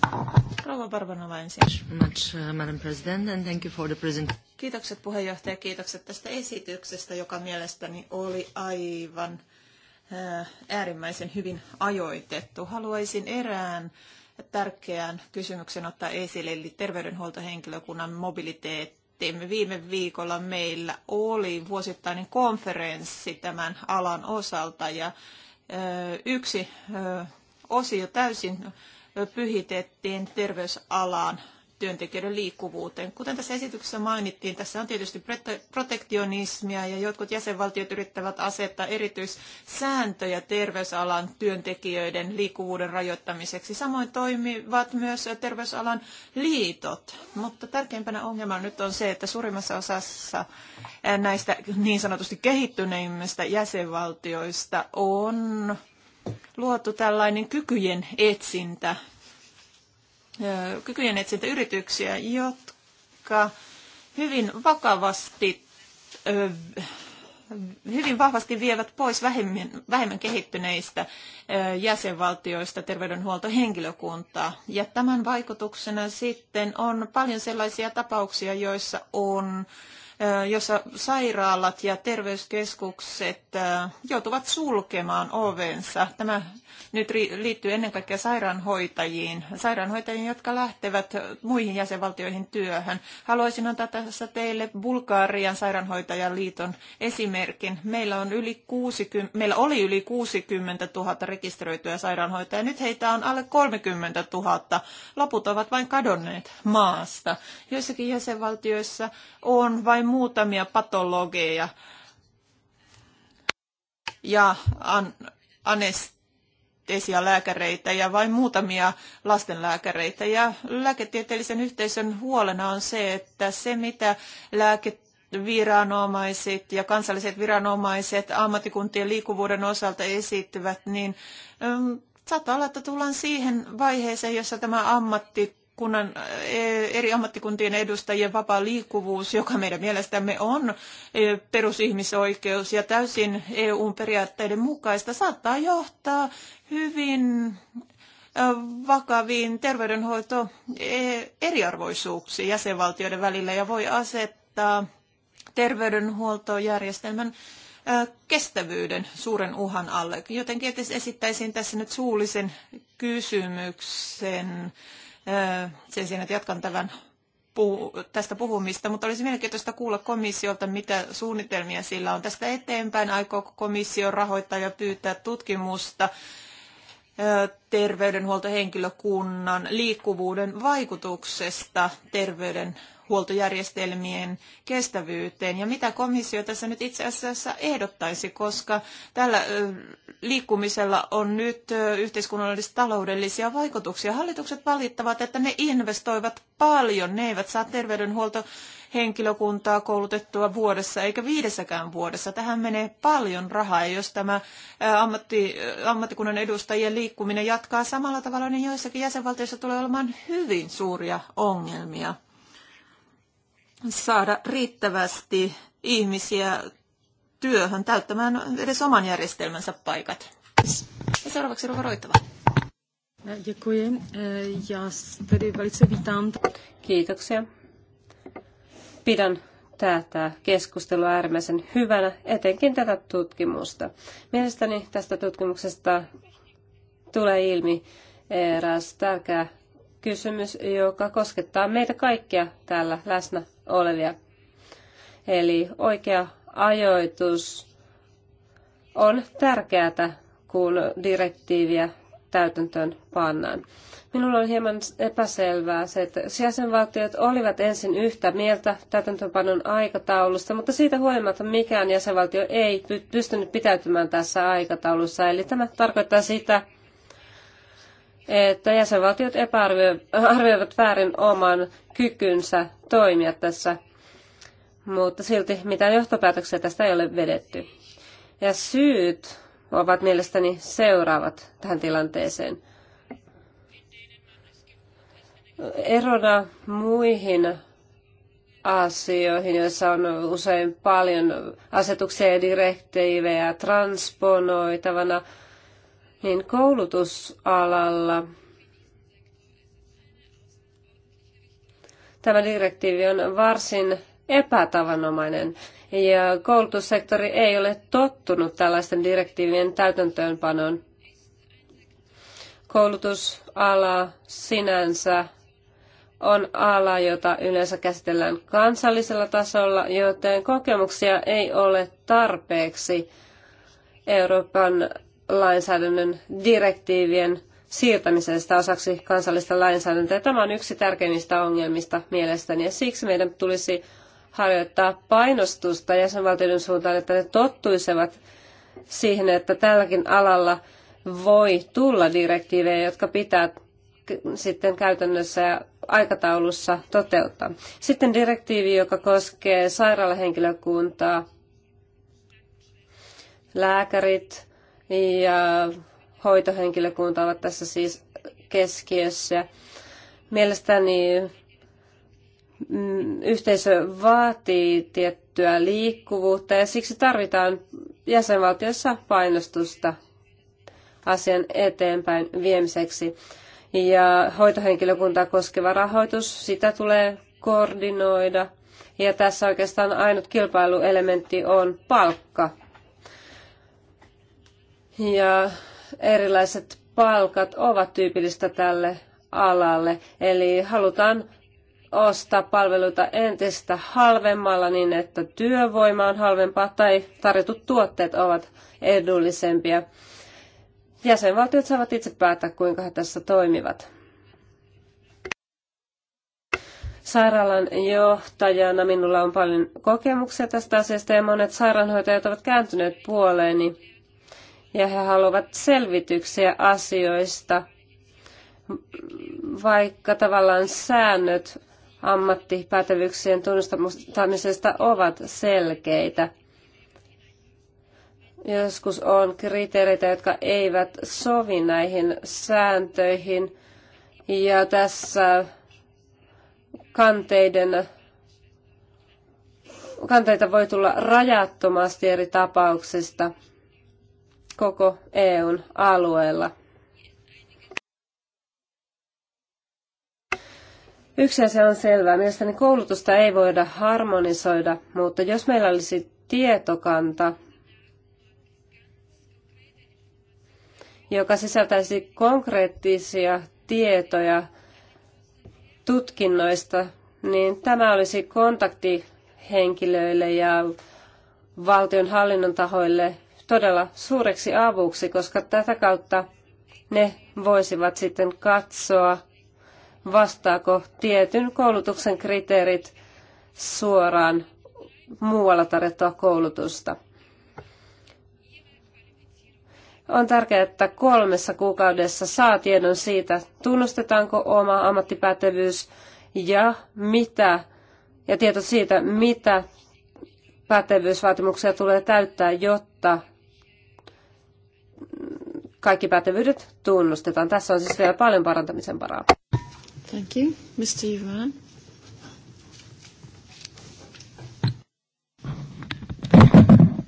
Rouva Parvanova ensin. Much, uh, Madam President, and thank you for the present. Kiitokset puheenjohtaja, kiitokset tästä esityksestä, joka mielestäni oli aivan äh, äärimmäisen hyvin ajoitettu. Haluaisin erään tärkeän kysymyksen ottaa esille, eli terveydenhuoltohenkilökunnan mobiliteetti teimme viime viikolla, meillä oli vuosittainen konferenssi tämän alan osalta ja yksi osio täysin pyhitettiin terveysalaan työntekijöiden liikkuvuuteen. Kuten tässä esityksessä mainittiin, tässä on tietysti protektionismia ja jotkut jäsenvaltiot yrittävät asettaa erityissääntöjä terveysalan työntekijöiden liikkuvuuden rajoittamiseksi. Samoin toimivat myös terveysalan liitot, mutta tärkeimpänä ongelmana nyt on se, että suurimmassa osassa näistä niin sanotusti kehittyneimmistä jäsenvaltioista on luotu tällainen kykyjen etsintä kykyjen yrityksiä, jotka hyvin vakavasti hyvin vahvasti vievät pois vähemmän, vähemmän kehittyneistä jäsenvaltioista terveydenhuoltohenkilökuntaa. Ja tämän vaikutuksena sitten on paljon sellaisia tapauksia, joissa on jossa sairaalat ja terveyskeskukset joutuvat sulkemaan ovensa. Tämä nyt liittyy ennen kaikkea sairaanhoitajiin, sairaanhoitajiin, jotka lähtevät muihin jäsenvaltioihin työhön. Haluaisin antaa tässä teille Bulgarian sairaanhoitajaliiton esimerkin. Meillä, on yli 60, meillä oli yli 60 000 rekisteröityä sairaanhoitajaa, nyt heitä on alle 30 000. Loput ovat vain kadonneet maasta. Joissakin jäsenvaltioissa on vain muutamia patologeja ja an, anestesialääkäreitä ja vain muutamia lastenlääkäreitä. Ja lääketieteellisen yhteisön huolena on se, että se mitä lääketieteellisen viranomaiset ja kansalliset viranomaiset ammattikuntien liikkuvuuden osalta esittävät, niin mm, saattaa olla, että tullaan siihen vaiheeseen, jossa tämä ammatti ammattikunnan, eh, eri ammattikuntien edustajien vapaa liikkuvuus, joka meidän mielestämme on eh, perusihmisoikeus ja täysin eu periaatteiden mukaista, saattaa johtaa hyvin eh, vakaviin terveydenhoito eriarvoisuuksiin jäsenvaltioiden välillä ja voi asettaa terveydenhuoltojärjestelmän kestävyyden suuren uhan alle. Jotenkin esittäisin tässä nyt suullisen kysymyksen sen sijaan, että jatkan tämän puhu, tästä puhumista, mutta olisi mielenkiintoista kuulla komissiolta, mitä suunnitelmia sillä on tästä eteenpäin. Aikooko komissio rahoittaa ja pyytää tutkimusta terveydenhuoltohenkilökunnan liikkuvuuden vaikutuksesta terveyden huoltojärjestelmien kestävyyteen. Ja mitä komissio tässä nyt itse asiassa ehdottaisi, koska tällä liikkumisella on nyt yhteiskunnallisia taloudellisia vaikutuksia. Hallitukset valittavat, että ne investoivat paljon. Ne eivät saa terveydenhuolto henkilökuntaa koulutettua vuodessa eikä viidessäkään vuodessa. Tähän menee paljon rahaa ja jos tämä ammatti, ammattikunnan edustajien liikkuminen jatkaa samalla tavalla, niin joissakin jäsenvaltioissa tulee olemaan hyvin suuria ongelmia saada riittävästi ihmisiä työhön täyttämään edes oman järjestelmänsä paikat. Ja seuraavaksi Ruva Roitava. E, Kiitoksia. Pidän tätä keskustelua äärimmäisen hyvänä, etenkin tätä tutkimusta. Mielestäni tästä tutkimuksesta tulee ilmi eräs tärkeä kysymys, joka koskettaa meitä kaikkia täällä läsnä olevia. Eli oikea ajoitus on tärkeää, kun direktiiviä täytäntöön pannaan. Minulla on hieman epäselvää se, että jäsenvaltiot olivat ensin yhtä mieltä täytäntöönpanon aikataulusta, mutta siitä huolimatta mikään jäsenvaltio ei pystynyt pitäytymään tässä aikataulussa. Eli tämä tarkoittaa sitä, että jäsenvaltiot epäarvioivat väärin oman kykynsä toimia tässä, mutta silti mitään johtopäätöksiä tästä ei ole vedetty. Ja syyt ovat mielestäni seuraavat tähän tilanteeseen. Erona muihin asioihin, joissa on usein paljon asetuksia ja direktiivejä transponoitavana, niin koulutusalalla tämä direktiivi on varsin epätavanomainen ja koulutussektori ei ole tottunut tällaisten direktiivien täytäntöönpanoon. Koulutusala sinänsä on ala, jota yleensä käsitellään kansallisella tasolla, joten kokemuksia ei ole tarpeeksi Euroopan lainsäädännön direktiivien siirtämisestä osaksi kansallista lainsäädäntöä. Tämä on yksi tärkeimmistä ongelmista mielestäni ja siksi meidän tulisi harjoittaa painostusta jäsenvaltioiden suuntaan, että ne tottuisivat siihen, että tälläkin alalla voi tulla direktiivejä, jotka pitää sitten käytännössä ja aikataulussa toteuttaa. Sitten direktiivi, joka koskee sairaalahenkilökuntaa, lääkärit, ja hoitohenkilökunta ovat tässä siis keskiössä. Mielestäni mm, yhteisö vaatii tiettyä liikkuvuutta ja siksi tarvitaan jäsenvaltioissa painostusta asian eteenpäin viemiseksi. Ja hoitohenkilökuntaa koskeva rahoitus, sitä tulee koordinoida. Ja tässä oikeastaan ainut kilpailuelementti on palkka ja erilaiset palkat ovat tyypillistä tälle alalle. Eli halutaan ostaa palveluita entistä halvemmalla niin, että työvoima on halvempaa tai tarjotut tuotteet ovat edullisempia. Jäsenvaltiot saavat itse päättää, kuinka he tässä toimivat. Sairaalan johtajana minulla on paljon kokemuksia tästä asiasta ja monet sairaanhoitajat ovat kääntyneet puoleeni ja he haluavat selvityksiä asioista, vaikka tavallaan säännöt ammattipätevyyksien tunnustamisesta ovat selkeitä. Joskus on kriteereitä, jotka eivät sovi näihin sääntöihin. Ja tässä kanteiden, kanteita voi tulla rajattomasti eri tapauksista koko EUn alueella. Yksi asia on selvää. Mielestäni koulutusta ei voida harmonisoida, mutta jos meillä olisi tietokanta, joka sisältäisi konkreettisia tietoja tutkinnoista, niin tämä olisi kontaktihenkilöille ja valtion hallinnon tahoille todella suureksi avuksi, koska tätä kautta ne voisivat sitten katsoa, vastaako tietyn koulutuksen kriteerit suoraan muualla tarjottua koulutusta. On tärkeää, että kolmessa kuukaudessa saa tiedon siitä, tunnustetaanko oma ammattipätevyys ja mitä, ja tieto siitä, mitä pätevyysvaatimuksia tulee täyttää, jotta kaikki pätevyydet tunnustetaan. Tässä on siis vielä paljon parantamisen varaa. Thank you. Mr. Ivan.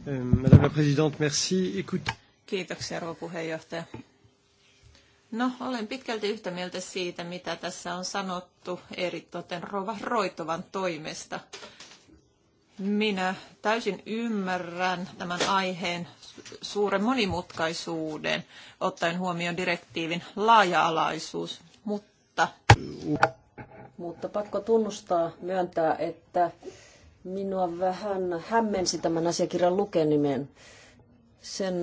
Euh, Madame la Présidente, merci. Écoute... Kiitoksia, rouva puheenjohtaja. No, olen pitkälti yhtä mieltä siitä, mitä tässä on sanottu eritoten rouva Roitovan toimesta. Minä täysin ymmärrän tämän aiheen suuren monimutkaisuuden, ottaen huomioon direktiivin laaja-alaisuus, mutta... Mutta pakko tunnustaa, myöntää, että minua vähän hämmensi tämän asiakirjan lukeminen. Sen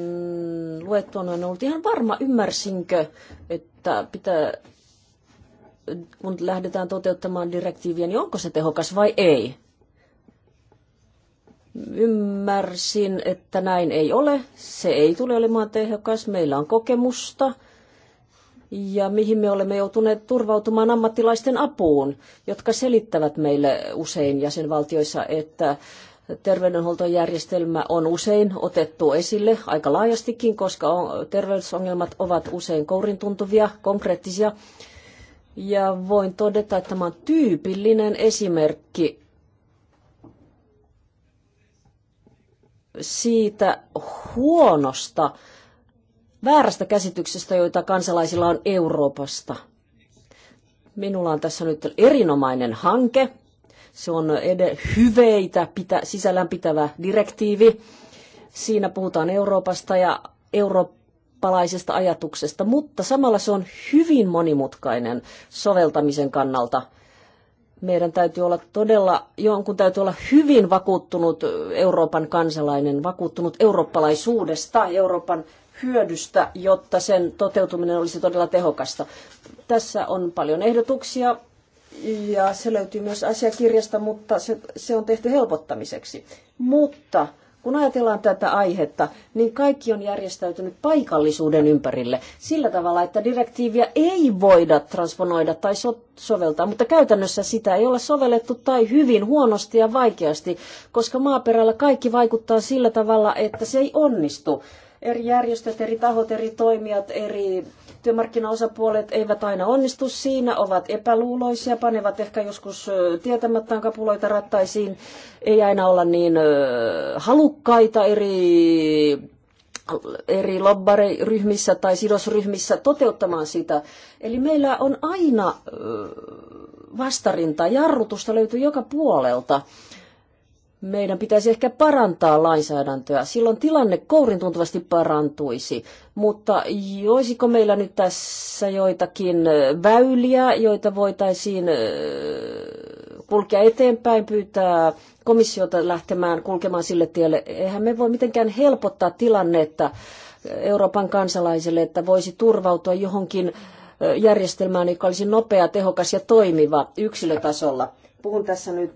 luettuna en ollut ihan varma, ymmärsinkö, että pitää, kun lähdetään toteuttamaan direktiiviä, niin onko se tehokas vai ei Ymmärsin, että näin ei ole. Se ei tule olemaan tehokas. Meillä on kokemusta ja mihin me olemme joutuneet turvautumaan ammattilaisten apuun, jotka selittävät meille usein jäsenvaltioissa, että terveydenhuoltojärjestelmä on usein otettu esille aika laajastikin, koska terveysongelmat ovat usein kourintuntuvia, konkreettisia. Ja voin todeta, että tämä on tyypillinen esimerkki siitä huonosta, väärästä käsityksestä, joita kansalaisilla on Euroopasta. Minulla on tässä nyt erinomainen hanke. Se on ed- hyveitä pitä- sisällään pitävä direktiivi. Siinä puhutaan Euroopasta ja eurooppalaisesta ajatuksesta, mutta samalla se on hyvin monimutkainen soveltamisen kannalta – meidän täytyy olla todella, jonkun täytyy olla hyvin vakuuttunut Euroopan kansalainen, vakuuttunut eurooppalaisuudesta, Euroopan hyödystä, jotta sen toteutuminen olisi todella tehokasta. Tässä on paljon ehdotuksia ja se löytyy myös asiakirjasta, mutta se, se on tehty helpottamiseksi. Mutta kun ajatellaan tätä aihetta, niin kaikki on järjestäytynyt paikallisuuden ympärille sillä tavalla, että direktiiviä ei voida transponoida tai so- soveltaa, mutta käytännössä sitä ei ole sovellettu tai hyvin huonosti ja vaikeasti, koska maaperällä kaikki vaikuttaa sillä tavalla, että se ei onnistu eri järjestöt, eri tahot, eri toimijat, eri Työmarkkinaosapuolet eivät aina onnistu siinä, ovat epäluuloisia, panevat ehkä joskus tietämättään kapuloita rattaisiin, ei aina olla niin halukkaita eri eri lobbariryhmissä tai sidosryhmissä toteuttamaan sitä. Eli meillä on aina vastarintaa, jarrutusta löytyy joka puolelta meidän pitäisi ehkä parantaa lainsäädäntöä. Silloin tilanne kourin tuntuvasti parantuisi, mutta olisiko meillä nyt tässä joitakin väyliä, joita voitaisiin kulkea eteenpäin, pyytää komissiota lähtemään kulkemaan sille tielle. Eihän me voi mitenkään helpottaa tilannetta Euroopan kansalaiselle, että voisi turvautua johonkin järjestelmään, joka olisi nopea, tehokas ja toimiva yksilötasolla. Puhun tässä nyt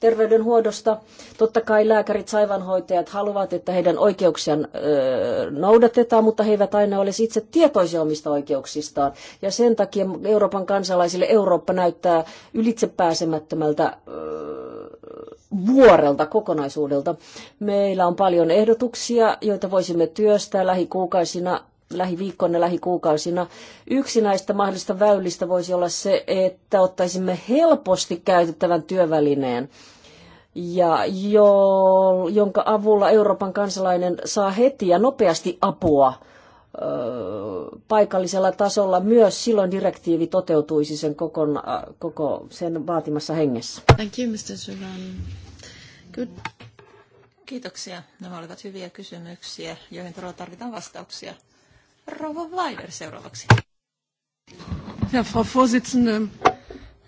terveydenhuodosta. Totta kai lääkärit, saivanhoitajat haluavat, että heidän oikeuksiaan noudatetaan, mutta he eivät aina ole itse tietoisia omista oikeuksistaan. Ja sen takia Euroopan kansalaisille Eurooppa näyttää ylitsepääsemättömältä vuorelta kokonaisuudelta. Meillä on paljon ehdotuksia, joita voisimme työstää lähikuukausina lähiviikkoina, lähikuukausina. Yksi näistä mahdollisista väylistä voisi olla se, että ottaisimme helposti käytettävän työvälineen, ja jo, jonka avulla Euroopan kansalainen saa heti ja nopeasti apua ö, paikallisella tasolla myös silloin direktiivi toteutuisi sen kokon, koko sen vaatimassa hengessä. Thank you, Mr. Good. Kiitoksia. Nämä olivat hyviä kysymyksiä, joihin todella tarvitaan vastauksia. Rouva Weiler seuraavaksi. Ja Frau Vorsitzende.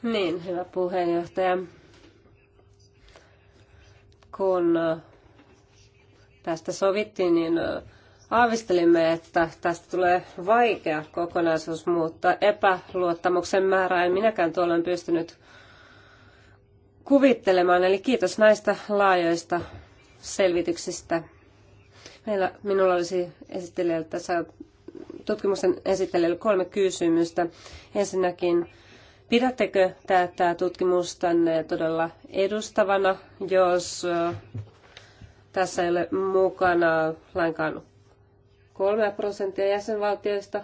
Niin, hyvä puheenjohtaja. Kun tästä sovittiin, niin aavistelimme, että tästä tulee vaikea kokonaisuus, mutta epäluottamuksen määrää en minäkään tuolloin pystynyt kuvittelemaan. Eli kiitos näistä laajoista selvityksistä. Meillä, minulla olisi esittelijältä tutkimuksen esittelijälle kolme kysymystä. Ensinnäkin, pidättekö tätä tutkimusta todella edustavana, jos tässä ei ole mukana lainkaan kolme prosenttia jäsenvaltioista?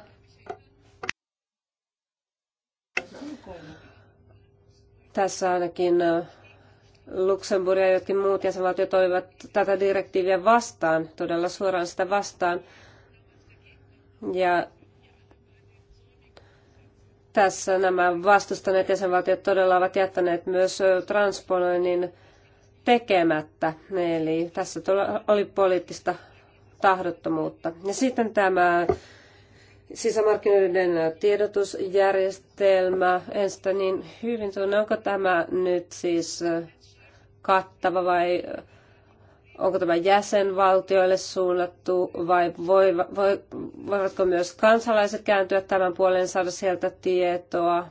Tässä ainakin Luxemburg ja jotkin muut jäsenvaltiot olivat tätä direktiiviä vastaan, todella suoraan sitä vastaan. Ja tässä nämä vastustaneet jäsenvaltiot todella ovat jättäneet myös transponoinnin tekemättä. Eli tässä oli poliittista tahdottomuutta. Ja sitten tämä sisämarkkinoiden tiedotusjärjestelmä. En sitä niin hyvin tunne. Onko tämä nyt siis kattava vai onko tämä jäsenvaltioille suunnattu vai voivatko myös kansalaiset kääntyä tämän puolen saada sieltä tietoa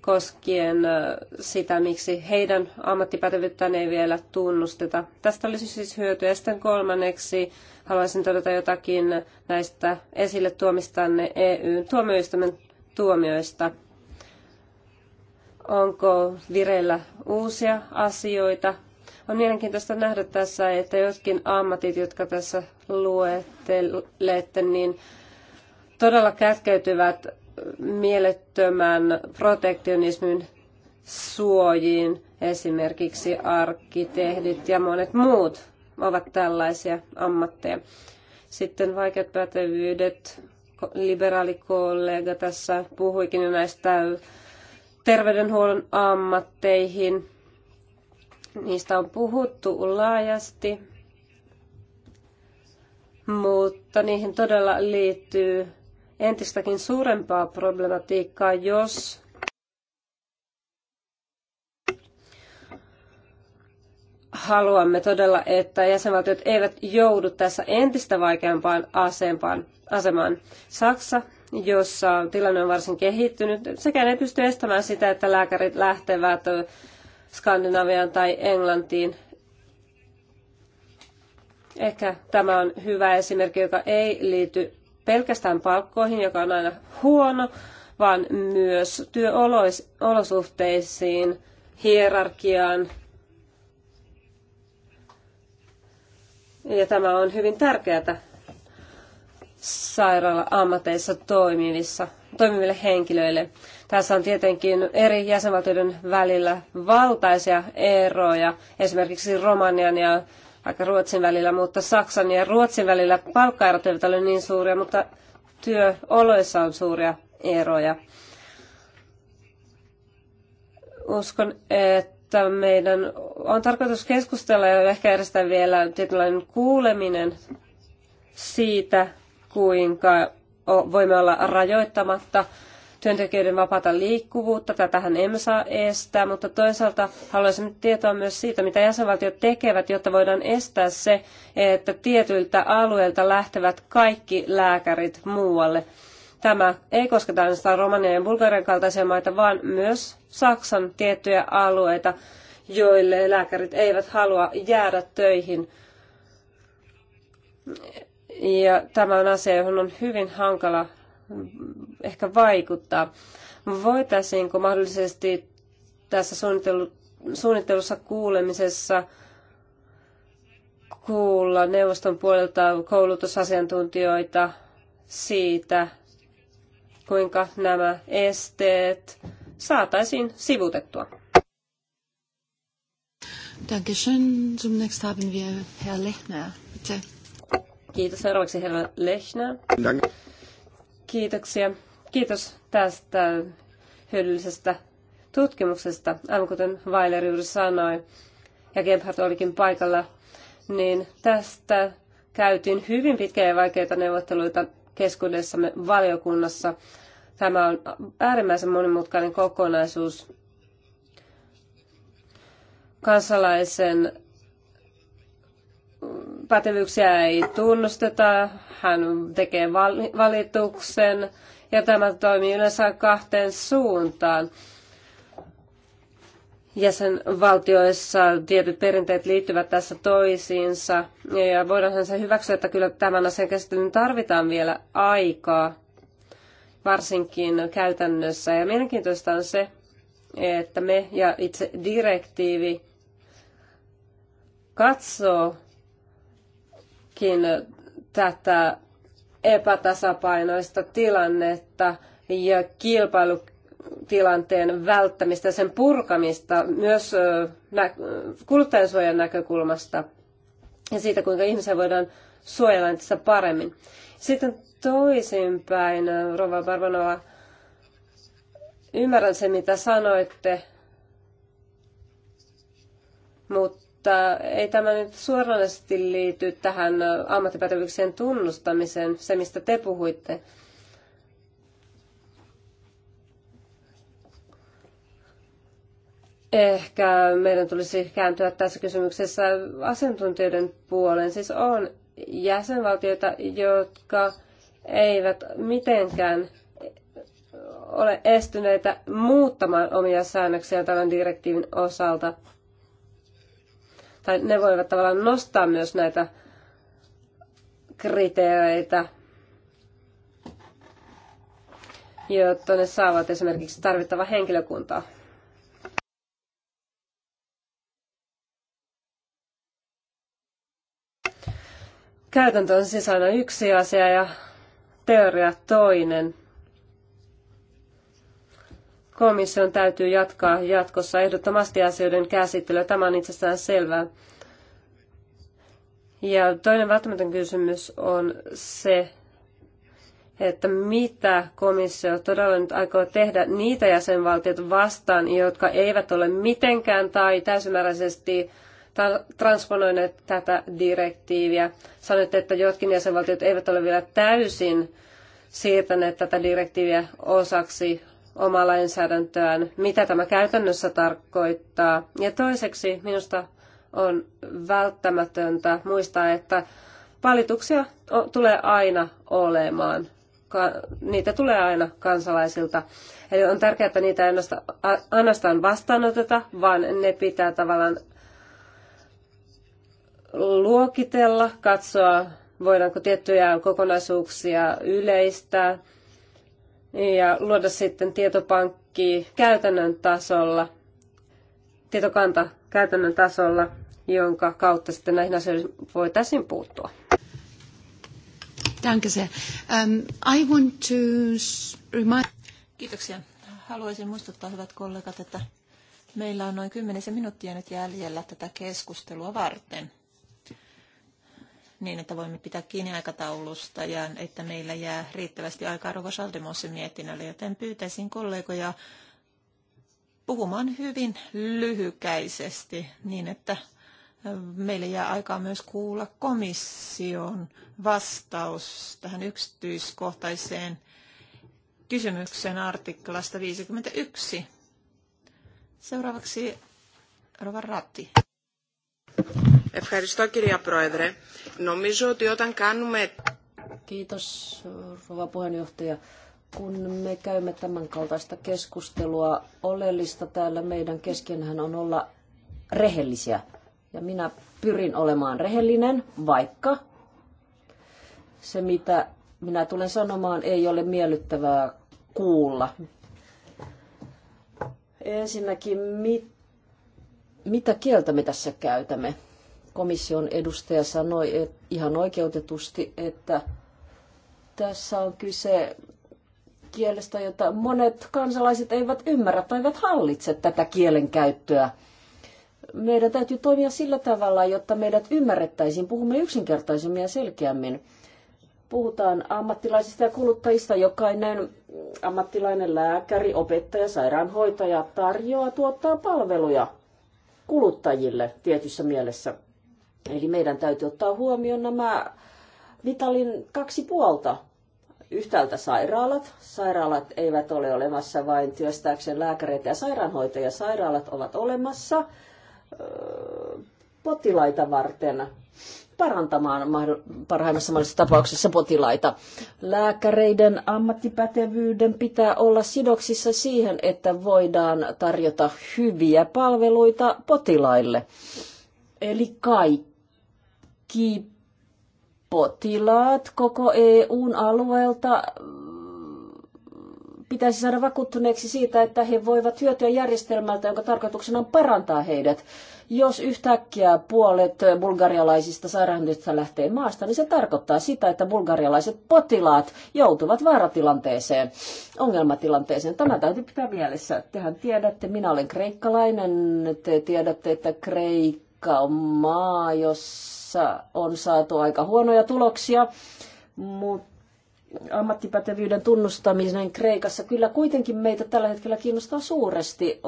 koskien sitä, miksi heidän ammattipätevyyttään ei vielä tunnusteta. Tästä olisi siis hyötyä. Sitten kolmanneksi haluaisin todeta jotakin näistä esille tuomistanne EUn tuomioistuimen tuomioista. Onko vireillä uusia asioita on mielenkiintoista nähdä tässä, että jotkin ammatit, jotka tässä luettelette, niin todella kätkeytyvät mielettömän protektionismin suojiin. Esimerkiksi arkkitehdit ja monet muut ovat tällaisia ammatteja. Sitten vaikeat pätevyydet, liberaalikollega tässä puhuikin jo näistä terveydenhuollon ammatteihin Niistä on puhuttu laajasti, mutta niihin todella liittyy entistäkin suurempaa problematiikkaa, jos haluamme todella, että jäsenvaltiot eivät joudu tässä entistä vaikeampaan asempaan, asemaan. Saksa, jossa tilanne on varsin kehittynyt, sekään ei pysty estämään sitä, että lääkärit lähtevät Skandinaviaan tai Englantiin. Ehkä tämä on hyvä esimerkki, joka ei liity pelkästään palkkoihin, joka on aina huono, vaan myös työolosuhteisiin, hierarkiaan. Ja tämä on hyvin tärkeää sairaala-ammateissa toimivissa, toimiville henkilöille. Tässä on tietenkin eri jäsenvaltioiden välillä valtaisia eroja, esimerkiksi Romanian ja vaikka Ruotsin välillä, mutta Saksan ja Ruotsin välillä palkkaerot eivät ole niin suuria, mutta työoloissa on suuria eroja. Uskon, että meidän on tarkoitus keskustella ja ehkä järjestää vielä tietynlainen kuuleminen siitä, kuinka voimme olla rajoittamatta työntekijöiden vapaata liikkuvuutta. Tätähän emme saa estää, mutta toisaalta nyt tietoa myös siitä, mitä jäsenvaltiot tekevät, jotta voidaan estää se, että tietyiltä alueilta lähtevät kaikki lääkärit muualle. Tämä ei kosketa ainoastaan Romanian ja Bulgarian kaltaisia maita, vaan myös Saksan tiettyjä alueita, joille lääkärit eivät halua jäädä töihin ja tämä on asia, johon on hyvin hankala ehkä vaikuttaa. Voitaisiinko mahdollisesti tässä suunnittelussa kuulemisessa kuulla neuvoston puolelta koulutusasiantuntijoita siitä, kuinka nämä esteet saataisiin sivutettua. Dankeschön. Zum nächsten haben wir Herr Lechner. Bitte. Kiitos seuraavaksi herra Lechner. Kiitoksia. Kiitos tästä hyödyllisestä tutkimuksesta. Aivan kuten Weiler juuri sanoi, ja Gebhardt olikin paikalla, niin tästä käytiin hyvin pitkiä ja vaikeita neuvotteluita keskuudessamme valiokunnassa. Tämä on äärimmäisen monimutkainen kokonaisuus. Kansalaisen pätevyyksiä ei tunnusteta, hän tekee valituksen ja tämä toimii yleensä kahteen suuntaan. Jäsenvaltioissa tietyt perinteet liittyvät tässä toisiinsa ja voidaanhan se hyväksyä, että kyllä tämän asian käsittelyyn tarvitaan vielä aikaa, varsinkin käytännössä. Ja mielenkiintoista on se, että me ja itse direktiivi katsoo kuitenkin tätä epätasapainoista tilannetta ja kilpailutilanteen välttämistä ja sen purkamista myös kuluttajansuojan näkökulmasta ja siitä, kuinka ihmisiä voidaan suojella entistä paremmin. Sitten toisinpäin, Rova Barbanova, ymmärrän sen, mitä sanoitte, mutta mutta ei tämä nyt suoranaisesti liity tähän ammattipätevyyksien tunnustamiseen, se mistä te puhuitte. Ehkä meidän tulisi kääntyä tässä kysymyksessä asiantuntijoiden puoleen. Siis on jäsenvaltioita, jotka eivät mitenkään ole estyneitä muuttamaan omia säännöksiä tämän direktiivin osalta – tai ne voivat tavallaan nostaa myös näitä kriteereitä, jotta ne saavat esimerkiksi tarvittava henkilökuntaa. Käytäntö on siis aina yksi asia ja teoria toinen komission täytyy jatkaa jatkossa ehdottomasti asioiden käsittelyä. Tämä on itsestään selvää. Ja toinen välttämätön kysymys on se, että mitä komissio todella nyt aikoo tehdä niitä jäsenvaltioita vastaan, jotka eivät ole mitenkään tai täysimääräisesti transponoineet tätä direktiiviä. Sanoit, että jotkin jäsenvaltiot eivät ole vielä täysin siirtäneet tätä direktiiviä osaksi omaa lainsäädäntöään, mitä tämä käytännössä tarkoittaa. Ja toiseksi minusta on välttämätöntä muistaa, että valituksia tulee aina olemaan. niitä tulee aina kansalaisilta. Eli on tärkeää, että niitä ei ainoastaan vastaanoteta, vaan ne pitää tavallaan luokitella, katsoa, voidaanko tiettyjä kokonaisuuksia yleistää – ja luoda sitten tietopankki käytännön tasolla, tietokanta käytännön tasolla, jonka kautta sitten näihin asioihin voitaisiin puuttua. Danke sehr. Ähm, I want to remind... Kiitoksia. Haluaisin muistuttaa, hyvät kollegat, että meillä on noin kymmenisen minuuttia nyt jäljellä tätä keskustelua varten niin, että voimme pitää kiinni aikataulusta ja että meillä jää riittävästi aikaa Rova Saldemosin mietinnölle, joten pyytäisin kollegoja puhumaan hyvin lyhykäisesti niin, että meillä jää aikaa myös kuulla komission vastaus tähän yksityiskohtaiseen kysymykseen artiklasta 51. Seuraavaksi Rova Ratti. Ευχαριστώ κυρία Πρόεδρε. Νομίζω ότι όταν κάνουμε... puheenjohtaja. Kun me käymme tämän kaltaista keskustelua, oleellista täällä meidän keskenhän on olla rehellisiä. Ja minä pyrin olemaan rehellinen, vaikka se mitä minä tulen sanomaan ei ole miellyttävää kuulla. Ensinnäkin, mit, mitä kieltä me tässä käytämme? komission edustaja sanoi et, ihan oikeutetusti, että tässä on kyse kielestä, jota monet kansalaiset eivät ymmärrä tai eivät hallitse tätä kielenkäyttöä. Meidän täytyy toimia sillä tavalla, jotta meidät ymmärrettäisiin. Puhumme yksinkertaisemmin ja selkeämmin. Puhutaan ammattilaisista ja kuluttajista. Jokainen ammattilainen lääkäri, opettaja, sairaanhoitaja tarjoaa, tuottaa palveluja kuluttajille tietyssä mielessä. Eli meidän täytyy ottaa huomioon nämä Vitalin kaksi puolta. Yhtäältä sairaalat. Sairaalat eivät ole olemassa vain työstääkseen lääkäreitä ja sairaanhoitajia. Sairaalat ovat olemassa potilaita varten parantamaan parhaimmassa mahdollisessa tapauksessa potilaita. Lääkäreiden ammattipätevyyden pitää olla sidoksissa siihen, että voidaan tarjota hyviä palveluita potilaille. Eli kaikki potilaat koko EUn alueelta mm, pitäisi saada vakuuttuneeksi siitä, että he voivat hyötyä järjestelmältä, jonka tarkoituksena on parantaa heidät. Jos yhtäkkiä puolet bulgarialaisista sairaanhoitajista lähtee maasta, niin se tarkoittaa sitä, että bulgarialaiset potilaat joutuvat vaaratilanteeseen, ongelmatilanteeseen. Tämä täytyy pitää mielessä. Tehän tiedätte, minä olen kreikkalainen, te tiedätte, että Kreikka Kreikka on maa, jossa on saatu aika huonoja tuloksia, mutta ammattipätevyyden tunnustaminen Kreikassa kyllä kuitenkin meitä tällä hetkellä kiinnostaa suuresti.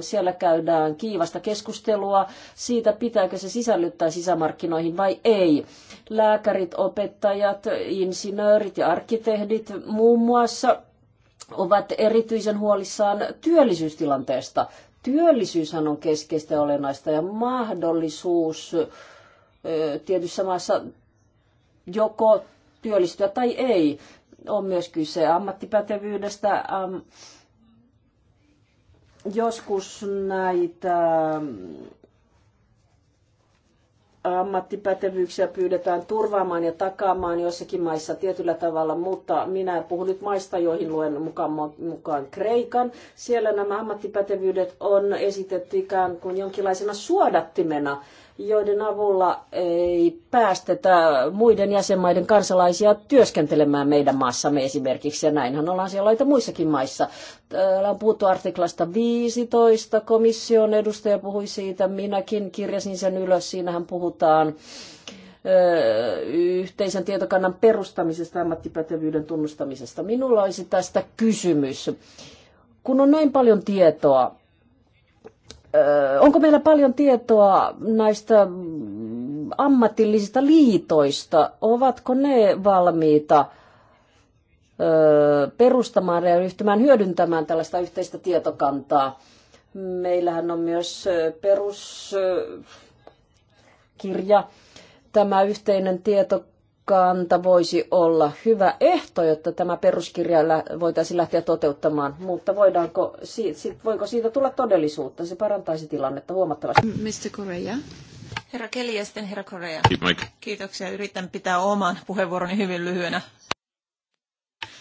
Siellä käydään kiivasta keskustelua siitä, pitääkö se sisällyttää sisämarkkinoihin vai ei. Lääkärit, opettajat, insinöörit ja arkkitehdit muun muassa ovat erityisen huolissaan työllisyystilanteesta. Työllisyyshän on keskeistä ja olennaista ja mahdollisuus tietyssä maassa joko työllistyä tai ei on myös kyse ammattipätevyydestä. Joskus näitä ammattipätevyyksiä pyydetään turvaamaan ja takaamaan jossakin maissa tietyllä tavalla, mutta minä puhun nyt maista, joihin luen mukaan, mukaan Kreikan. Siellä nämä ammattipätevyydet on esitetty ikään kuin jonkinlaisena suodattimena joiden avulla ei päästetä muiden jäsenmaiden kansalaisia työskentelemään meidän maassamme esimerkiksi, ja näinhän siellä laita muissakin maissa. Täällä on puhuttu artiklasta 15, komission edustaja puhui siitä, minäkin kirjasin sen ylös, siinähän puhutaan yhteisen tietokannan perustamisesta ja ammattipätevyyden tunnustamisesta. Minulla olisi tästä kysymys. Kun on näin paljon tietoa, onko meillä paljon tietoa näistä ammatillisista liitoista? Ovatko ne valmiita perustamaan ja ryhtymään hyödyntämään tällaista yhteistä tietokantaa? Meillähän on myös peruskirja, tämä yhteinen tieto, kanta voisi olla hyvä ehto, jotta tämä peruskirja voitaisiin lähteä toteuttamaan, mutta voidaanko, voiko siitä tulla todellisuutta? Se parantaisi tilannetta huomattavasti. Mr. Korea. Herra Keli ja sitten herra Korea. Kiitoksia. Yritän pitää oman puheenvuoroni hyvin lyhyenä.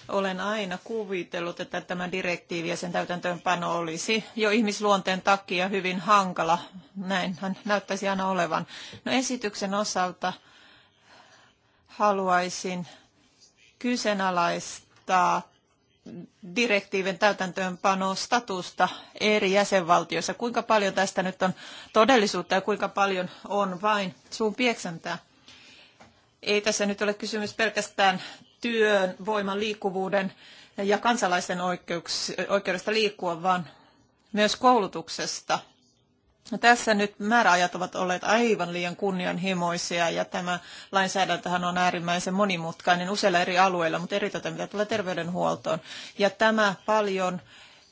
Olen aina kuvitellut, että tämä direktiivi ja sen täytäntöönpano olisi jo ihmisluonteen takia hyvin hankala. Näinhän näyttäisi aina olevan. No esityksen osalta haluaisin kyseenalaistaa direktiivin täytäntöönpanon statusta eri jäsenvaltioissa. Kuinka paljon tästä nyt on todellisuutta ja kuinka paljon on vain suun Ei tässä nyt ole kysymys pelkästään työn, voiman liikkuvuuden ja kansalaisten oikeudesta liikkua, vaan myös koulutuksesta – No tässä nyt määräajat ovat olleet aivan liian kunnianhimoisia ja tämä lainsäädäntöhän on äärimmäisen monimutkainen useilla eri alueilla, mutta eritoten mitä tulee terveydenhuoltoon. Ja tämä paljon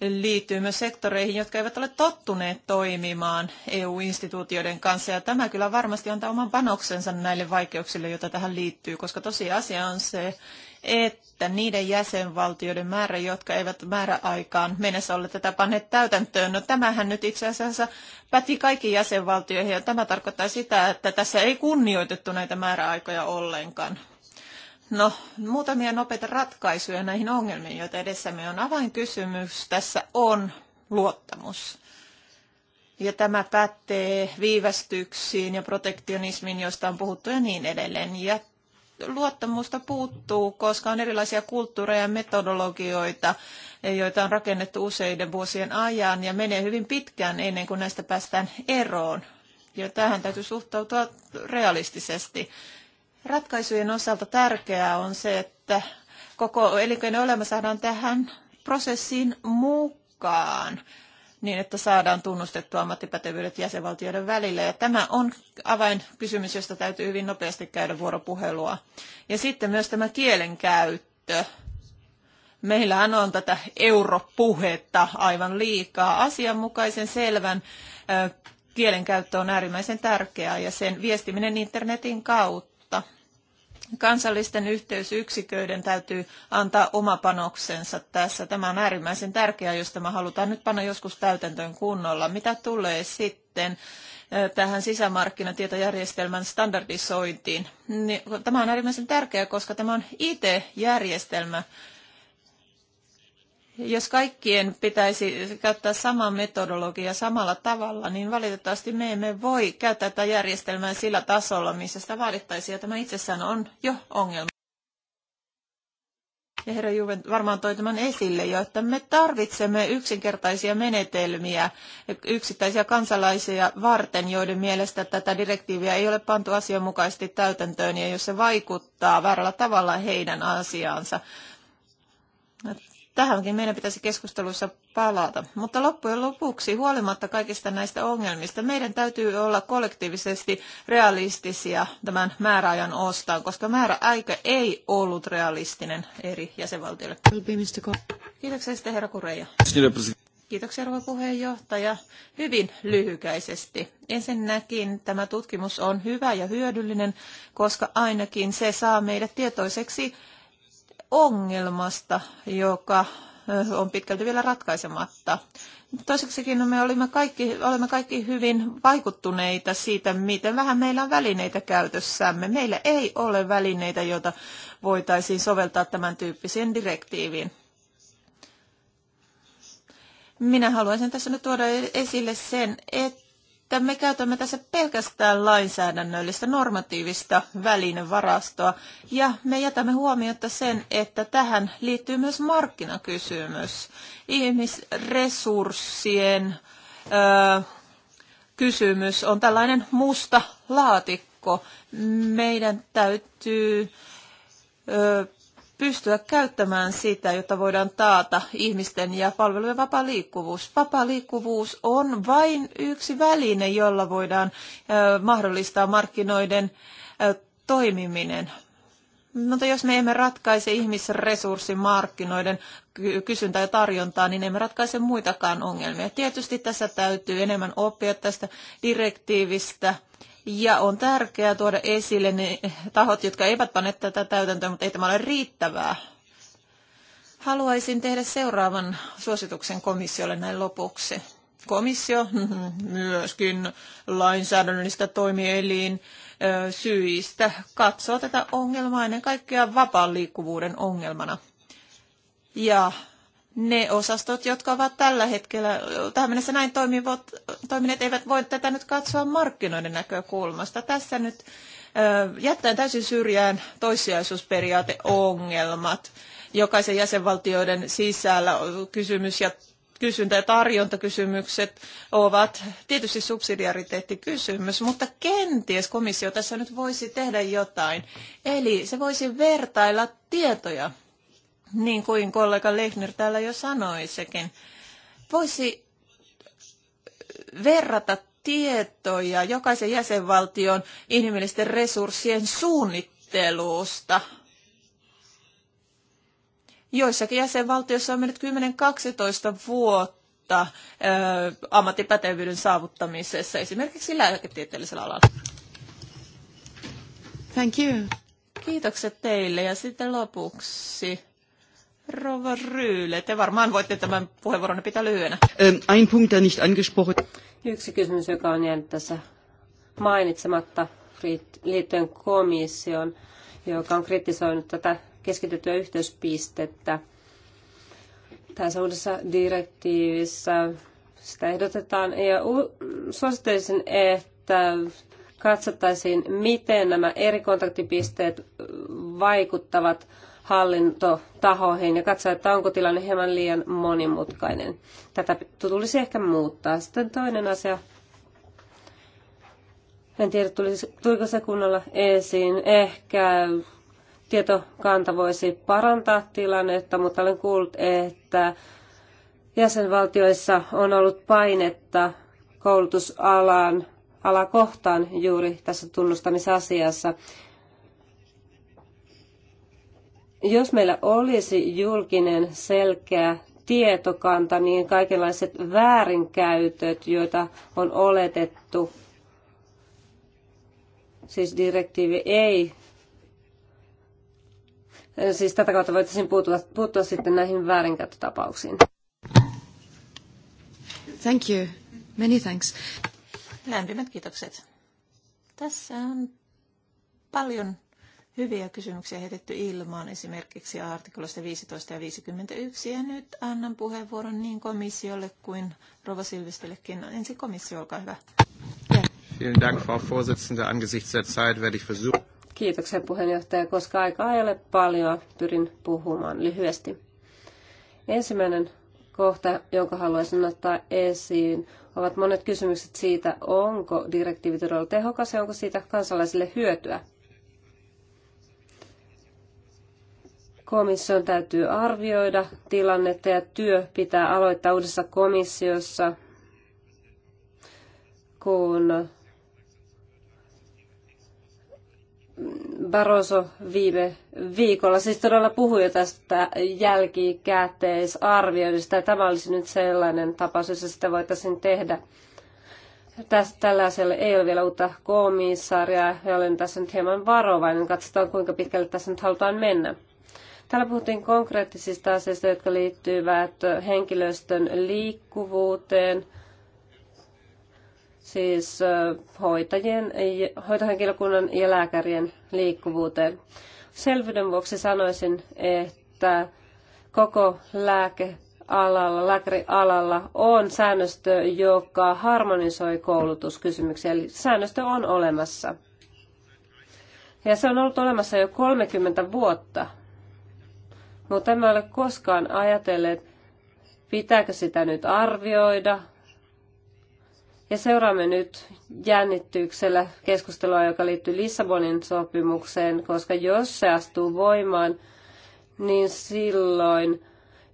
liittyy myös sektoreihin, jotka eivät ole tottuneet toimimaan EU-instituutioiden kanssa. Ja tämä kyllä varmasti antaa oman panoksensa näille vaikeuksille, joita tähän liittyy, koska tosiasia on se, että että niiden jäsenvaltioiden määrä, jotka eivät määräaikaan mennessä ole tätä panneet täytäntöön, no tämähän nyt itse asiassa päti kaikki jäsenvaltioihin ja tämä tarkoittaa sitä, että tässä ei kunnioitettu näitä määräaikoja ollenkaan. No, muutamia nopeita ratkaisuja näihin ongelmiin, joita edessämme on. Avainkysymys tässä on luottamus. Ja tämä pätee viivästyksiin ja protektionismiin, joista on puhuttu ja niin edelleen. Ja luottamusta puuttuu, koska on erilaisia kulttuureja ja metodologioita, joita on rakennettu useiden vuosien ajan ja menee hyvin pitkään ennen kuin näistä päästään eroon. Ja tähän täytyy suhtautua realistisesti. Ratkaisujen osalta tärkeää on se, että koko elinkeinoelämä saadaan tähän prosessiin mukaan niin, että saadaan tunnustettua ammattipätevyydet jäsenvaltioiden välillä. Ja tämä on avainkysymys, josta täytyy hyvin nopeasti käydä vuoropuhelua. Ja sitten myös tämä kielenkäyttö. Meillähän on tätä europuhetta aivan liikaa. Asianmukaisen selvän kielenkäyttö on äärimmäisen tärkeää ja sen viestiminen internetin kautta Kansallisten yhteysyksiköiden täytyy antaa oma panoksensa tässä. Tämä on äärimmäisen tärkeää, jos tämä halutaan nyt panna joskus täytäntöön kunnolla. Mitä tulee sitten tähän sisämarkkinatietojärjestelmän standardisointiin? Niin, tämä on äärimmäisen tärkeää, koska tämä on IT-järjestelmä, jos kaikkien pitäisi käyttää samaa metodologiaa samalla tavalla, niin valitettavasti me emme voi käyttää tätä järjestelmää sillä tasolla, missä sitä vaadittaisiin, ja tämä itsessään on jo ongelma. Ja herra Juven varmaan toi tämän esille jo, että me tarvitsemme yksinkertaisia menetelmiä yksittäisiä kansalaisia varten, joiden mielestä tätä direktiiviä ei ole pantu asianmukaisesti täytäntöön ja jos se vaikuttaa väärällä tavalla heidän asiaansa. Tähänkin meidän pitäisi keskusteluissa palata. Mutta loppujen lopuksi, huolimatta kaikista näistä ongelmista, meidän täytyy olla kollektiivisesti realistisia tämän määräajan ostaan, koska määräaika ei ollut realistinen eri jäsenvaltioille. Kiitoksia sitten herra Kureja. Kiitoksia rouva puheenjohtaja. Hyvin lyhykäisesti. Ensinnäkin tämä tutkimus on hyvä ja hyödyllinen, koska ainakin se saa meidät tietoiseksi ongelmasta, joka on pitkälti vielä ratkaisematta. Toiseksikin me olimme kaikki, olemme kaikki hyvin vaikuttuneita siitä, miten vähän meillä on välineitä käytössämme. Meillä ei ole välineitä, joita voitaisiin soveltaa tämän tyyppiseen direktiiviin. Minä haluaisin tässä nyt tuoda esille sen, että että me käytämme tässä pelkästään lainsäädännöllistä normatiivista välinevarastoa ja me jätämme huomiota sen, että tähän liittyy myös markkinakysymys, ihmisresurssien ö, kysymys on tällainen musta laatikko. Meidän täytyy ö, pystyä käyttämään sitä, jotta voidaan taata ihmisten ja palvelujen vapaa liikkuvuus. Vapaa liikkuvuus on vain yksi väline, jolla voidaan mahdollistaa markkinoiden toimiminen. Mutta jos me emme ratkaise ihmisresurssimarkkinoiden kysyntää ja tarjontaa, niin emme ratkaise muitakaan ongelmia. Tietysti tässä täytyy enemmän oppia tästä direktiivistä ja on tärkeää tuoda esille ne tahot, jotka eivät pane tätä täytäntöön, mutta ei tämä ole riittävää. Haluaisin tehdä seuraavan suosituksen komissiolle näin lopuksi. Komissio, myöskin lainsäädännöllistä toimielin syistä, katsoo tätä ongelmaa ennen kaikkea vapaan liikkuvuuden ongelmana. Ja ne osastot, jotka ovat tällä hetkellä tähän mennessä näin toimivat, toimineet, eivät voi tätä nyt katsoa markkinoiden näkökulmasta. Tässä nyt jättäen täysin syrjään toissijaisuusperiaateongelmat. Jokaisen jäsenvaltioiden sisällä kysymys ja kysyntä- ja tarjontakysymykset ovat tietysti subsidiariteettikysymys, mutta kenties komissio tässä nyt voisi tehdä jotain. Eli se voisi vertailla tietoja niin kuin kollega Lehner täällä jo sanoi sekin, voisi verrata tietoja jokaisen jäsenvaltion inhimillisten resurssien suunnittelusta. Joissakin jäsenvaltioissa on mennyt 10-12 vuotta ammattipätevyyden saavuttamisessa, esimerkiksi lääketieteellisellä alalla. Thank you. Kiitokset teille ja sitten lopuksi Rova Ryyle, te varmaan voitte tämän puheenvuoron pitää lyhyenä. Ähm, ein Punkt, der nicht angesprochen. Yksi kysymys, joka on jäänyt tässä mainitsematta liittyen komission, joka on kritisoinut tätä keskitettyä yhteyspistettä. Tässä uudessa direktiivissä sitä ehdotetaan ja suosittelisin, että katsottaisiin, miten nämä eri kontaktipisteet vaikuttavat hallintotahoihin ja katsoa, että onko tilanne hieman liian monimutkainen. Tätä tulisi ehkä muuttaa. Sitten toinen asia. En tiedä, tuliko se kunnolla esiin. Ehkä tietokanta voisi parantaa tilannetta, mutta olen kuullut, että jäsenvaltioissa on ollut painetta koulutusalan alakohtaan juuri tässä tunnustamisasiassa. Jos meillä olisi julkinen selkeä tietokanta, niin kaikenlaiset väärinkäytöt, joita on oletettu, siis direktiivi ei, siis tätä kautta voitaisiin puuttua, puuttua sitten näihin väärinkäyttötapauksiin. Thank you. Many thanks. Lämpimät kiitokset. Tässä on paljon hyviä kysymyksiä heitetty ilmaan, esimerkiksi artikloista 15 ja 51. Ja nyt annan puheenvuoron niin komissiolle kuin Rova Silvestellekin. Ensin komissio, olkaa hyvä. Ja. Vielen Dank, Frau Vorsitzende. Angesichts der Zeit werde ich versuchen. Kiitoksia puheenjohtaja, koska aikaa ei ole paljon, pyrin puhumaan lyhyesti. Ensimmäinen kohta, jonka haluaisin ottaa esiin, ovat monet kysymykset siitä, onko direktiivi todella tehokas ja onko siitä kansalaisille hyötyä. Komission täytyy arvioida tilannetta ja työ pitää aloittaa uudessa komissiossa, kun Barroso viime viikolla siis todella puhui jo tästä jälkikäteisarvioinnista. Tämä olisi nyt sellainen tapaus, jossa sitä voitaisiin tehdä. Tästä, tällä asialla ei ole vielä uutta komissaaria ja olen tässä nyt hieman varovainen. Katsotaan, kuinka pitkälle tässä nyt halutaan mennä. Täällä puhuttiin konkreettisista asioista, jotka liittyvät henkilöstön liikkuvuuteen, siis hoitajien, hoitohenkilökunnan ja lääkärien liikkuvuuteen. Selvyyden vuoksi sanoisin, että koko lääkealalla, lääkärialalla on säännöstö, joka harmonisoi koulutuskysymyksiä, eli säännöstö on olemassa. Ja se on ollut olemassa jo 30 vuotta mutta emme ole koskaan ajatelleet, pitääkö sitä nyt arvioida. Ja seuraamme nyt jännittyksellä keskustelua, joka liittyy Lissabonin sopimukseen, koska jos se astuu voimaan, niin silloin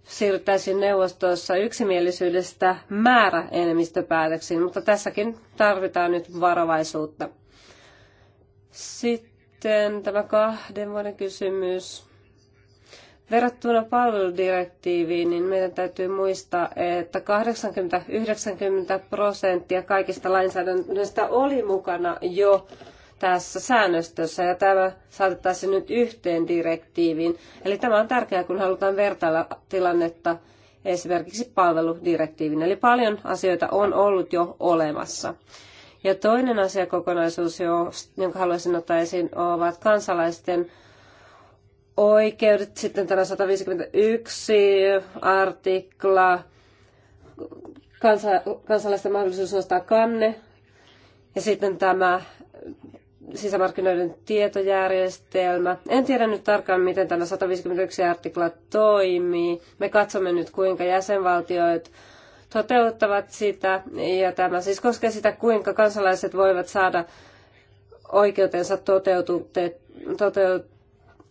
siirryttäisiin neuvostossa yksimielisyydestä määräenemmistöpäätöksiin, mutta tässäkin tarvitaan nyt varovaisuutta. Sitten tämä kahden vuoden kysymys. Verrattuna palveludirektiiviin, niin meidän täytyy muistaa, että 80-90 prosenttia kaikista lainsäädännöstä oli mukana jo tässä säännöstössä, ja tämä saatettaisiin nyt yhteen direktiiviin. Eli tämä on tärkeää, kun halutaan vertailla tilannetta esimerkiksi palveludirektiivin. Eli paljon asioita on ollut jo olemassa. Ja toinen asiakokonaisuus, jonka haluaisin ottaa esiin, ovat kansalaisten oikeudet, sitten täällä 151 artikla, kansa, kansalaisten mahdollisuus ostaa kanne, ja sitten tämä sisämarkkinoiden tietojärjestelmä. En tiedä nyt tarkkaan, miten tämä 151 artikla toimii. Me katsomme nyt, kuinka jäsenvaltioit toteuttavat sitä, ja tämä siis koskee sitä, kuinka kansalaiset voivat saada oikeutensa toteutettua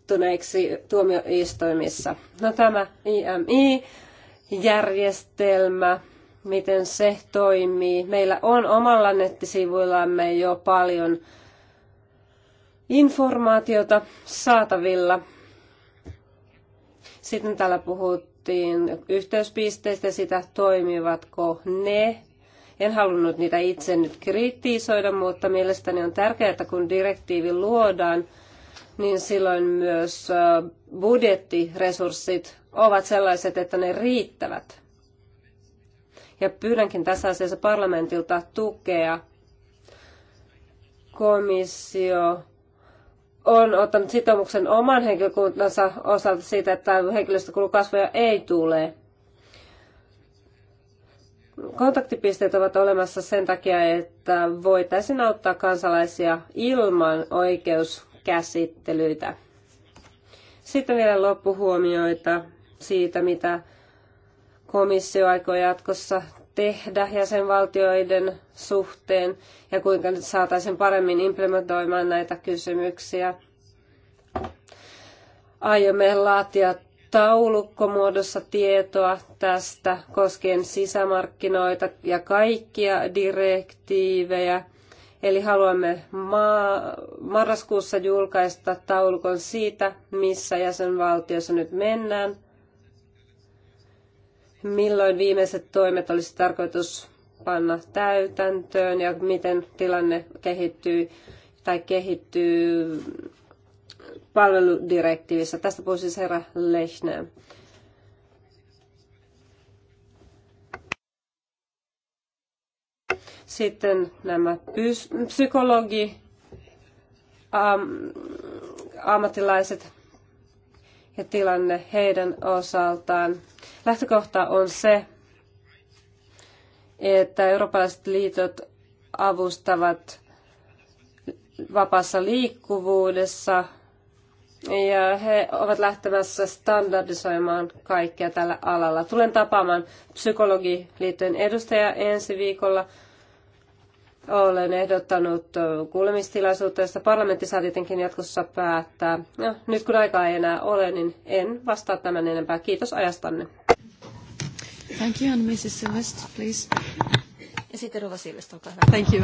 tuomittuneiksi tuomioistuimissa. No tämä IMI-järjestelmä, miten se toimii. Meillä on omalla nettisivuillamme jo paljon informaatiota saatavilla. Sitten täällä puhuttiin yhteyspisteistä sitä toimivatko ne. En halunnut niitä itse nyt kritisoida, mutta mielestäni on tärkeää, että kun direktiivi luodaan, niin silloin myös budjettiresurssit ovat sellaiset, että ne riittävät. Ja pyydänkin tässä asiassa parlamentilta tukea. Komissio on ottanut sitoumuksen oman henkilökuntansa osalta siitä, että henkilöstökulukasvoja ei tule. Kontaktipisteet ovat olemassa sen takia, että voitaisiin auttaa kansalaisia ilman oikeus käsittelyitä. Sitten vielä loppuhuomioita siitä, mitä komissio aikoo jatkossa tehdä jäsenvaltioiden suhteen ja kuinka saataisiin paremmin implementoimaan näitä kysymyksiä. Aiomme laatia taulukkomuodossa tietoa tästä koskien sisämarkkinoita ja kaikkia direktiivejä – Eli haluamme marraskuussa julkaista taulukon siitä, missä jäsenvaltiossa nyt mennään, milloin viimeiset toimet olisi tarkoitus panna täytäntöön ja miten tilanne kehittyy tai kehittyy palveludirektiivissä. Tästä puhuu siis herra Lechner. Sitten nämä psykologi, am, ammattilaiset ja tilanne heidän osaltaan. Lähtökohta on se, että eurooppalaiset liitot avustavat vapaassa liikkuvuudessa ja he ovat lähtemässä standardisoimaan kaikkea tällä alalla. Tulen tapaamaan psykologiliittojen edustajaa ensi viikolla olen ehdottanut kuulemistilaisuutta, josta parlamentti saa tietenkin jatkossa päättää. Ja no, nyt kun aikaa ei enää ole, niin en vastaa tämän enempää. Kiitos ajastanne. Thank you, and Mrs. Silvest, please. Ja sitten Rova Silvest, olkaa hyvä. Thank you.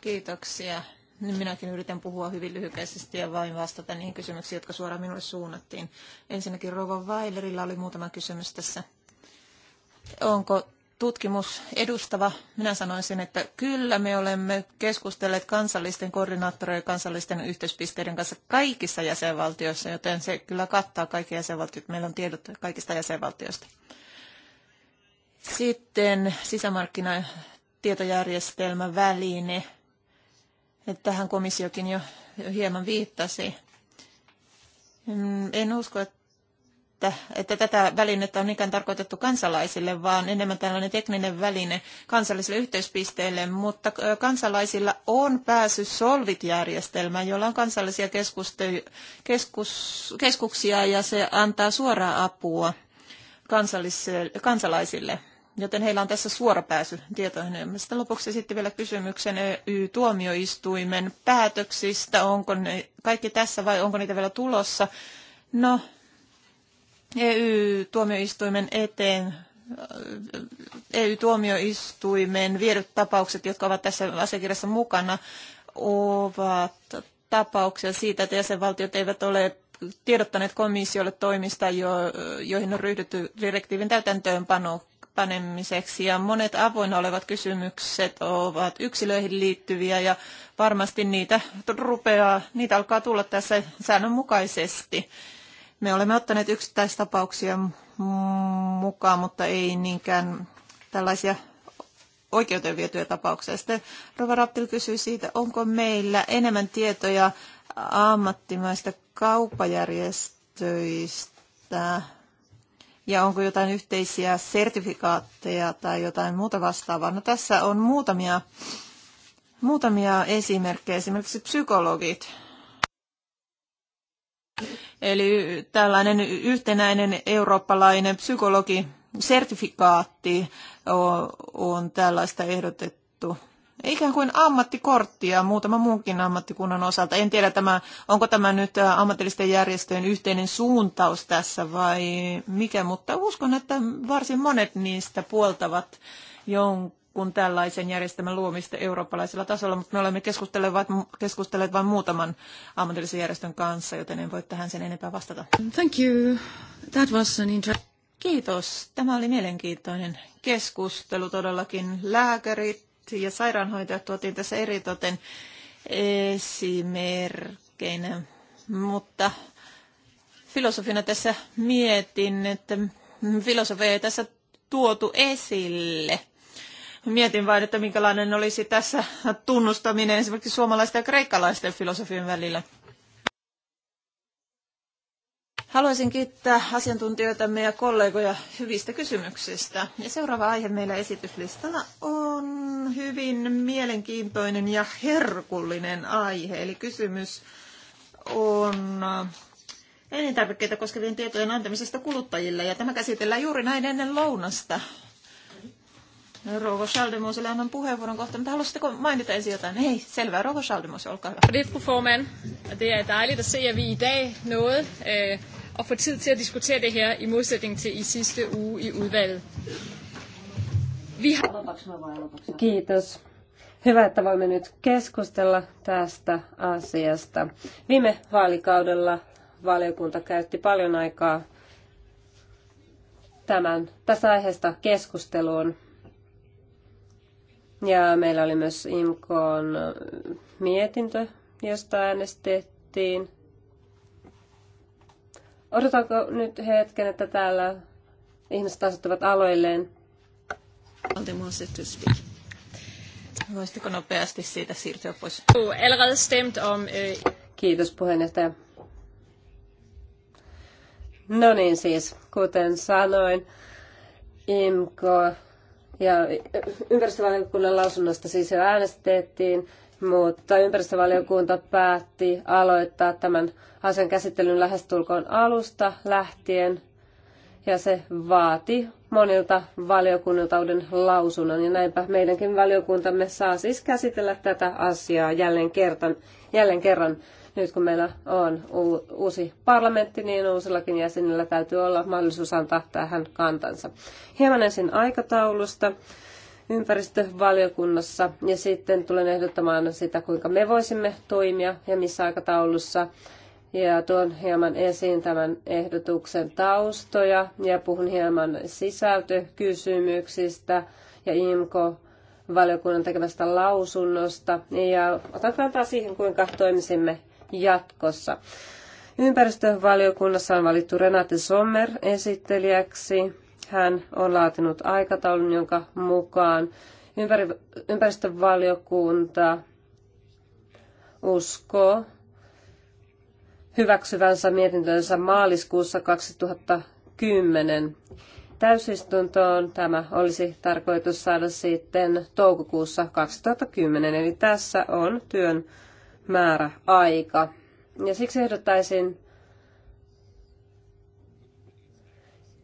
Kiitoksia. Minäkin yritän puhua hyvin lyhykäisesti ja vain vastata niihin kysymyksiin, jotka suoraan minulle suunnattiin. Ensinnäkin Rova Weilerillä oli muutama kysymys tässä. Onko tutkimus edustava. Minä sanoisin, että kyllä me olemme keskustelleet kansallisten koordinaattoreiden kansallisten yhteispisteiden kanssa kaikissa jäsenvaltioissa, joten se kyllä kattaa kaikki jäsenvaltiot. Meillä on tiedot kaikista jäsenvaltioista. Sitten sisämarkkinatietojärjestelmä väline. Tähän komissiokin jo hieman viittasi. En usko, että että, että tätä välinettä on ikään tarkoitettu kansalaisille, vaan enemmän tällainen tekninen väline kansallisille yhteispisteille, mutta kansalaisilla on pääsy Solvit-järjestelmään, jolla on kansallisia keskus, keskuksia ja se antaa suoraa apua kansalaisille. Joten heillä on tässä suora pääsy tietoihin. Sitten lopuksi sitten vielä kysymyksen EU-tuomioistuimen päätöksistä. Onko ne kaikki tässä vai onko niitä vielä tulossa? No, EU-tuomioistuimen eteen EU-tuomioistuimen viedyt tapaukset, jotka ovat tässä asiakirjassa mukana, ovat tapauksia siitä, että jäsenvaltiot eivät ole tiedottaneet komissiolle toimista, jo, joihin on ryhdytty direktiivin täytäntöönpanemiseksi. Ja monet avoinna olevat kysymykset ovat yksilöihin liittyviä ja varmasti niitä rupeaa, niitä alkaa tulla tässä säännönmukaisesti. Me olemme ottaneet yksittäistapauksia mukaan, mutta ei niinkään tällaisia oikeuteen vietyjä tapauksia. Sitten Rova Raptil kysyi siitä, onko meillä enemmän tietoja ammattimaista kaupajärjestöistä ja onko jotain yhteisiä sertifikaatteja tai jotain muuta vastaavaa. No tässä on muutamia, muutamia esimerkkejä, esimerkiksi psykologit Eli tällainen yhtenäinen eurooppalainen psykologi sertifikaatti on tällaista ehdotettu. Ikään kuin ammattikorttia muutama muunkin ammattikunnan osalta. En tiedä, tämä, onko tämä nyt ammatillisten järjestöjen yhteinen suuntaus tässä vai mikä, mutta uskon, että varsin monet niistä puoltavat jonkun kun tällaisen järjestelmän luomista eurooppalaisella tasolla, mutta me olemme keskustelleet, keskustelleet vain muutaman ammatillisen järjestön kanssa, joten en voi tähän sen enempää vastata. Thank you. That was an inter- Kiitos. Tämä oli mielenkiintoinen keskustelu todellakin. Lääkärit ja sairaanhoitajat tuotiin tässä eritoten esimerkkeinä, mutta filosofina tässä mietin, että filosofia ei tässä tuotu esille – Mietin vain, että minkälainen olisi tässä tunnustaminen esimerkiksi suomalaisten ja kreikkalaisten filosofien välillä. Haluaisin kiittää asiantuntijoitamme ja kollegoja hyvistä kysymyksistä. Ja seuraava aihe meillä esityslistalla on hyvin mielenkiintoinen ja herkullinen aihe. Eli kysymys on elintarvikkeita koskevien tietojen antamisesta kuluttajille. Ja tämä käsitellään juuri näin ennen lounasta. Rouva Schaldemoselle annan puheenvuoron kohta, mutta haluaisitteko mainita ensin jotain? Ei, selvä. Rouva Schaldemose, olkaa hyvä. Det, fru formand. Det er dejligt at se, at vi i dag nåede øh, få tid til at diskutere det her, i modsætning til i sidste uge i udvalget. Vi har... Kiitos. Hyvä, että voimme nyt keskustella tästä asiasta. Viime vaalikaudella valiokunta käytti paljon aikaa tämän, tästä aiheesta keskusteluun ja meillä oli myös IMKon mietintö, josta äänestettiin. Odotanko nyt hetken, että täällä ihmiset asettuvat aloilleen? Voisitko nopeasti siitä siirtyä pois? Øh, Kiitos puheenjohtaja. No niin siis, kuten sanoin, IMKO ja ympäristövaliokunnan lausunnosta siis jo äänestettiin, mutta ympäristövaliokunta päätti aloittaa tämän asian käsittelyn lähestulkoon alusta lähtien. Ja se vaati monilta valiokunnilta uuden lausunnon. Ja näinpä meidänkin valiokuntamme saa siis käsitellä tätä asiaa jälleen kerran. Jälleen kerran. Nyt kun meillä on uusi parlamentti, niin uusillakin jäsenillä täytyy olla mahdollisuus antaa tähän kantansa. Hieman ensin aikataulusta ympäristövaliokunnassa ja sitten tulen ehdottamaan sitä, kuinka me voisimme toimia ja missä aikataulussa. Ja tuon hieman esiin tämän ehdotuksen taustoja ja puhun hieman sisältökysymyksistä ja IMKO valiokunnan tekemästä lausunnosta ja otan kantaa siihen, kuinka toimisimme jatkossa. Ympäristövaliokunnassa on valittu Renate Sommer esittelijäksi. Hän on laatinut aikataulun, jonka mukaan ympäristövaliokunta uskoo hyväksyvänsä mietintönsä maaliskuussa 2010 täysistuntoon. Tämä olisi tarkoitus saada sitten toukokuussa 2010, eli tässä on työn määrä aika. Ja siksi ehdottaisin,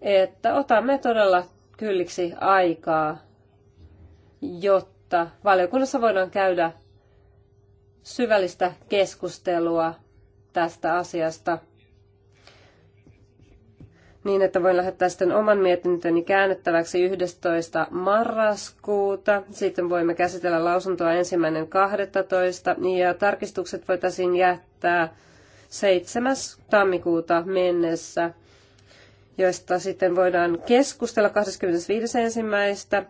että otamme todella kylliksi aikaa, jotta valiokunnassa voidaan käydä syvällistä keskustelua tästä asiasta – niin, että voin lähettää sitten oman mietintöni käännettäväksi 11. marraskuuta. Sitten voimme käsitellä lausuntoa ensimmäinen 12. ja tarkistukset voitaisiin jättää 7. tammikuuta mennessä, joista sitten voidaan keskustella 25.1.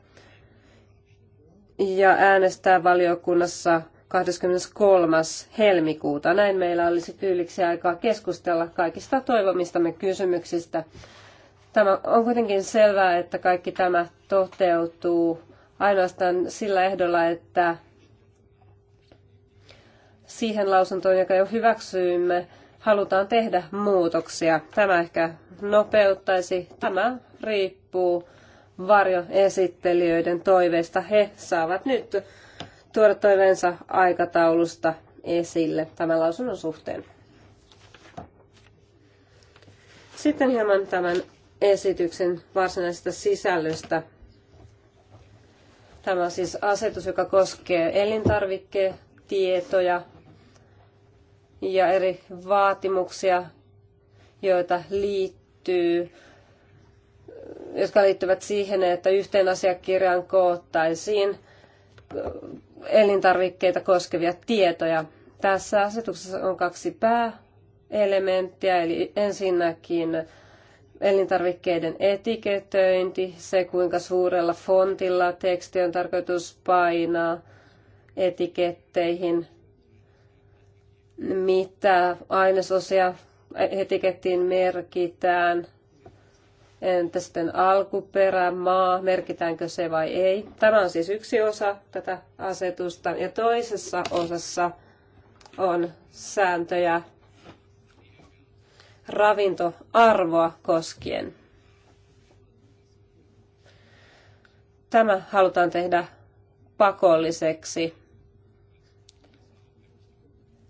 ja äänestää valiokunnassa 23. helmikuuta. Näin meillä olisi tyyliksi aikaa keskustella kaikista toivomistamme kysymyksistä. Tämä on kuitenkin selvää, että kaikki tämä toteutuu ainoastaan sillä ehdolla, että siihen lausuntoon, joka jo hyväksyimme, halutaan tehdä muutoksia. Tämä ehkä nopeuttaisi. Tämä riippuu varjoesittelijöiden toiveista. He saavat nyt tuoda toiveensa aikataulusta esille tämän lausunnon suhteen. Sitten hieman tämän esityksen varsinaisesta sisällöstä. Tämä on siis asetus, joka koskee elintarviketietoja ja eri vaatimuksia, joita liittyy, jotka liittyvät siihen, että yhteen asiakirjaan koottaisiin elintarvikkeita koskevia tietoja. Tässä asetuksessa on kaksi pääelementtiä, eli ensinnäkin elintarvikkeiden etiketöinti, se kuinka suurella fontilla teksti on tarkoitus painaa etiketteihin, mitä ainesosia etikettiin merkitään – Entä sitten alkuperä, maa, merkitäänkö se vai ei? Tämä on siis yksi osa tätä asetusta. Ja toisessa osassa on sääntöjä ravintoarvoa koskien. Tämä halutaan tehdä pakolliseksi.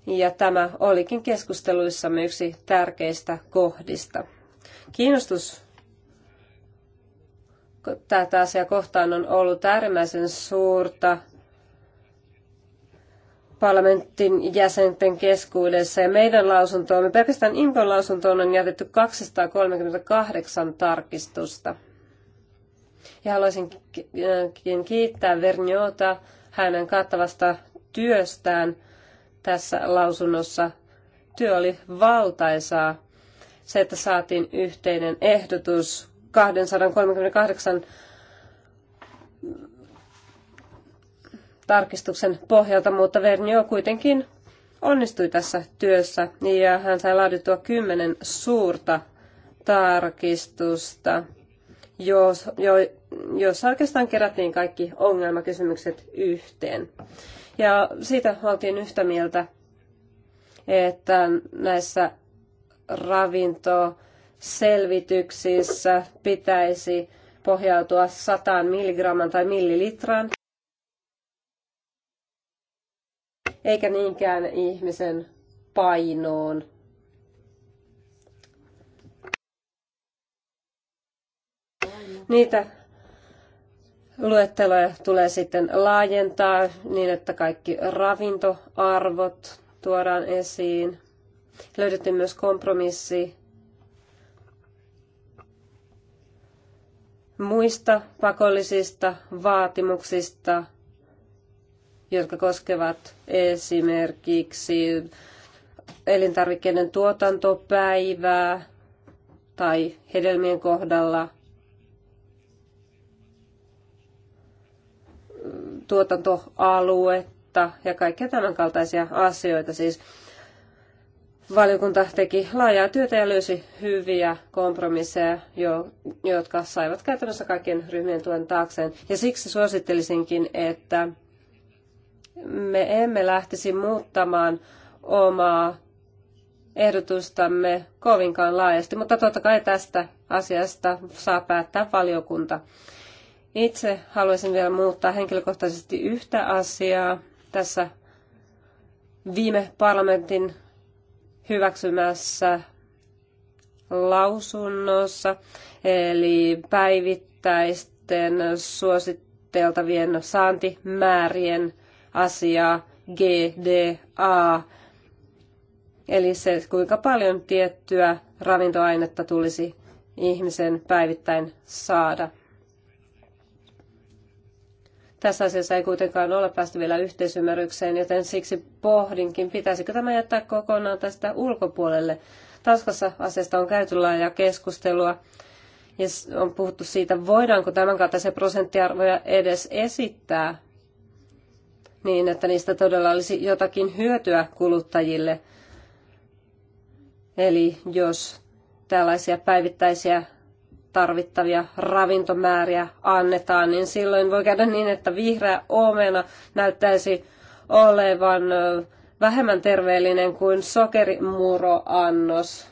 Ja tämä olikin keskusteluissamme yksi tärkeistä kohdista. Kiinnostus tätä asiaa kohtaan on ollut äärimmäisen suurta parlamentin jäsenten keskuudessa ja meidän lausuntoomme, pelkästään Impon lausuntoon on jätetty 238 tarkistusta. Ja haluaisinkin äh, kiittää Verniota hänen kattavasta työstään tässä lausunnossa. Työ oli valtaisaa. Se, että saatiin yhteinen ehdotus 238 tarkistuksen pohjalta, mutta Vernio kuitenkin onnistui tässä työssä ja hän sai laadittua kymmenen suurta tarkistusta, jos, jo, oikeastaan kerättiin kaikki ongelmakysymykset yhteen. Ja siitä oltiin yhtä mieltä, että näissä ravinto- selvityksissä pitäisi pohjautua 100 milligramman tai millilitran, eikä niinkään ihmisen painoon. Niitä luetteloja tulee sitten laajentaa niin, että kaikki ravintoarvot tuodaan esiin. Löydettiin myös kompromissi muista pakollisista vaatimuksista, jotka koskevat esimerkiksi elintarvikkeiden tuotantopäivää tai hedelmien kohdalla tuotantoaluetta ja kaikkia tämän kaltaisia asioita. Siis Valiokunta teki laajaa työtä ja löysi hyviä kompromisseja, jotka saivat käytännössä kaikkien ryhmien tuen taakseen. Ja siksi suosittelisinkin, että me emme lähtisi muuttamaan omaa ehdotustamme kovinkaan laajasti, mutta totta kai tästä asiasta saa päättää valiokunta. Itse haluaisin vielä muuttaa henkilökohtaisesti yhtä asiaa tässä viime parlamentin hyväksymässä lausunnossa, eli päivittäisten suositteltavien saantimäärien asiaa GDA, eli se kuinka paljon tiettyä ravintoainetta tulisi ihmisen päivittäin saada. Tässä asiassa ei kuitenkaan ole päästy vielä yhteisymmärrykseen, joten siksi pohdinkin, pitäisikö tämä jättää kokonaan tästä ulkopuolelle. Tanskassa asiasta on käyty laajaa keskustelua ja on puhuttu siitä, voidaanko tämän kaltaisia prosenttiarvoja edes esittää niin, että niistä todella olisi jotakin hyötyä kuluttajille. Eli jos tällaisia päivittäisiä tarvittavia ravintomääriä annetaan, niin silloin voi käydä niin, että vihreä omena näyttäisi olevan vähemmän terveellinen kuin sokerimuroannos.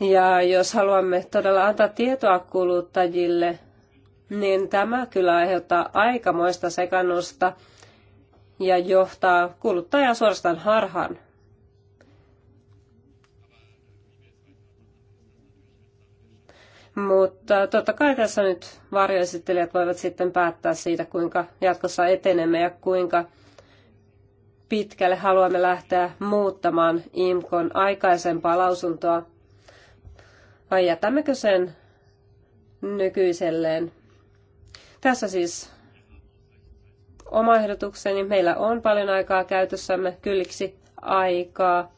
Ja jos haluamme todella antaa tietoa kuluttajille, niin tämä kyllä aiheuttaa aikamoista sekannusta ja johtaa kuluttajaa suorastaan harhaan. Mutta totta kai tässä nyt varjoesittelijät voivat sitten päättää siitä, kuinka jatkossa etenemme ja kuinka pitkälle haluamme lähteä muuttamaan IMKon aikaisempaa lausuntoa. Vai jätämmekö sen nykyiselleen? Tässä siis oma ehdotukseni. Meillä on paljon aikaa käytössämme, kylliksi aikaa,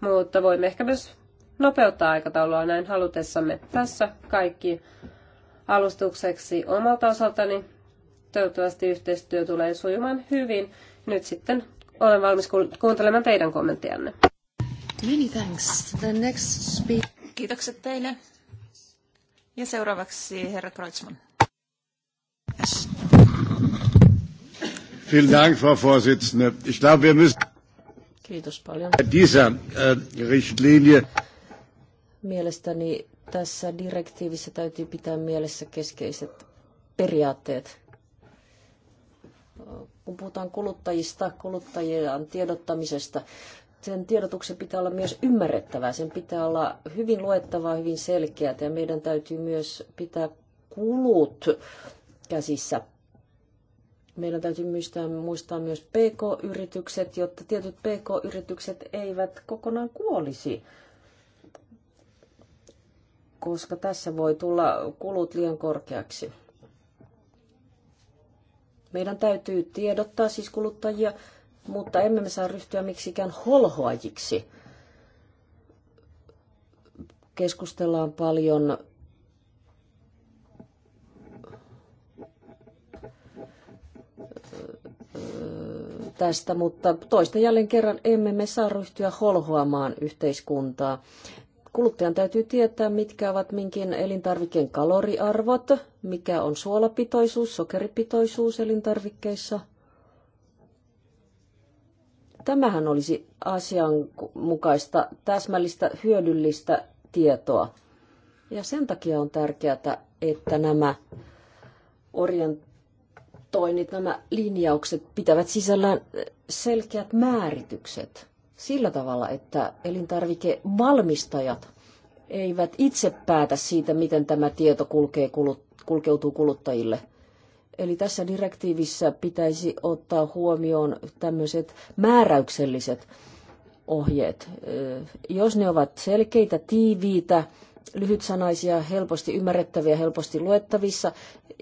mutta voimme ehkä myös nopeuttaa aikataulua näin halutessamme. Tässä kaikki alustukseksi omalta osaltani. Toivottavasti yhteistyö tulee sujumaan hyvin. Nyt sitten olen valmis kuuntelemaan teidän kommenttianne. Many thanks. The next speaker. Kiitokset teille. Ja seuraavaksi herra Kreutzmann. Yes. Vielen Dank, Frau Vorsitzende. Ich glaube, wir müssen Kiitos dieser äh, Richtlinie Mielestäni tässä direktiivissä täytyy pitää mielessä keskeiset periaatteet. Kun puhutaan kuluttajista, kuluttajien tiedottamisesta, sen tiedotuksen pitää olla myös ymmärrettävää, sen pitää olla hyvin luettavaa, hyvin selkeää ja meidän täytyy myös pitää kulut käsissä. Meidän täytyy muistaa, muistaa myös PK-yritykset, jotta tietyt PK-yritykset eivät kokonaan kuolisi koska tässä voi tulla kulut liian korkeaksi. Meidän täytyy tiedottaa siis kuluttajia, mutta emme me saa ryhtyä miksikään holhoajiksi. Keskustellaan paljon tästä, mutta toista jälleen kerran emme me saa ryhtyä holhoamaan yhteiskuntaa kuluttajan täytyy tietää, mitkä ovat minkin elintarvikkeen kaloriarvot, mikä on suolapitoisuus, sokeripitoisuus elintarvikkeissa. Tämähän olisi asianmukaista, täsmällistä, hyödyllistä tietoa. Ja sen takia on tärkeää, että nämä orientoinnit, nämä linjaukset pitävät sisällään selkeät määritykset – sillä tavalla, että elintarvikevalmistajat eivät itse päätä siitä, miten tämä tieto kulkee, kulkeutuu kuluttajille. Eli tässä direktiivissä pitäisi ottaa huomioon tämmöiset määräykselliset ohjeet. Jos ne ovat selkeitä, tiiviitä lyhytsanaisia, helposti ymmärrettäviä, helposti luettavissa.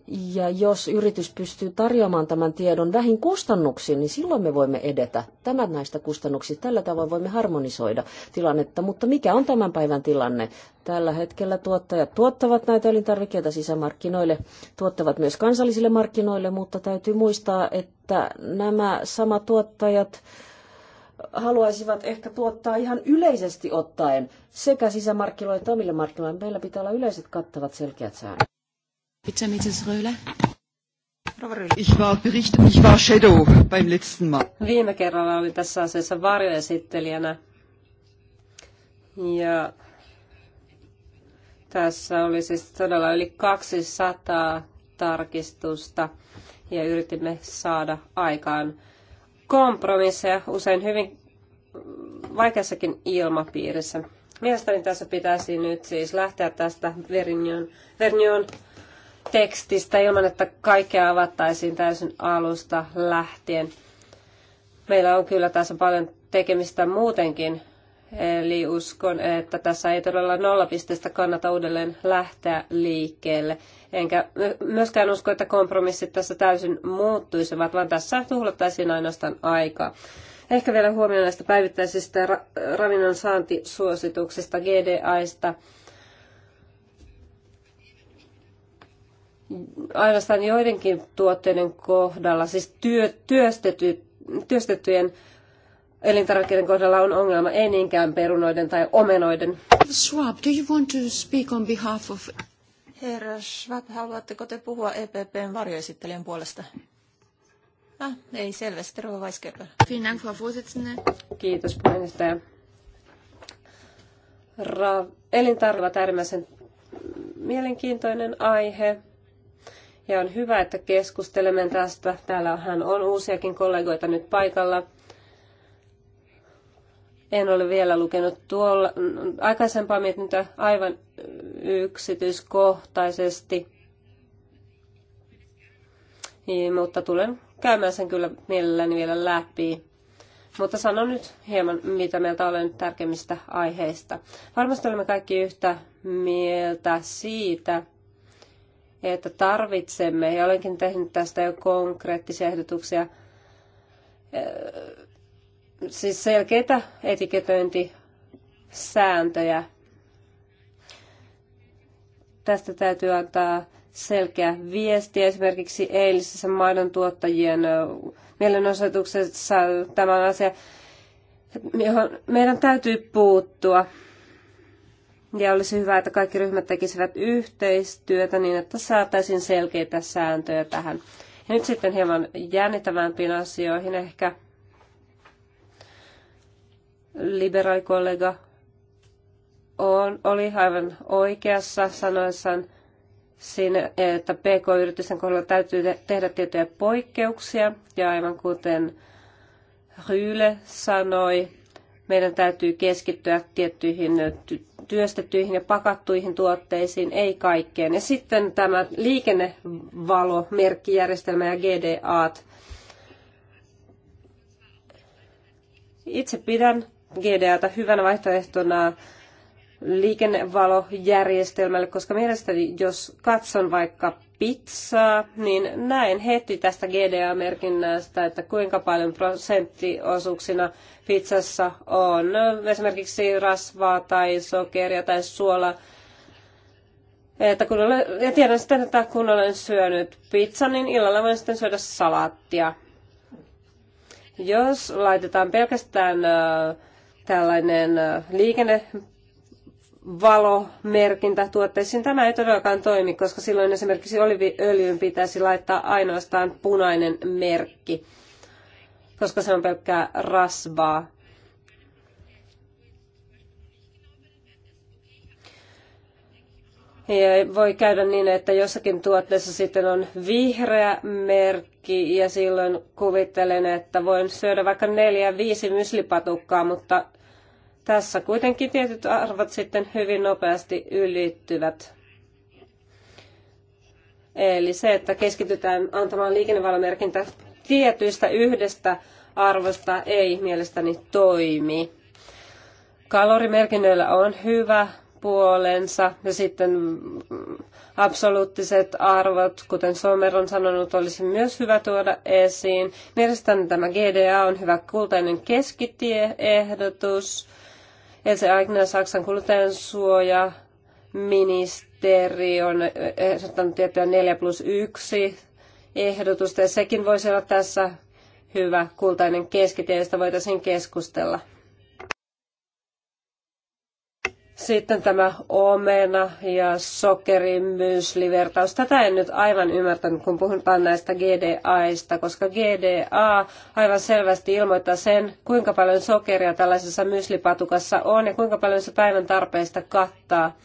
Ja jos yritys pystyy tarjoamaan tämän tiedon vähin kustannuksiin, niin silloin me voimme edetä. Tämä näistä kustannuksista, tällä tavoin voimme harmonisoida tilannetta. Mutta mikä on tämän päivän tilanne? Tällä hetkellä tuottajat tuottavat näitä elintarvikkeita sisämarkkinoille, tuottavat myös kansallisille markkinoille, mutta täytyy muistaa, että nämä samat tuottajat haluaisivat ehkä tuottaa ihan yleisesti ottaen sekä sisämarkkinoille että omille markkinoille. Meillä pitää olla yleiset kattavat selkeät säännöt. Bitte, Mrs. Röhle. Ich war Bericht, ich war Shadow beim letzten Mal. Viime kerralla olin tässä asiassa varjoesittelijänä. Ja tässä oli siis todella yli 200 tarkistusta ja yritimme saada aikaan kompromisseja usein hyvin vaikeassakin ilmapiirissä. Mielestäni tässä pitäisi nyt siis lähteä tästä Vernion, Vernion tekstistä ilman, että kaikkea avattaisiin täysin alusta lähtien. Meillä on kyllä tässä paljon tekemistä muutenkin Eli uskon, että tässä ei todella nollapisteestä kannata uudelleen lähteä liikkeelle. Enkä myöskään usko, että kompromissit tässä täysin muuttuisivat, vaan tässä tuhlattaisiin ainoastaan aikaa. Ehkä vielä huomioon näistä päivittäisistä ra- ravinnon saantisuosituksista, GDAista. Ainoastaan joidenkin tuotteiden kohdalla, siis työ, työstetyt, työstettyjen elintarvikkeiden kohdalla on ongelma, ei niinkään perunoiden tai omenoiden. Swab, do you want to speak on behalf of... Herra Schwab, haluatteko te puhua EPPn varjoesittelijän puolesta? Ah, ei selvästi, Rova Weisgerber. Kiitos puheenjohtaja. Ra- elintarvikkeet äärimmäisen mielenkiintoinen aihe. Ja on hyvä, että keskustelemme tästä. Täällähän on uusiakin kollegoita nyt paikalla. En ole vielä lukenut tuolla aikaisempaa mietintöä aivan yksityiskohtaisesti, niin, mutta tulen käymään sen kyllä mielelläni vielä läpi. Mutta sanon nyt hieman, mitä mieltä olen tärkeimmistä aiheista. Varmasti olemme kaikki yhtä mieltä siitä, että tarvitsemme, ja olenkin tehnyt tästä jo konkreettisia ehdotuksia, siis selkeitä etiketöintisääntöjä. Tästä täytyy antaa selkeä viesti. Esimerkiksi eilisessä maidon tuottajien mielenosoituksessa tämä on asia, johon meidän täytyy puuttua. Ja olisi hyvä, että kaikki ryhmät tekisivät yhteistyötä niin, että saataisiin selkeitä sääntöjä tähän. Ja nyt sitten hieman jännittävämpiin asioihin ehkä liberaalikollega on, oli aivan oikeassa sanoessaan siinä, että PK-yritysten kohdalla täytyy tehdä tiettyjä poikkeuksia. Ja aivan kuten Ryyle sanoi, meidän täytyy keskittyä tiettyihin työstettyihin ja pakattuihin tuotteisiin, ei kaikkeen. Ja sitten tämä liikennevalo, merkkijärjestelmä ja GDAt. Itse pidän GDAta hyvänä vaihtoehtona liikennevalojärjestelmälle, koska mielestäni jos katson vaikka pizzaa, niin näen heti tästä GDA-merkinnästä, että kuinka paljon prosenttiosuuksina pizzassa on esimerkiksi rasvaa tai sokeria tai suolaa. Että kun olen, ja tiedän sitten, että kun olen syönyt pizzan, niin illalla voin sitten syödä salaattia. Jos laitetaan pelkästään äh, tällainen liikennevalomerkintä tuotteisiin. Tämä ei todellakaan toimi, koska silloin esimerkiksi oliviöljyyn pitäisi laittaa ainoastaan punainen merkki, koska se on pelkkää rasvaa. Ja voi käydä niin, että jossakin tuotteessa sitten on vihreä merkki ja silloin kuvittelen, että voin syödä vaikka neljä, viisi myslipatukkaa, mutta tässä kuitenkin tietyt arvot sitten hyvin nopeasti ylittyvät. Eli se, että keskitytään antamaan liikennevalomerkintä tietyistä yhdestä arvosta ei mielestäni toimi. Kalorimerkinnöillä on hyvä puolensa ja sitten absoluuttiset arvot, kuten Somer on sanonut, olisi myös hyvä tuoda esiin. Mielestäni tämä GDA on hyvä kultainen keskitieehdotus. Ja se aikana Saksan kuluttajansuoja ministeri on ehdottanut tiettyä 4 plus 1 ehdotusta ja sekin voisi olla tässä hyvä kultainen keskitie, josta voitaisiin keskustella. Sitten tämä omena ja sokeri, vertaus. Tätä en nyt aivan ymmärtänyt, kun puhutaan näistä GDAista, koska GDA aivan selvästi ilmoittaa sen, kuinka paljon sokeria tällaisessa myslipatukassa on ja kuinka paljon se päivän tarpeesta kattaa.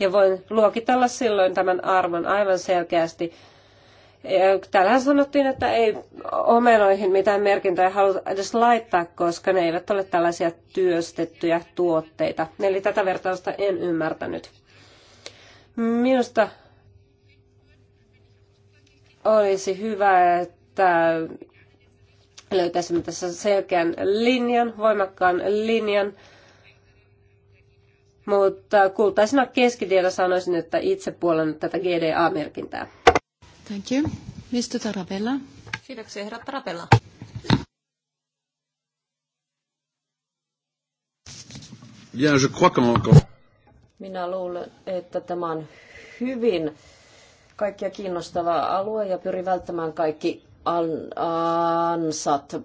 Ja voin luokitella silloin tämän arvon aivan selkeästi. Täällä sanottiin, että ei omenoihin mitään merkintöjä haluta edes laittaa, koska ne eivät ole tällaisia työstettyjä tuotteita. Eli tätä vertausta en ymmärtänyt. Minusta olisi hyvä, että löytäisimme tässä selkeän linjan, voimakkaan linjan. Mutta kultaisena keskitiellä sanoisin, että itse puolen tätä GDA-merkintää. Thank you. Mr. Tarabella. Kiitoksia, herra Tarabella. Bien, je crois qu'en... Minä luulen, että tämä on hyvin kaikkia kiinnostava alue ja pyri välttämään kaikki ansat.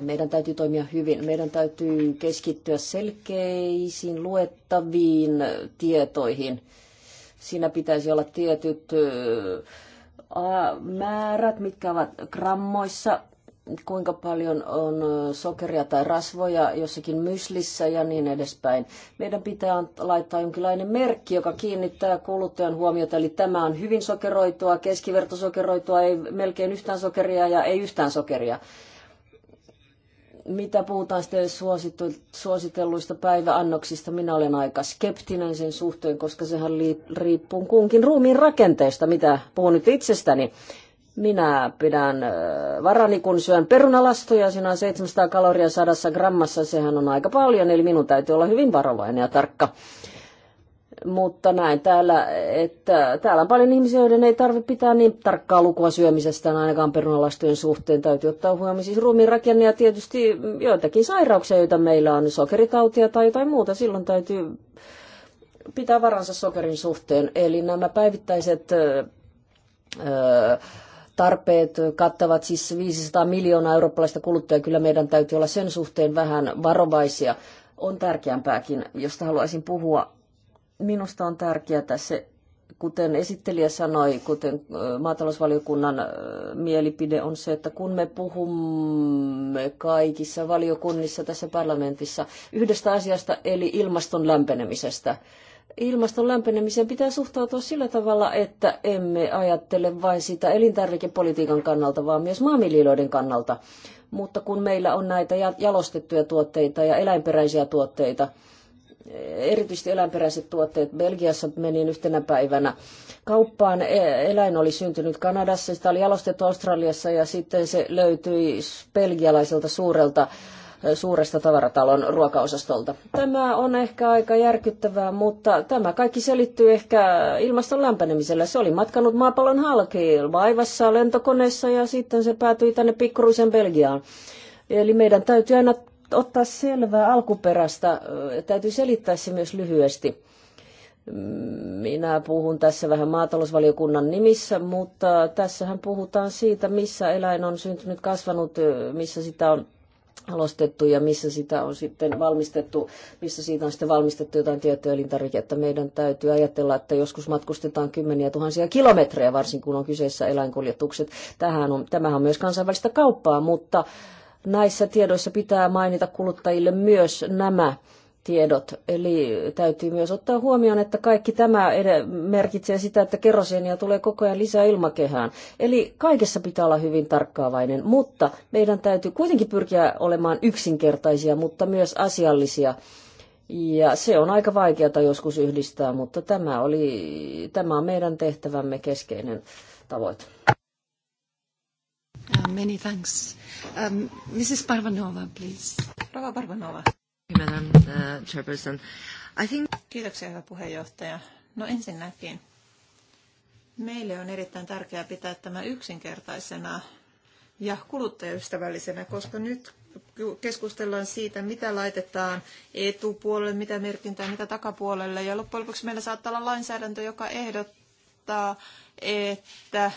Meidän täytyy toimia hyvin. Meidän täytyy keskittyä selkeisiin, luettaviin tietoihin. Siinä pitäisi olla tietyt määrät, mitkä ovat grammoissa, kuinka paljon on sokeria tai rasvoja jossakin myslissä ja niin edespäin. Meidän pitää laittaa jonkinlainen merkki, joka kiinnittää kuluttajan huomiota, eli tämä on hyvin sokeroitua, keskivertosokeroitua, ei melkein yhtään sokeria ja ei yhtään sokeria mitä puhutaan sitten suositelluista päiväannoksista, minä olen aika skeptinen sen suhteen, koska sehän riippuu kunkin ruumiin rakenteesta, mitä puhun nyt itsestäni. Minä pidän varani, kun syön perunalastuja, siinä on 700 kaloria sadassa grammassa, sehän on aika paljon, eli minun täytyy olla hyvin varovainen ja tarkka. Mutta näin täällä, että täällä on paljon ihmisiä, joiden ei tarvitse pitää niin tarkkaa lukua syömisestä ainakaan perunalastujen suhteen. Täytyy ottaa huomioon siis ruumiin rakenne ja tietysti joitakin sairauksia, joita meillä on, sokeritautia tai jotain muuta. Silloin täytyy pitää varansa sokerin suhteen. Eli nämä päivittäiset öö, tarpeet kattavat siis 500 miljoonaa eurooppalaista kuluttajaa. Kyllä meidän täytyy olla sen suhteen vähän varovaisia. On tärkeämpääkin, josta haluaisin puhua, Minusta on tärkeää se, kuten esittelijä sanoi, kuten maatalousvaliokunnan mielipide on se, että kun me puhumme kaikissa valiokunnissa tässä parlamentissa yhdestä asiasta, eli ilmaston lämpenemisestä, ilmaston lämpenemiseen pitää suhtautua sillä tavalla, että emme ajattele vain sitä elintarvikepolitiikan kannalta, vaan myös maanviljelijöiden kannalta. Mutta kun meillä on näitä jalostettuja tuotteita ja eläinperäisiä tuotteita, erityisesti eläinperäiset tuotteet. Belgiassa menin yhtenä päivänä kauppaan. E- eläin oli syntynyt Kanadassa, sitä oli jalostettu Australiassa ja sitten se löytyi belgialaiselta suurelta e, suuresta tavaratalon ruokaosastolta. Tämä on ehkä aika järkyttävää, mutta tämä kaikki selittyy ehkä ilmaston lämpenemisellä. Se oli matkanut maapallon halki vaivassa lentokoneessa ja sitten se päätyi tänne pikkuruisen Belgiaan. Eli meidän täytyy aina ottaa selvää alkuperästä. Täytyy selittää se myös lyhyesti. Minä puhun tässä vähän maatalousvaliokunnan nimissä, mutta tässähän puhutaan siitä, missä eläin on syntynyt, kasvanut, missä sitä on alostettu ja missä sitä on sitten valmistettu, missä siitä on sitten valmistettu jotain tiettyä elintarviketta. Meidän täytyy ajatella, että joskus matkustetaan kymmeniä tuhansia kilometrejä, varsinkin kun on kyseessä eläinkuljetukset. Tämähän on, tämähän on myös kansainvälistä kauppaa, mutta äh, näissä tiedoissa pitää mainita kuluttajille myös nämä tiedot. Eli täytyy myös ottaa huomioon, että kaikki tämä merkitsee sitä, että kerosiinia tulee koko ajan lisää ilmakehään. Eli kaikessa pitää olla hyvin tarkkaavainen, mutta meidän täytyy kuitenkin pyrkiä olemaan yksinkertaisia, mutta myös asiallisia. Ja se on aika vaikeata joskus yhdistää, mutta tämä, oli, tämä on meidän tehtävämme keskeinen tavoite. Uh, many thanks. Um, Mrs. Parvanova, please. Rova Parvanova. Madam uh, Chairperson. I think... Kiitoksia, hyvä puheenjohtaja. No ensinnäkin, meille on erittäin tärkeää pitää tämä yksinkertaisena ja kuluttajaystävällisenä, koska nyt keskustellaan siitä, mitä laitetaan etupuolelle, mitä merkintää, mitä takapuolelle. Ja loppujen lopuksi meillä saattaa olla lainsäädäntö, joka ehdottaa, että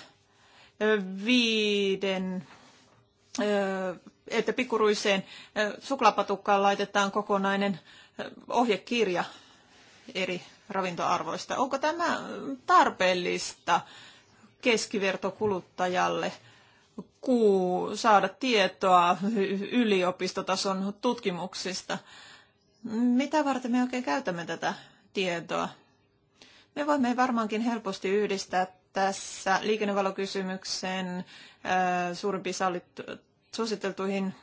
viiden että pikuruiseen suklaapatukkaan laitetaan kokonainen ohjekirja eri ravintoarvoista. Onko tämä tarpeellista keskivertokuluttajalle kuu saada tietoa yliopistotason tutkimuksista? Mitä varten me oikein käytämme tätä tietoa? Me voimme varmaankin helposti yhdistää tässä liikennevalokysymyksen suurimpiin suositeltuihin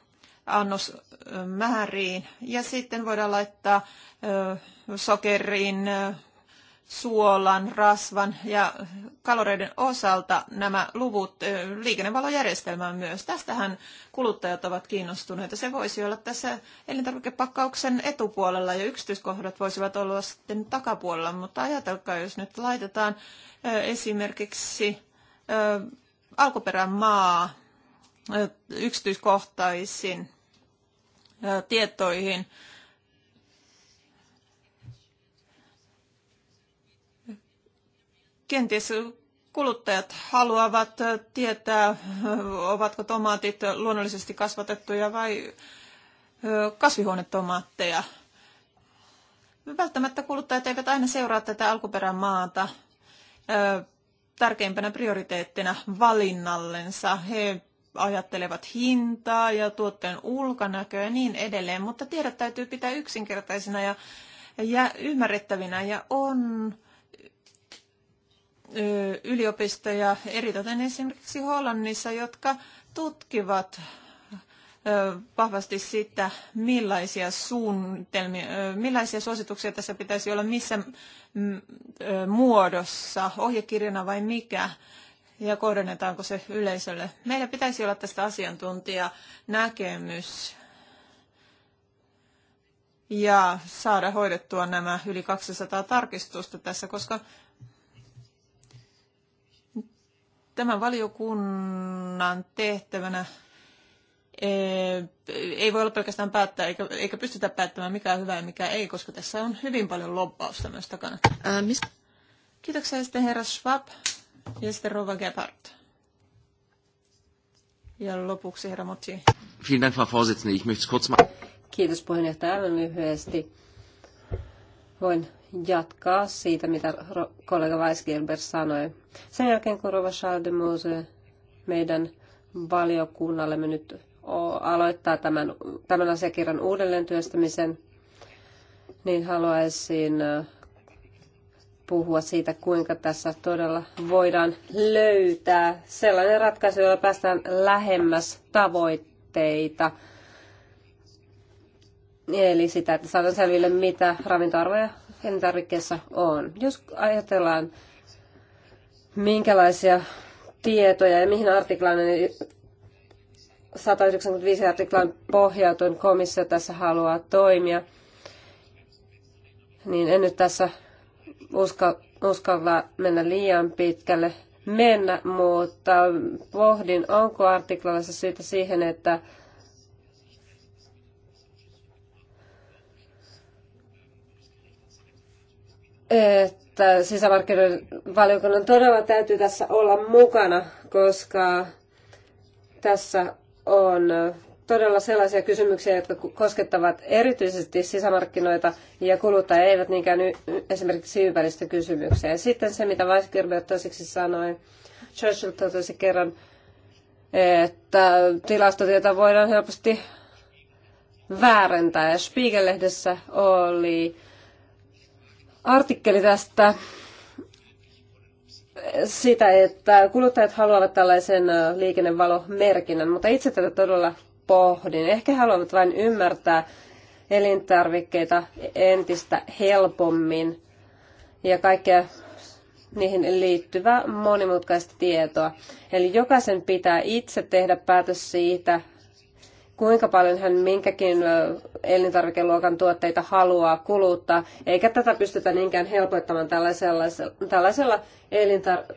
annosmääriin. Ja sitten voidaan laittaa sokeriin, suolan, rasvan ja kaloreiden osalta nämä luvut liikennevalojärjestelmään myös. Tästähän kuluttajat ovat kiinnostuneita. Se voisi olla tässä elintarvikepakkauksen etupuolella ja yksityiskohdat voisivat olla sitten takapuolella, mutta ajatelkaa, jos nyt laitetaan esimerkiksi maa yksityiskohtaisiin tietoihin, Kenties kuluttajat haluavat tietää, ovatko tomaatit luonnollisesti kasvatettuja vai kasvihuonetomaatteja. Välttämättä kuluttajat eivät aina seuraa tätä alkuperämaata tärkeimpänä prioriteettina valinnallensa. He ajattelevat hintaa ja tuotteen ulkonäköä ja niin edelleen, mutta tiedot täytyy pitää yksinkertaisina ja, ja ymmärrettävinä ja on yliopistoja, eritoten esimerkiksi Hollannissa, jotka tutkivat vahvasti sitä, millaisia, suunnitelmia, millaisia suosituksia tässä pitäisi olla, missä muodossa, ohjekirjana vai mikä, ja kohdennetaanko se yleisölle. Meillä pitäisi olla tästä asiantuntijanäkemys ja saada hoidettua nämä yli 200 tarkistusta tässä, koska Tämän valiokunnan tehtävänä e, ei voi olla pelkästään päättää, eikä, eikä pystytä päättämään mikä on hyvä ja mikä ei, koska tässä on hyvin paljon lobbausta myös takana. Ää, mis... Kiitoksia sitten herra Schwab ja sitten Rova Gebhardt. Ja lopuksi herra Motsi. Vielen Dank, Frau Vorsitzende. Ich möchte kurz machen. Kiitos puheenjohtaja aivan lyhyesti. Voin jatkaa siitä, mitä kollega Weisgerber sanoi. Sen jälkeen, kun Rova Schaldemose meidän valiokunnallemme nyt aloittaa tämän, tämän asiakirjan uudelleen työstämisen, niin haluaisin puhua siitä, kuinka tässä todella voidaan löytää sellainen ratkaisu, jolla päästään lähemmäs tavoitteita. Eli sitä, että saadaan selville, mitä ravintoarvoja elintarvikkeessa on. Jos ajatellaan, minkälaisia tietoja ja mihin artiklaan 195 niin artiklan pohjautuen komissio tässä haluaa toimia, niin en nyt tässä uskalla mennä liian pitkälle mennä, mutta pohdin, onko artiklalla se syytä siihen, että että sisämarkkinoiden valiokunnan todella täytyy tässä olla mukana, koska tässä on todella sellaisia kysymyksiä, jotka koskettavat erityisesti sisämarkkinoita ja kuluttajia, eivät niinkään esimerkiksi ympäristökysymyksiä. Ja sitten se, mitä Weisgerber toiseksi sanoi, Churchill totesi kerran, että tilastotietoa voidaan helposti väärentää. Ja Spiegel-lehdessä oli artikkeli tästä sitä, että kuluttajat haluavat tällaisen liikennevalomerkinnän, mutta itse tätä todella pohdin. Ehkä haluavat vain ymmärtää elintarvikkeita entistä helpommin ja kaikkea niihin liittyvää monimutkaista tietoa. Eli jokaisen pitää itse tehdä päätös siitä, kuinka paljon hän minkäkin elintarvikeluokan tuotteita haluaa kuluttaa, eikä tätä pystytä niinkään helpoittamaan tällaisella, tällaisella elintar-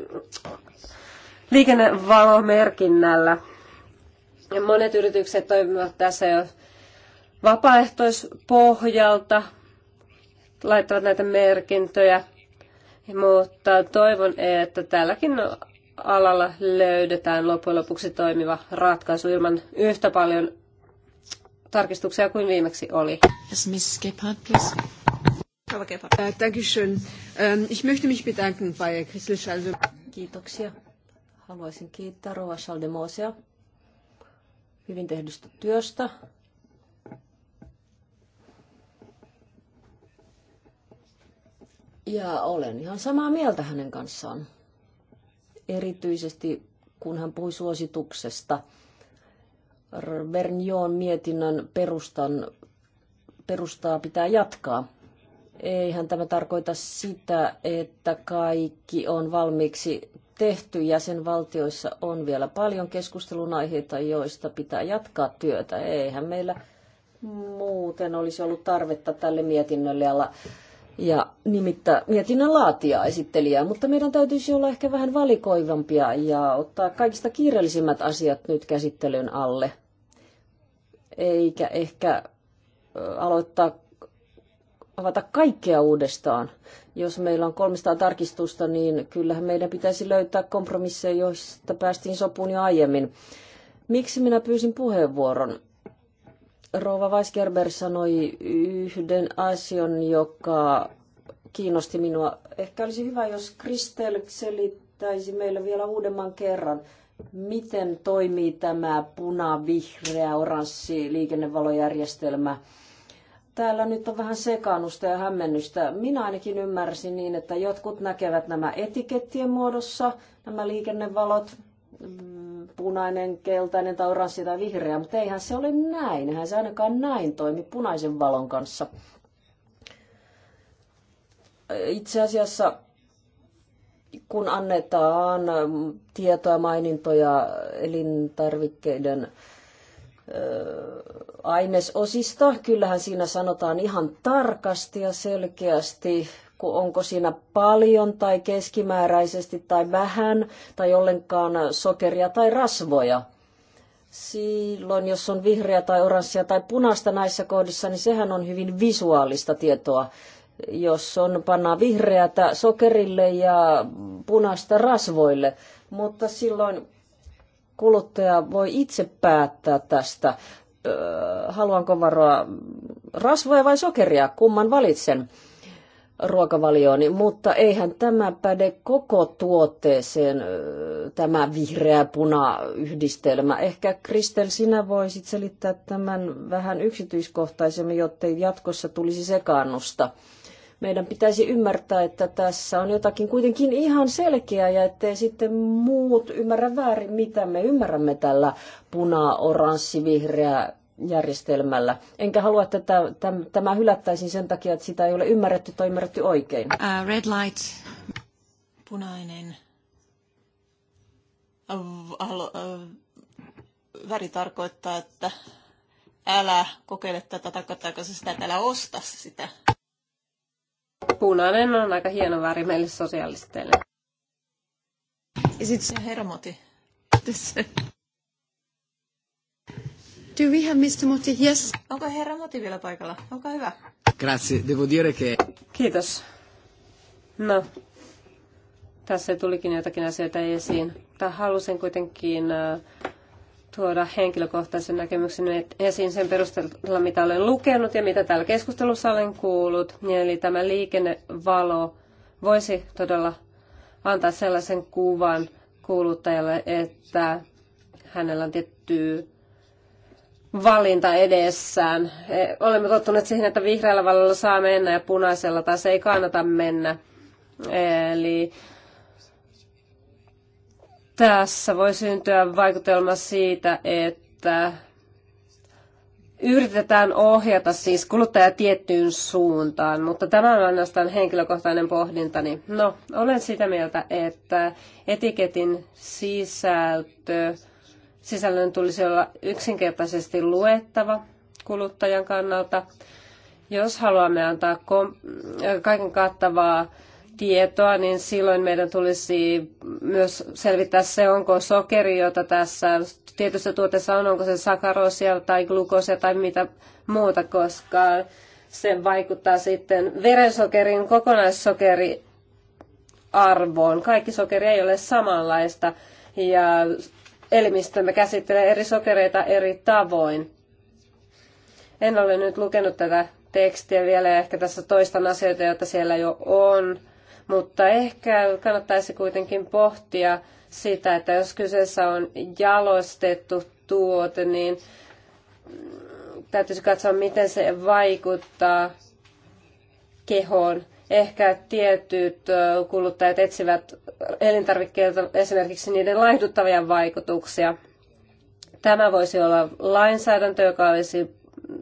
liikennevalomerkinnällä. Monet yritykset toimivat tässä jo vapaaehtoispohjalta, laittavat näitä merkintöjä, mutta toivon, että tälläkin alalla löydetään loppujen lopuksi toimiva ratkaisu ilman yhtä paljon tarkistuksia kuin viimeksi oli. Yes, Miss Gebhardt, please. Äh, dankeschön. Ähm, ich möchte mich bedanken bei Christel Schalde. Kiitoksia. Haluaisin kiittää Rova Schaldemosea hyvin tehdystä työstä. Ja olen ihan samaa mieltä hänen kanssaan. Erityisesti kun hän puhui suosituksesta – Bernjoon mietinnön perustan, perustaa pitää jatkaa. Eihän tämä tarkoita sitä, että kaikki on valmiiksi tehty. Jäsenvaltioissa on vielä paljon keskustelun aiheita, joista pitää jatkaa työtä. Eihän meillä muuten olisi ollut tarvetta tälle mietinnölle alla ja nimittäin mietinnän laatia esittelijää, mutta meidän täytyisi olla ehkä vähän valikoivampia ja ottaa kaikista kiireellisimmät asiat nyt käsittelyn alle – eikä ehkä aloittaa avata kaikkea uudestaan. Jos meillä on 300 tarkistusta, niin kyllähän meidän pitäisi löytää kompromisseja, joista päästiin sopuun jo aiemmin. Miksi minä pyysin puheenvuoron? Rova Weisgerber sanoi yhden asian, joka kiinnosti minua. Ehkä olisi hyvä, jos Kristel selittäisi meille vielä uudemman kerran Miten toimii tämä puna, vihreä, oranssi liikennevalojärjestelmä? Täällä nyt on vähän sekaannusta ja hämmennystä. Minä ainakin ymmärsin niin, että jotkut näkevät nämä etikettien muodossa, nämä liikennevalot, punainen, keltainen tai oranssi tai vihreä, mutta eihän se ole näin. Eihän se ainakaan näin toimi punaisen valon kanssa. Itse asiassa kun annetaan tietoa, mainintoja elintarvikkeiden ainesosista. Kyllähän siinä sanotaan ihan tarkasti ja selkeästi, onko siinä paljon tai keskimääräisesti tai vähän tai ollenkaan sokeria tai rasvoja. Silloin, jos on vihreä tai oranssia tai punaista näissä kohdissa, niin sehän on hyvin visuaalista tietoa jos on panna vihreätä sokerille ja punaista rasvoille, mutta silloin kuluttaja voi itse päättää tästä, haluanko varoa rasvoja vai sokeria, kumman valitsen ruokavaliooni, mutta eihän tämä päde koko tuotteeseen, tämä vihreä-puna yhdistelmä. Ehkä Kristel, sinä voisit selittää tämän vähän yksityiskohtaisemmin, jottei jatkossa tulisi sekaannusta. Meidän pitäisi ymmärtää, että tässä on jotakin kuitenkin ihan selkeää ja ettei sitten muut ymmärrä väärin, mitä me ymmärrämme tällä puna, oranssi, vihreä järjestelmällä. Enkä halua, että tämä hylättäisiin sen takia, että sitä ei ole ymmärretty tai ymmärretty oikein. Uh, red light, punainen, uh, uh, väri tarkoittaa, että älä kokeile tätä, tarkoittaako se sitä, että älä osta sitä. Punainen on aika hieno väri meille sosialisteille. Ja it se hermoti. Do we have Mr. Motti? Yes. Onko herra Motti vielä paikalla? Onko hyvä. Grazie. Devo dire che... Kiitos. No, tässä tulikin jotakin asioita esiin. Tämä halusin kuitenkin äh, tuoda henkilökohtaisen näkemyksen esiin sen perusteella, mitä olen lukenut ja mitä täällä keskustelussa olen kuullut. Eli tämä liikennevalo voisi todella antaa sellaisen kuvan kuuluttajalle, että hänellä on tietty valinta edessään. E, olemme tottuneet siihen, että vihreällä valolla saa mennä ja punaisella taas ei kannata mennä. Eli tässä voi syntyä vaikutelma siitä, että yritetään ohjata siis kuluttaja tiettyyn suuntaan, mutta tämä on ainoastaan henkilökohtainen pohdintani. No, olen sitä mieltä, että etiketin sisältö, sisällön tulisi olla yksinkertaisesti luettava kuluttajan kannalta. Jos haluamme antaa kaiken kattavaa tietoa, niin silloin meidän tulisi myös selvittää se, onko sokeri, jota tässä tietyssä tuotteessa on, onko se sakarosia tai glukoosia tai mitä muuta, koska se vaikuttaa sitten verensokerin kokonaissokeri arvoon. Kaikki sokeri ei ole samanlaista ja elimistömme käsittelee eri sokereita eri tavoin. En ole nyt lukenut tätä tekstiä vielä ja ehkä tässä toistan asioita, joita siellä jo on mutta ehkä kannattaisi kuitenkin pohtia sitä, että jos kyseessä on jalostettu tuote, niin täytyisi katsoa, miten se vaikuttaa kehoon. Ehkä tietyt kuluttajat etsivät elintarvikkeilta esimerkiksi niiden laihduttavia vaikutuksia. Tämä voisi olla lainsäädäntö, joka olisi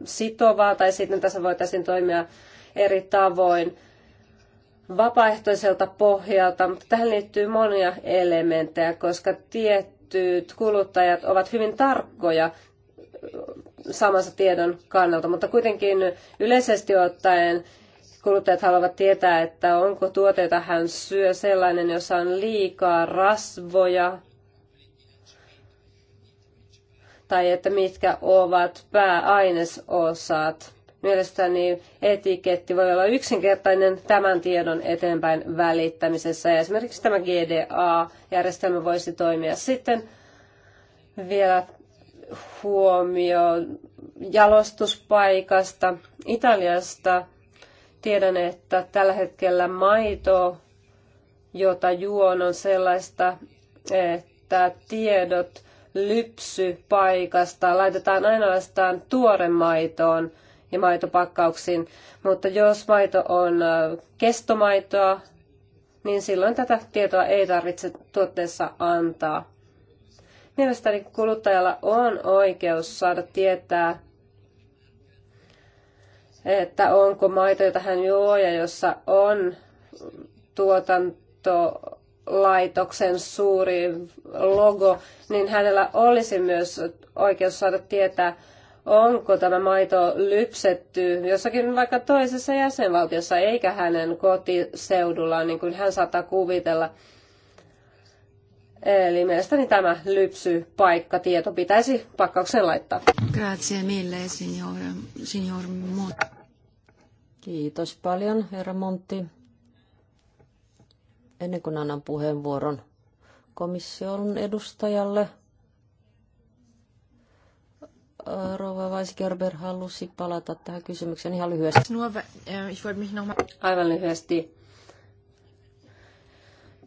sitovaa, tai sitten tässä voitaisiin toimia eri tavoin vapaaehtoiselta pohjalta, mutta tähän liittyy monia elementtejä, koska tietyt kuluttajat ovat hyvin tarkkoja samansa tiedon kannalta, mutta kuitenkin yleisesti ottaen kuluttajat haluavat tietää, että onko tuote, jota hän syö, sellainen, jossa on liikaa rasvoja, tai että mitkä ovat pääainesosat. Mielestäni etiketti voi olla yksinkertainen tämän tiedon eteenpäin välittämisessä. Ja esimerkiksi tämä GDA-järjestelmä voisi toimia sitten vielä huomio jalostuspaikasta. Italiasta tiedän, että tällä hetkellä maito, jota juon, on sellaista, että tiedot lypsypaikasta laitetaan ainoastaan tuoremaitoon – ja maitopakkauksiin. Mutta jos maito on kestomaitoa, niin silloin tätä tietoa ei tarvitse tuotteessa antaa. Mielestäni kuluttajalla on oikeus saada tietää, että onko maito, jota hän juo ja jossa on tuotantolaitoksen suuri logo, niin hänellä olisi myös oikeus saada tietää, onko tämä maito lypsetty jossakin vaikka toisessa jäsenvaltiossa, eikä hänen kotiseudullaan, niin kuin hän saattaa kuvitella. Eli mielestäni tämä lypsypaikkatieto pitäisi pakkaukseen laittaa. Grazie mille, signor, signor Monti. Kiitos paljon, herra Montti. Ennen kuin annan puheenvuoron komission edustajalle, Rouva Weisgerber halusi palata tähän kysymykseen ihan lyhyesti. Äh, aivan lyhyesti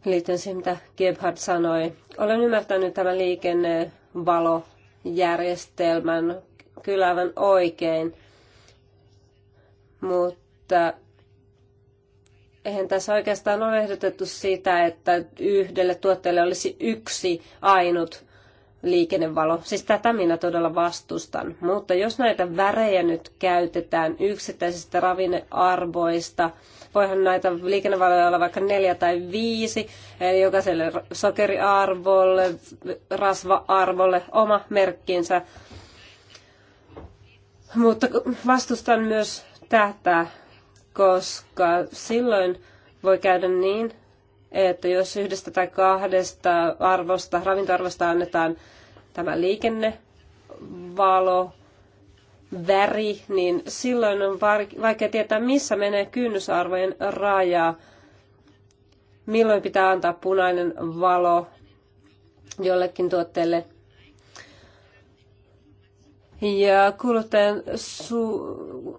liittyen siihen, mitä Gebhard sanoi. Olen ymmärtänyt tämän liikennevalojärjestelmän kyllä aivan oikein, mutta eihän tässä oikeastaan ole ehdotettu sitä, että yhdelle tuotteelle olisi yksi ainut liikennevalo. Siis tätä minä todella vastustan. Mutta jos näitä värejä nyt käytetään yksittäisistä ravinnearvoista, voihan näitä liikennevaloja olla vaikka neljä tai viisi, eli jokaiselle sokeriarvolle, rasvaarvolle oma merkkinsä. Mutta vastustan myös tätä, koska silloin voi käydä niin, että jos yhdestä tai kahdesta arvosta, ravintoarvosta annetaan tämä liikennevalo, väri, niin silloin on vaikea tietää, missä menee kynnysarvojen raja, milloin pitää antaa punainen valo jollekin tuotteelle. Ja kuluttajan, su-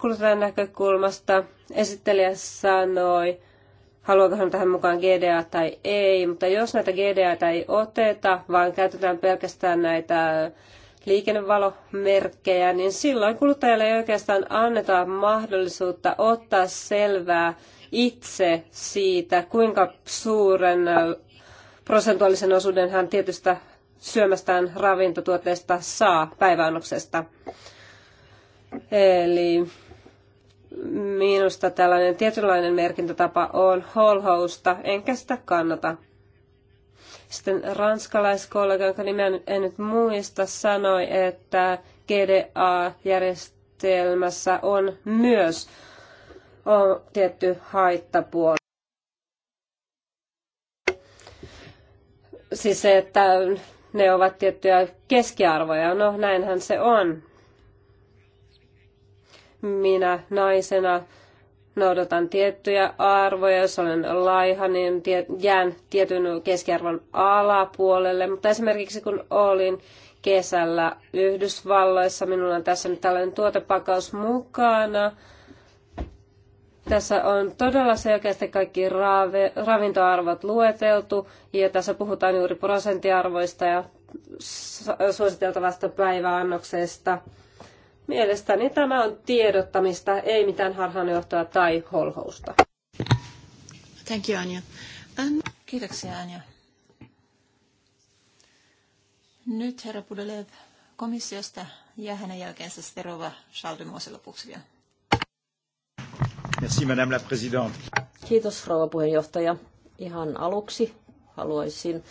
kuluttajan näkökulmasta esittelijä sanoi, haluaako hän tähän mukaan GDA tai ei, mutta jos näitä GDA ei oteta, vaan käytetään pelkästään näitä liikennevalomerkkejä, niin silloin kuluttajalle ei oikeastaan anneta mahdollisuutta ottaa selvää itse siitä, kuinka suuren äh, prosentuaalisen osuuden hän tietystä syömästään ravintotuotteesta saa päiväannoksesta. Eli Minusta tällainen tietynlainen merkintätapa on holhousta, enkä sitä kannata. Sitten ranskalaiskollega, jonka nimeä en nyt muista, sanoi, että GDA-järjestelmässä on myös on tietty haittapuoli. Siis se, että ne ovat tiettyjä keskiarvoja. No näinhän se on minä naisena noudatan tiettyjä arvoja, jos olen laiha, niin jään tietyn keskiarvon alapuolelle. Mutta esimerkiksi kun olin kesällä Yhdysvalloissa, minulla on tässä nyt tällainen tuotepakaus mukana. Tässä on todella selkeästi kaikki raave, ravintoarvot lueteltu ja tässä puhutaan juuri prosenttiarvoista ja suositeltavasta päiväannoksesta – Mielestäni tämä on tiedottamista, ei mitään harhaanjohtoa tai holhousta. Thank you, Anja. And... Um, kiitoksia, Anja. Nyt herra Pudelev komissiosta ja hänen jälkeensä Sterova Schaldemosen lopuksi vielä. Merci, madame la présidente. Kiitos, rouva puheenjohtaja. Ihan aluksi haluaisin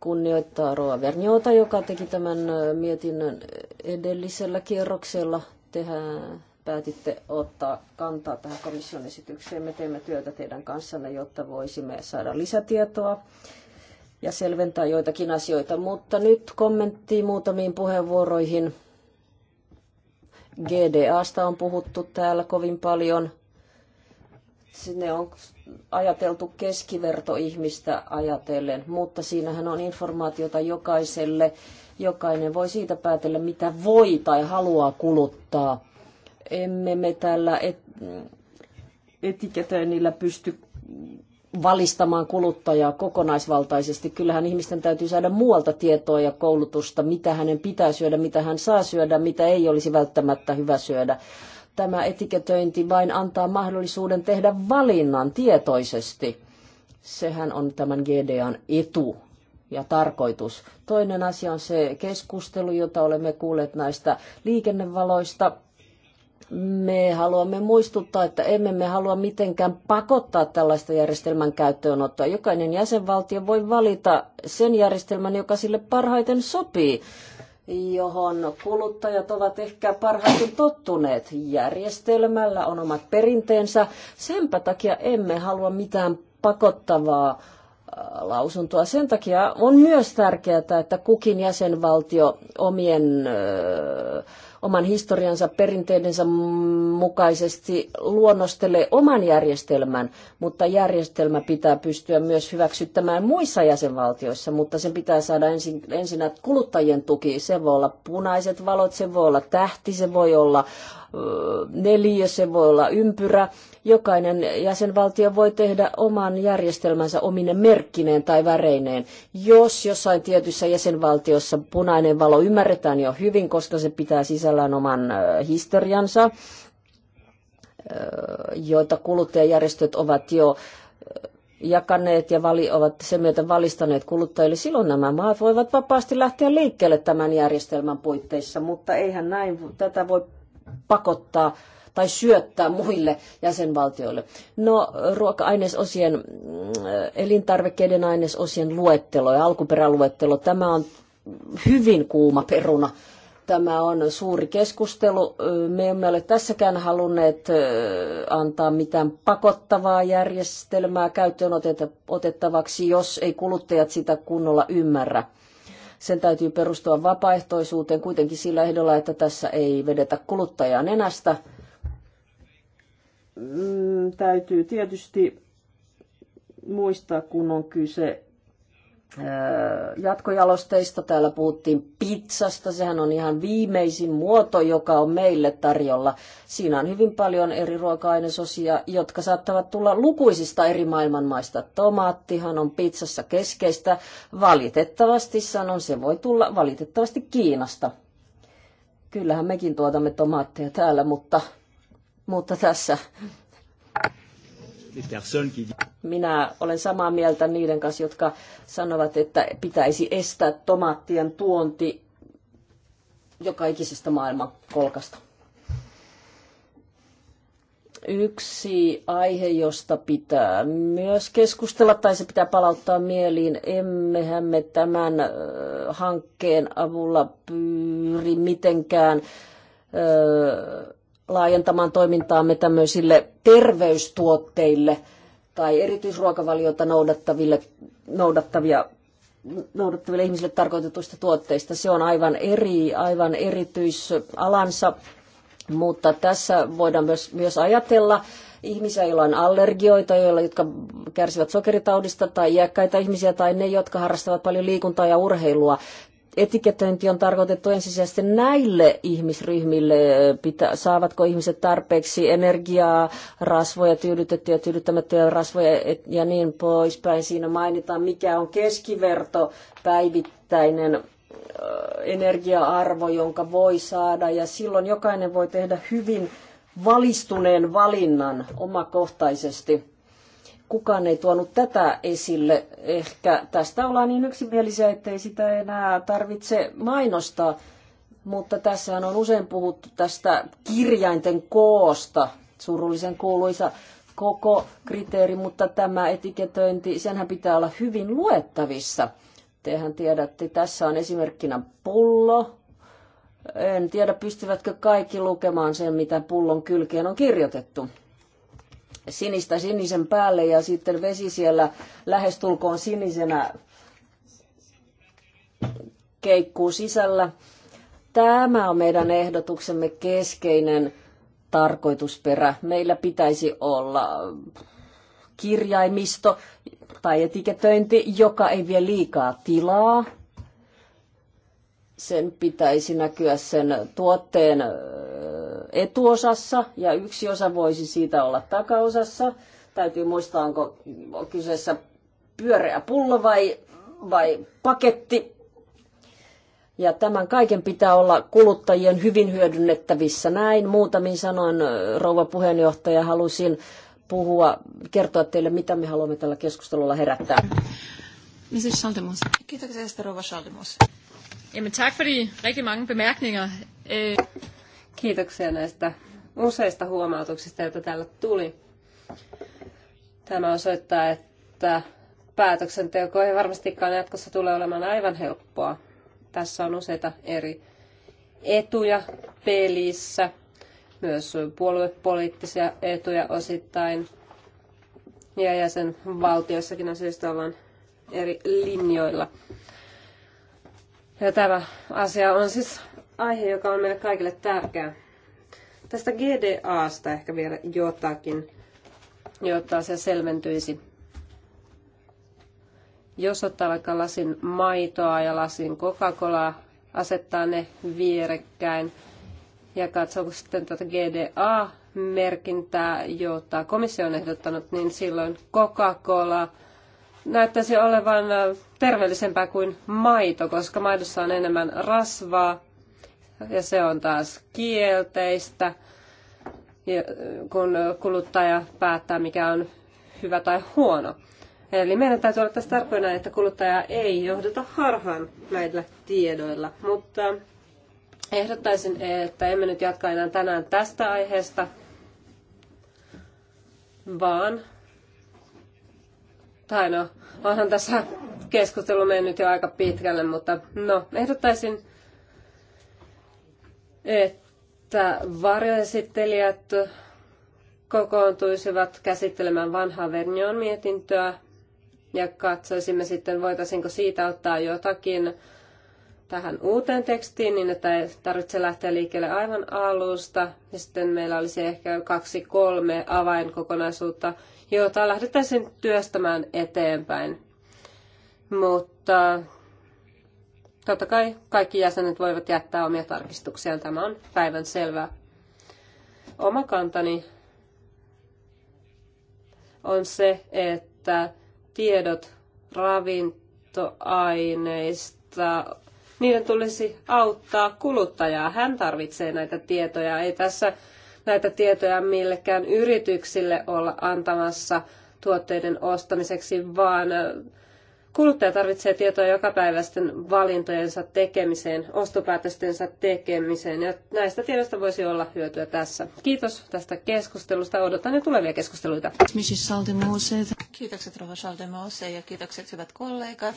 kunnioittaa Roa Verniota, joka teki tämän mietinnön edellisellä kierroksella. Tehän päätitte ottaa kantaa tähän komission esitykseen. Me teemme työtä teidän kanssanne, jotta voisimme saada lisätietoa ja selventää joitakin asioita. Mutta nyt kommentti muutamiin puheenvuoroihin. GDAsta on puhuttu täällä kovin paljon sinne on ajateltu keskivertoihmistä ajatellen, mutta siinähän on informaatiota jokaiselle. Jokainen voi siitä päätellä, mitä voi tai haluaa kuluttaa. Emme me tällä et- etiketöinnillä pysty valistamaan kuluttajaa kokonaisvaltaisesti. Kyllähän ihmisten täytyy saada muualta tietoa ja koulutusta, mitä hänen pitää syödä, mitä hän saa syödä, mitä ei olisi välttämättä hyvä syödä tämä etiketöinti vain antaa mahdollisuuden tehdä valinnan tietoisesti. Sehän on tämän GDAn etu ja tarkoitus. Toinen asia on se keskustelu, jota olemme kuulleet näistä liikennevaloista. Me haluamme muistuttaa, että emme me halua mitenkään pakottaa tällaista järjestelmän käyttöönottoa. Jokainen jäsenvaltio voi valita sen järjestelmän, joka sille parhaiten sopii johon kuluttajat ovat ehkä parhaiten tottuneet. Järjestelmällä on omat perinteensä. Senpä takia emme halua mitään pakottavaa äh, lausuntoa. Sen takia on myös tärkeää, että kukin jäsenvaltio omien äh, oman historiansa perinteidensä mukaisesti luonnostelee oman järjestelmän, mutta järjestelmä pitää pystyä myös hyväksyttämään muissa jäsenvaltioissa, mutta sen pitää saada ensin, kuluttajien tuki. Se voi olla punaiset valot, se voi olla tähti, se voi olla neljä, se voi olla ympyrä. Jokainen jäsenvaltio voi tehdä oman järjestelmänsä omine merkkineen tai väreineen. Jos jossain tietyssä jäsenvaltiossa punainen valo ymmärretään jo hyvin, koska se pitää sisällään oman historiansa, joita kuluttajajärjestöt ovat jo jakaneet ja vali, ovat sen myötä valistaneet kuluttajille. Silloin nämä maat voivat vapaasti lähteä liikkeelle tämän järjestelmän puitteissa, mutta eihän näin tätä voi pakottaa tai syöttää muille jäsenvaltioille. No, ruoka-ainesosien, mm, elintarvikkeiden ainesosien luettelo ja alkuperäluettelo, tämä on hyvin kuuma peruna. Tämä on suuri keskustelu. Me emme ole tässäkään halunneet antaa mitään pakottavaa järjestelmää käyttöön otettavaksi, jos ei kuluttajat sitä kunnolla ymmärrä. Sen täytyy perustua vapaaehtoisuuteen kuitenkin sillä ehdolla, että tässä ei vedetä kuluttajaa nenästä. Mm, täytyy tietysti muistaa, kun on kyse jatkojalosteista. Täällä puhuttiin pizzasta, sehän on ihan viimeisin muoto, joka on meille tarjolla. Siinä on hyvin paljon eri ruoka-ainesosia, jotka saattavat tulla lukuisista eri maailmanmaista. Tomaattihan on pizzassa keskeistä. Valitettavasti sanon, se voi tulla valitettavasti Kiinasta. Kyllähän mekin tuotamme tomaatteja täällä, mutta, mutta tässä minä olen samaa mieltä niiden kanssa, jotka sanovat, että pitäisi estää tomaattien tuonti joka ikisestä maailman kolkasta. Yksi aihe, josta pitää myös keskustella tai se pitää palauttaa mieliin, emmehän me tämän hankkeen avulla pyri mitenkään öö, laajentamaan toimintaamme tämmöisille terveystuotteille tai erityisruokavaliota noudattaville, noudattavia, noudattaville ihmisille tarkoitetuista tuotteista. Se on aivan, eri, aivan erityisalansa, mutta tässä voidaan myös, myös ajatella, ihmisiä, joilla on allergioita, joilla, jotka kärsivät sokeritaudista tai iäkkäitä ihmisiä tai ne, jotka harrastavat paljon liikuntaa ja urheilua etiketöinti on tarkoitettu ensisijaisesti näille ihmisryhmille. Pitä, saavatko ihmiset tarpeeksi energiaa, rasvoja, tyydytettyjä, tyydyttämättöjä rasvoja et, ja niin poispäin. Siinä mainitaan, mikä on keskiverto päivittäinen energia-arvo, jonka voi saada. Ja silloin jokainen voi tehdä hyvin valistuneen valinnan omakohtaisesti kukaan ei tuonut tätä esille. Ehkä tästä ollaan niin yksimielisiä, ettei sitä enää tarvitse mainostaa. Mutta tässähän on usein puhuttu tästä kirjainten koosta, surullisen kuuluisa koko kriteeri, mutta tämä etiketöinti, senhän pitää olla hyvin luettavissa. Tehän tiedätte, tässä on esimerkkinä pullo. En tiedä, pystyvätkö kaikki lukemaan sen, mitä pullon kylkeen on kirjoitettu sinistä sinisen päälle ja sitten vesi siellä lähestulkoon sinisenä keikkuu sisällä. Tämä on meidän ehdotuksemme keskeinen tarkoitusperä. Meillä pitäisi olla kirjaimisto tai etiketöinti, joka ei vie liikaa tilaa. Sen pitäisi näkyä sen tuotteen etuosassa ja yksi osa voisi siitä olla takaosassa. Täytyy muistaa, onko kyseessä pyöreä pullo vai, vai paketti. Ja tämän kaiken pitää olla kuluttajien hyvin hyödynnettävissä. Näin muutamin sanoin, rouva puheenjohtaja, halusin puhua, kertoa teille, mitä me haluamme tällä keskustelulla herättää. Mrs. Schaldemus. Kiitoksia, Rouva Schaldemus. Jamen tak for de rigtig mange bemærkninger. Øh, Kiitoksia näistä useista huomautuksista, joita täällä tuli. Tämä osoittaa, että päätöksenteko ei varmastikaan jatkossa tule olemaan aivan helppoa. Tässä on useita eri etuja pelissä, myös puoluepoliittisia etuja osittain. Ja jäsenvaltiossakin asioista ollaan eri linjoilla. Ja tämä asia on siis aihe, joka on meille kaikille tärkeä. Tästä GDAsta ehkä vielä jotakin, jotta se selventyisi. Jos ottaa vaikka lasin maitoa ja lasin Coca-Colaa, asettaa ne vierekkäin ja katsoo sitten tätä GDA-merkintää, jota komissio on ehdottanut, niin silloin Coca-Cola näyttäisi olevan terveellisempää kuin maito, koska maidossa on enemmän rasvaa ja se on taas kielteistä, kun kuluttaja päättää, mikä on hyvä tai huono. Eli meidän täytyy olla tässä tarkoina, että kuluttaja ei johdeta harhaan näillä tiedoilla. Mutta ehdottaisin, että emme nyt jatka enää tänään tästä aiheesta, vaan... Tai no, onhan tässä keskustelu mennyt jo aika pitkälle, mutta no, ehdottaisin, että varjoesittelijät kokoontuisivat käsittelemään vanhaa Vernion mietintöä ja katsoisimme sitten, voitaisiinko siitä ottaa jotakin tähän uuteen tekstiin, niin että ei tarvitse lähteä liikkeelle aivan alusta. Ja sitten meillä olisi ehkä kaksi, kolme avainkokonaisuutta, joita lähdettäisiin työstämään eteenpäin. Mutta Totta kai kaikki jäsenet voivat jättää omia tarkistuksiaan. Tämä on päivän selvää. Oma kantani on se, että tiedot ravintoaineista, niiden tulisi auttaa kuluttajaa. Hän tarvitsee näitä tietoja. Ei tässä näitä tietoja millekään yrityksille olla antamassa tuotteiden ostamiseksi, vaan Kuluttaja tarvitsee tietoa jokapäiväisten valintojensa tekemiseen, ostopäätöstensä tekemiseen, ja näistä tiedoista voisi olla hyötyä tässä. Kiitos tästä keskustelusta. Odotan jo tulevia keskusteluita. Kiitokset Rova Schaldemose ja kiitokset hyvät kollegat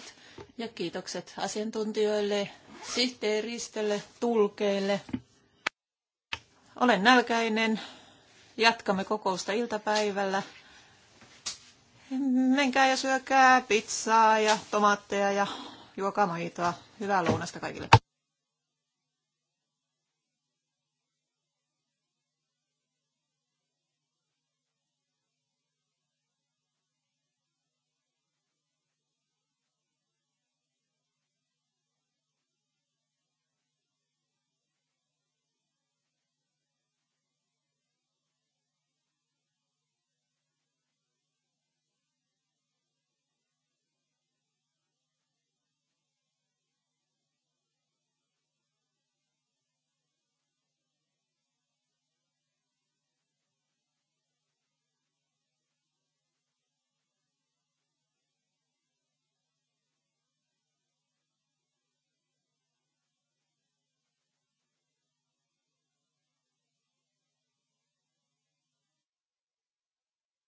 ja kiitokset asiantuntijoille, sihteeristölle, tulkeille. Olen nälkäinen. Jatkamme kokousta iltapäivällä menkää ja syökää pizzaa ja tomaatteja ja juokaa maitoa. Hyvää lounasta kaikille.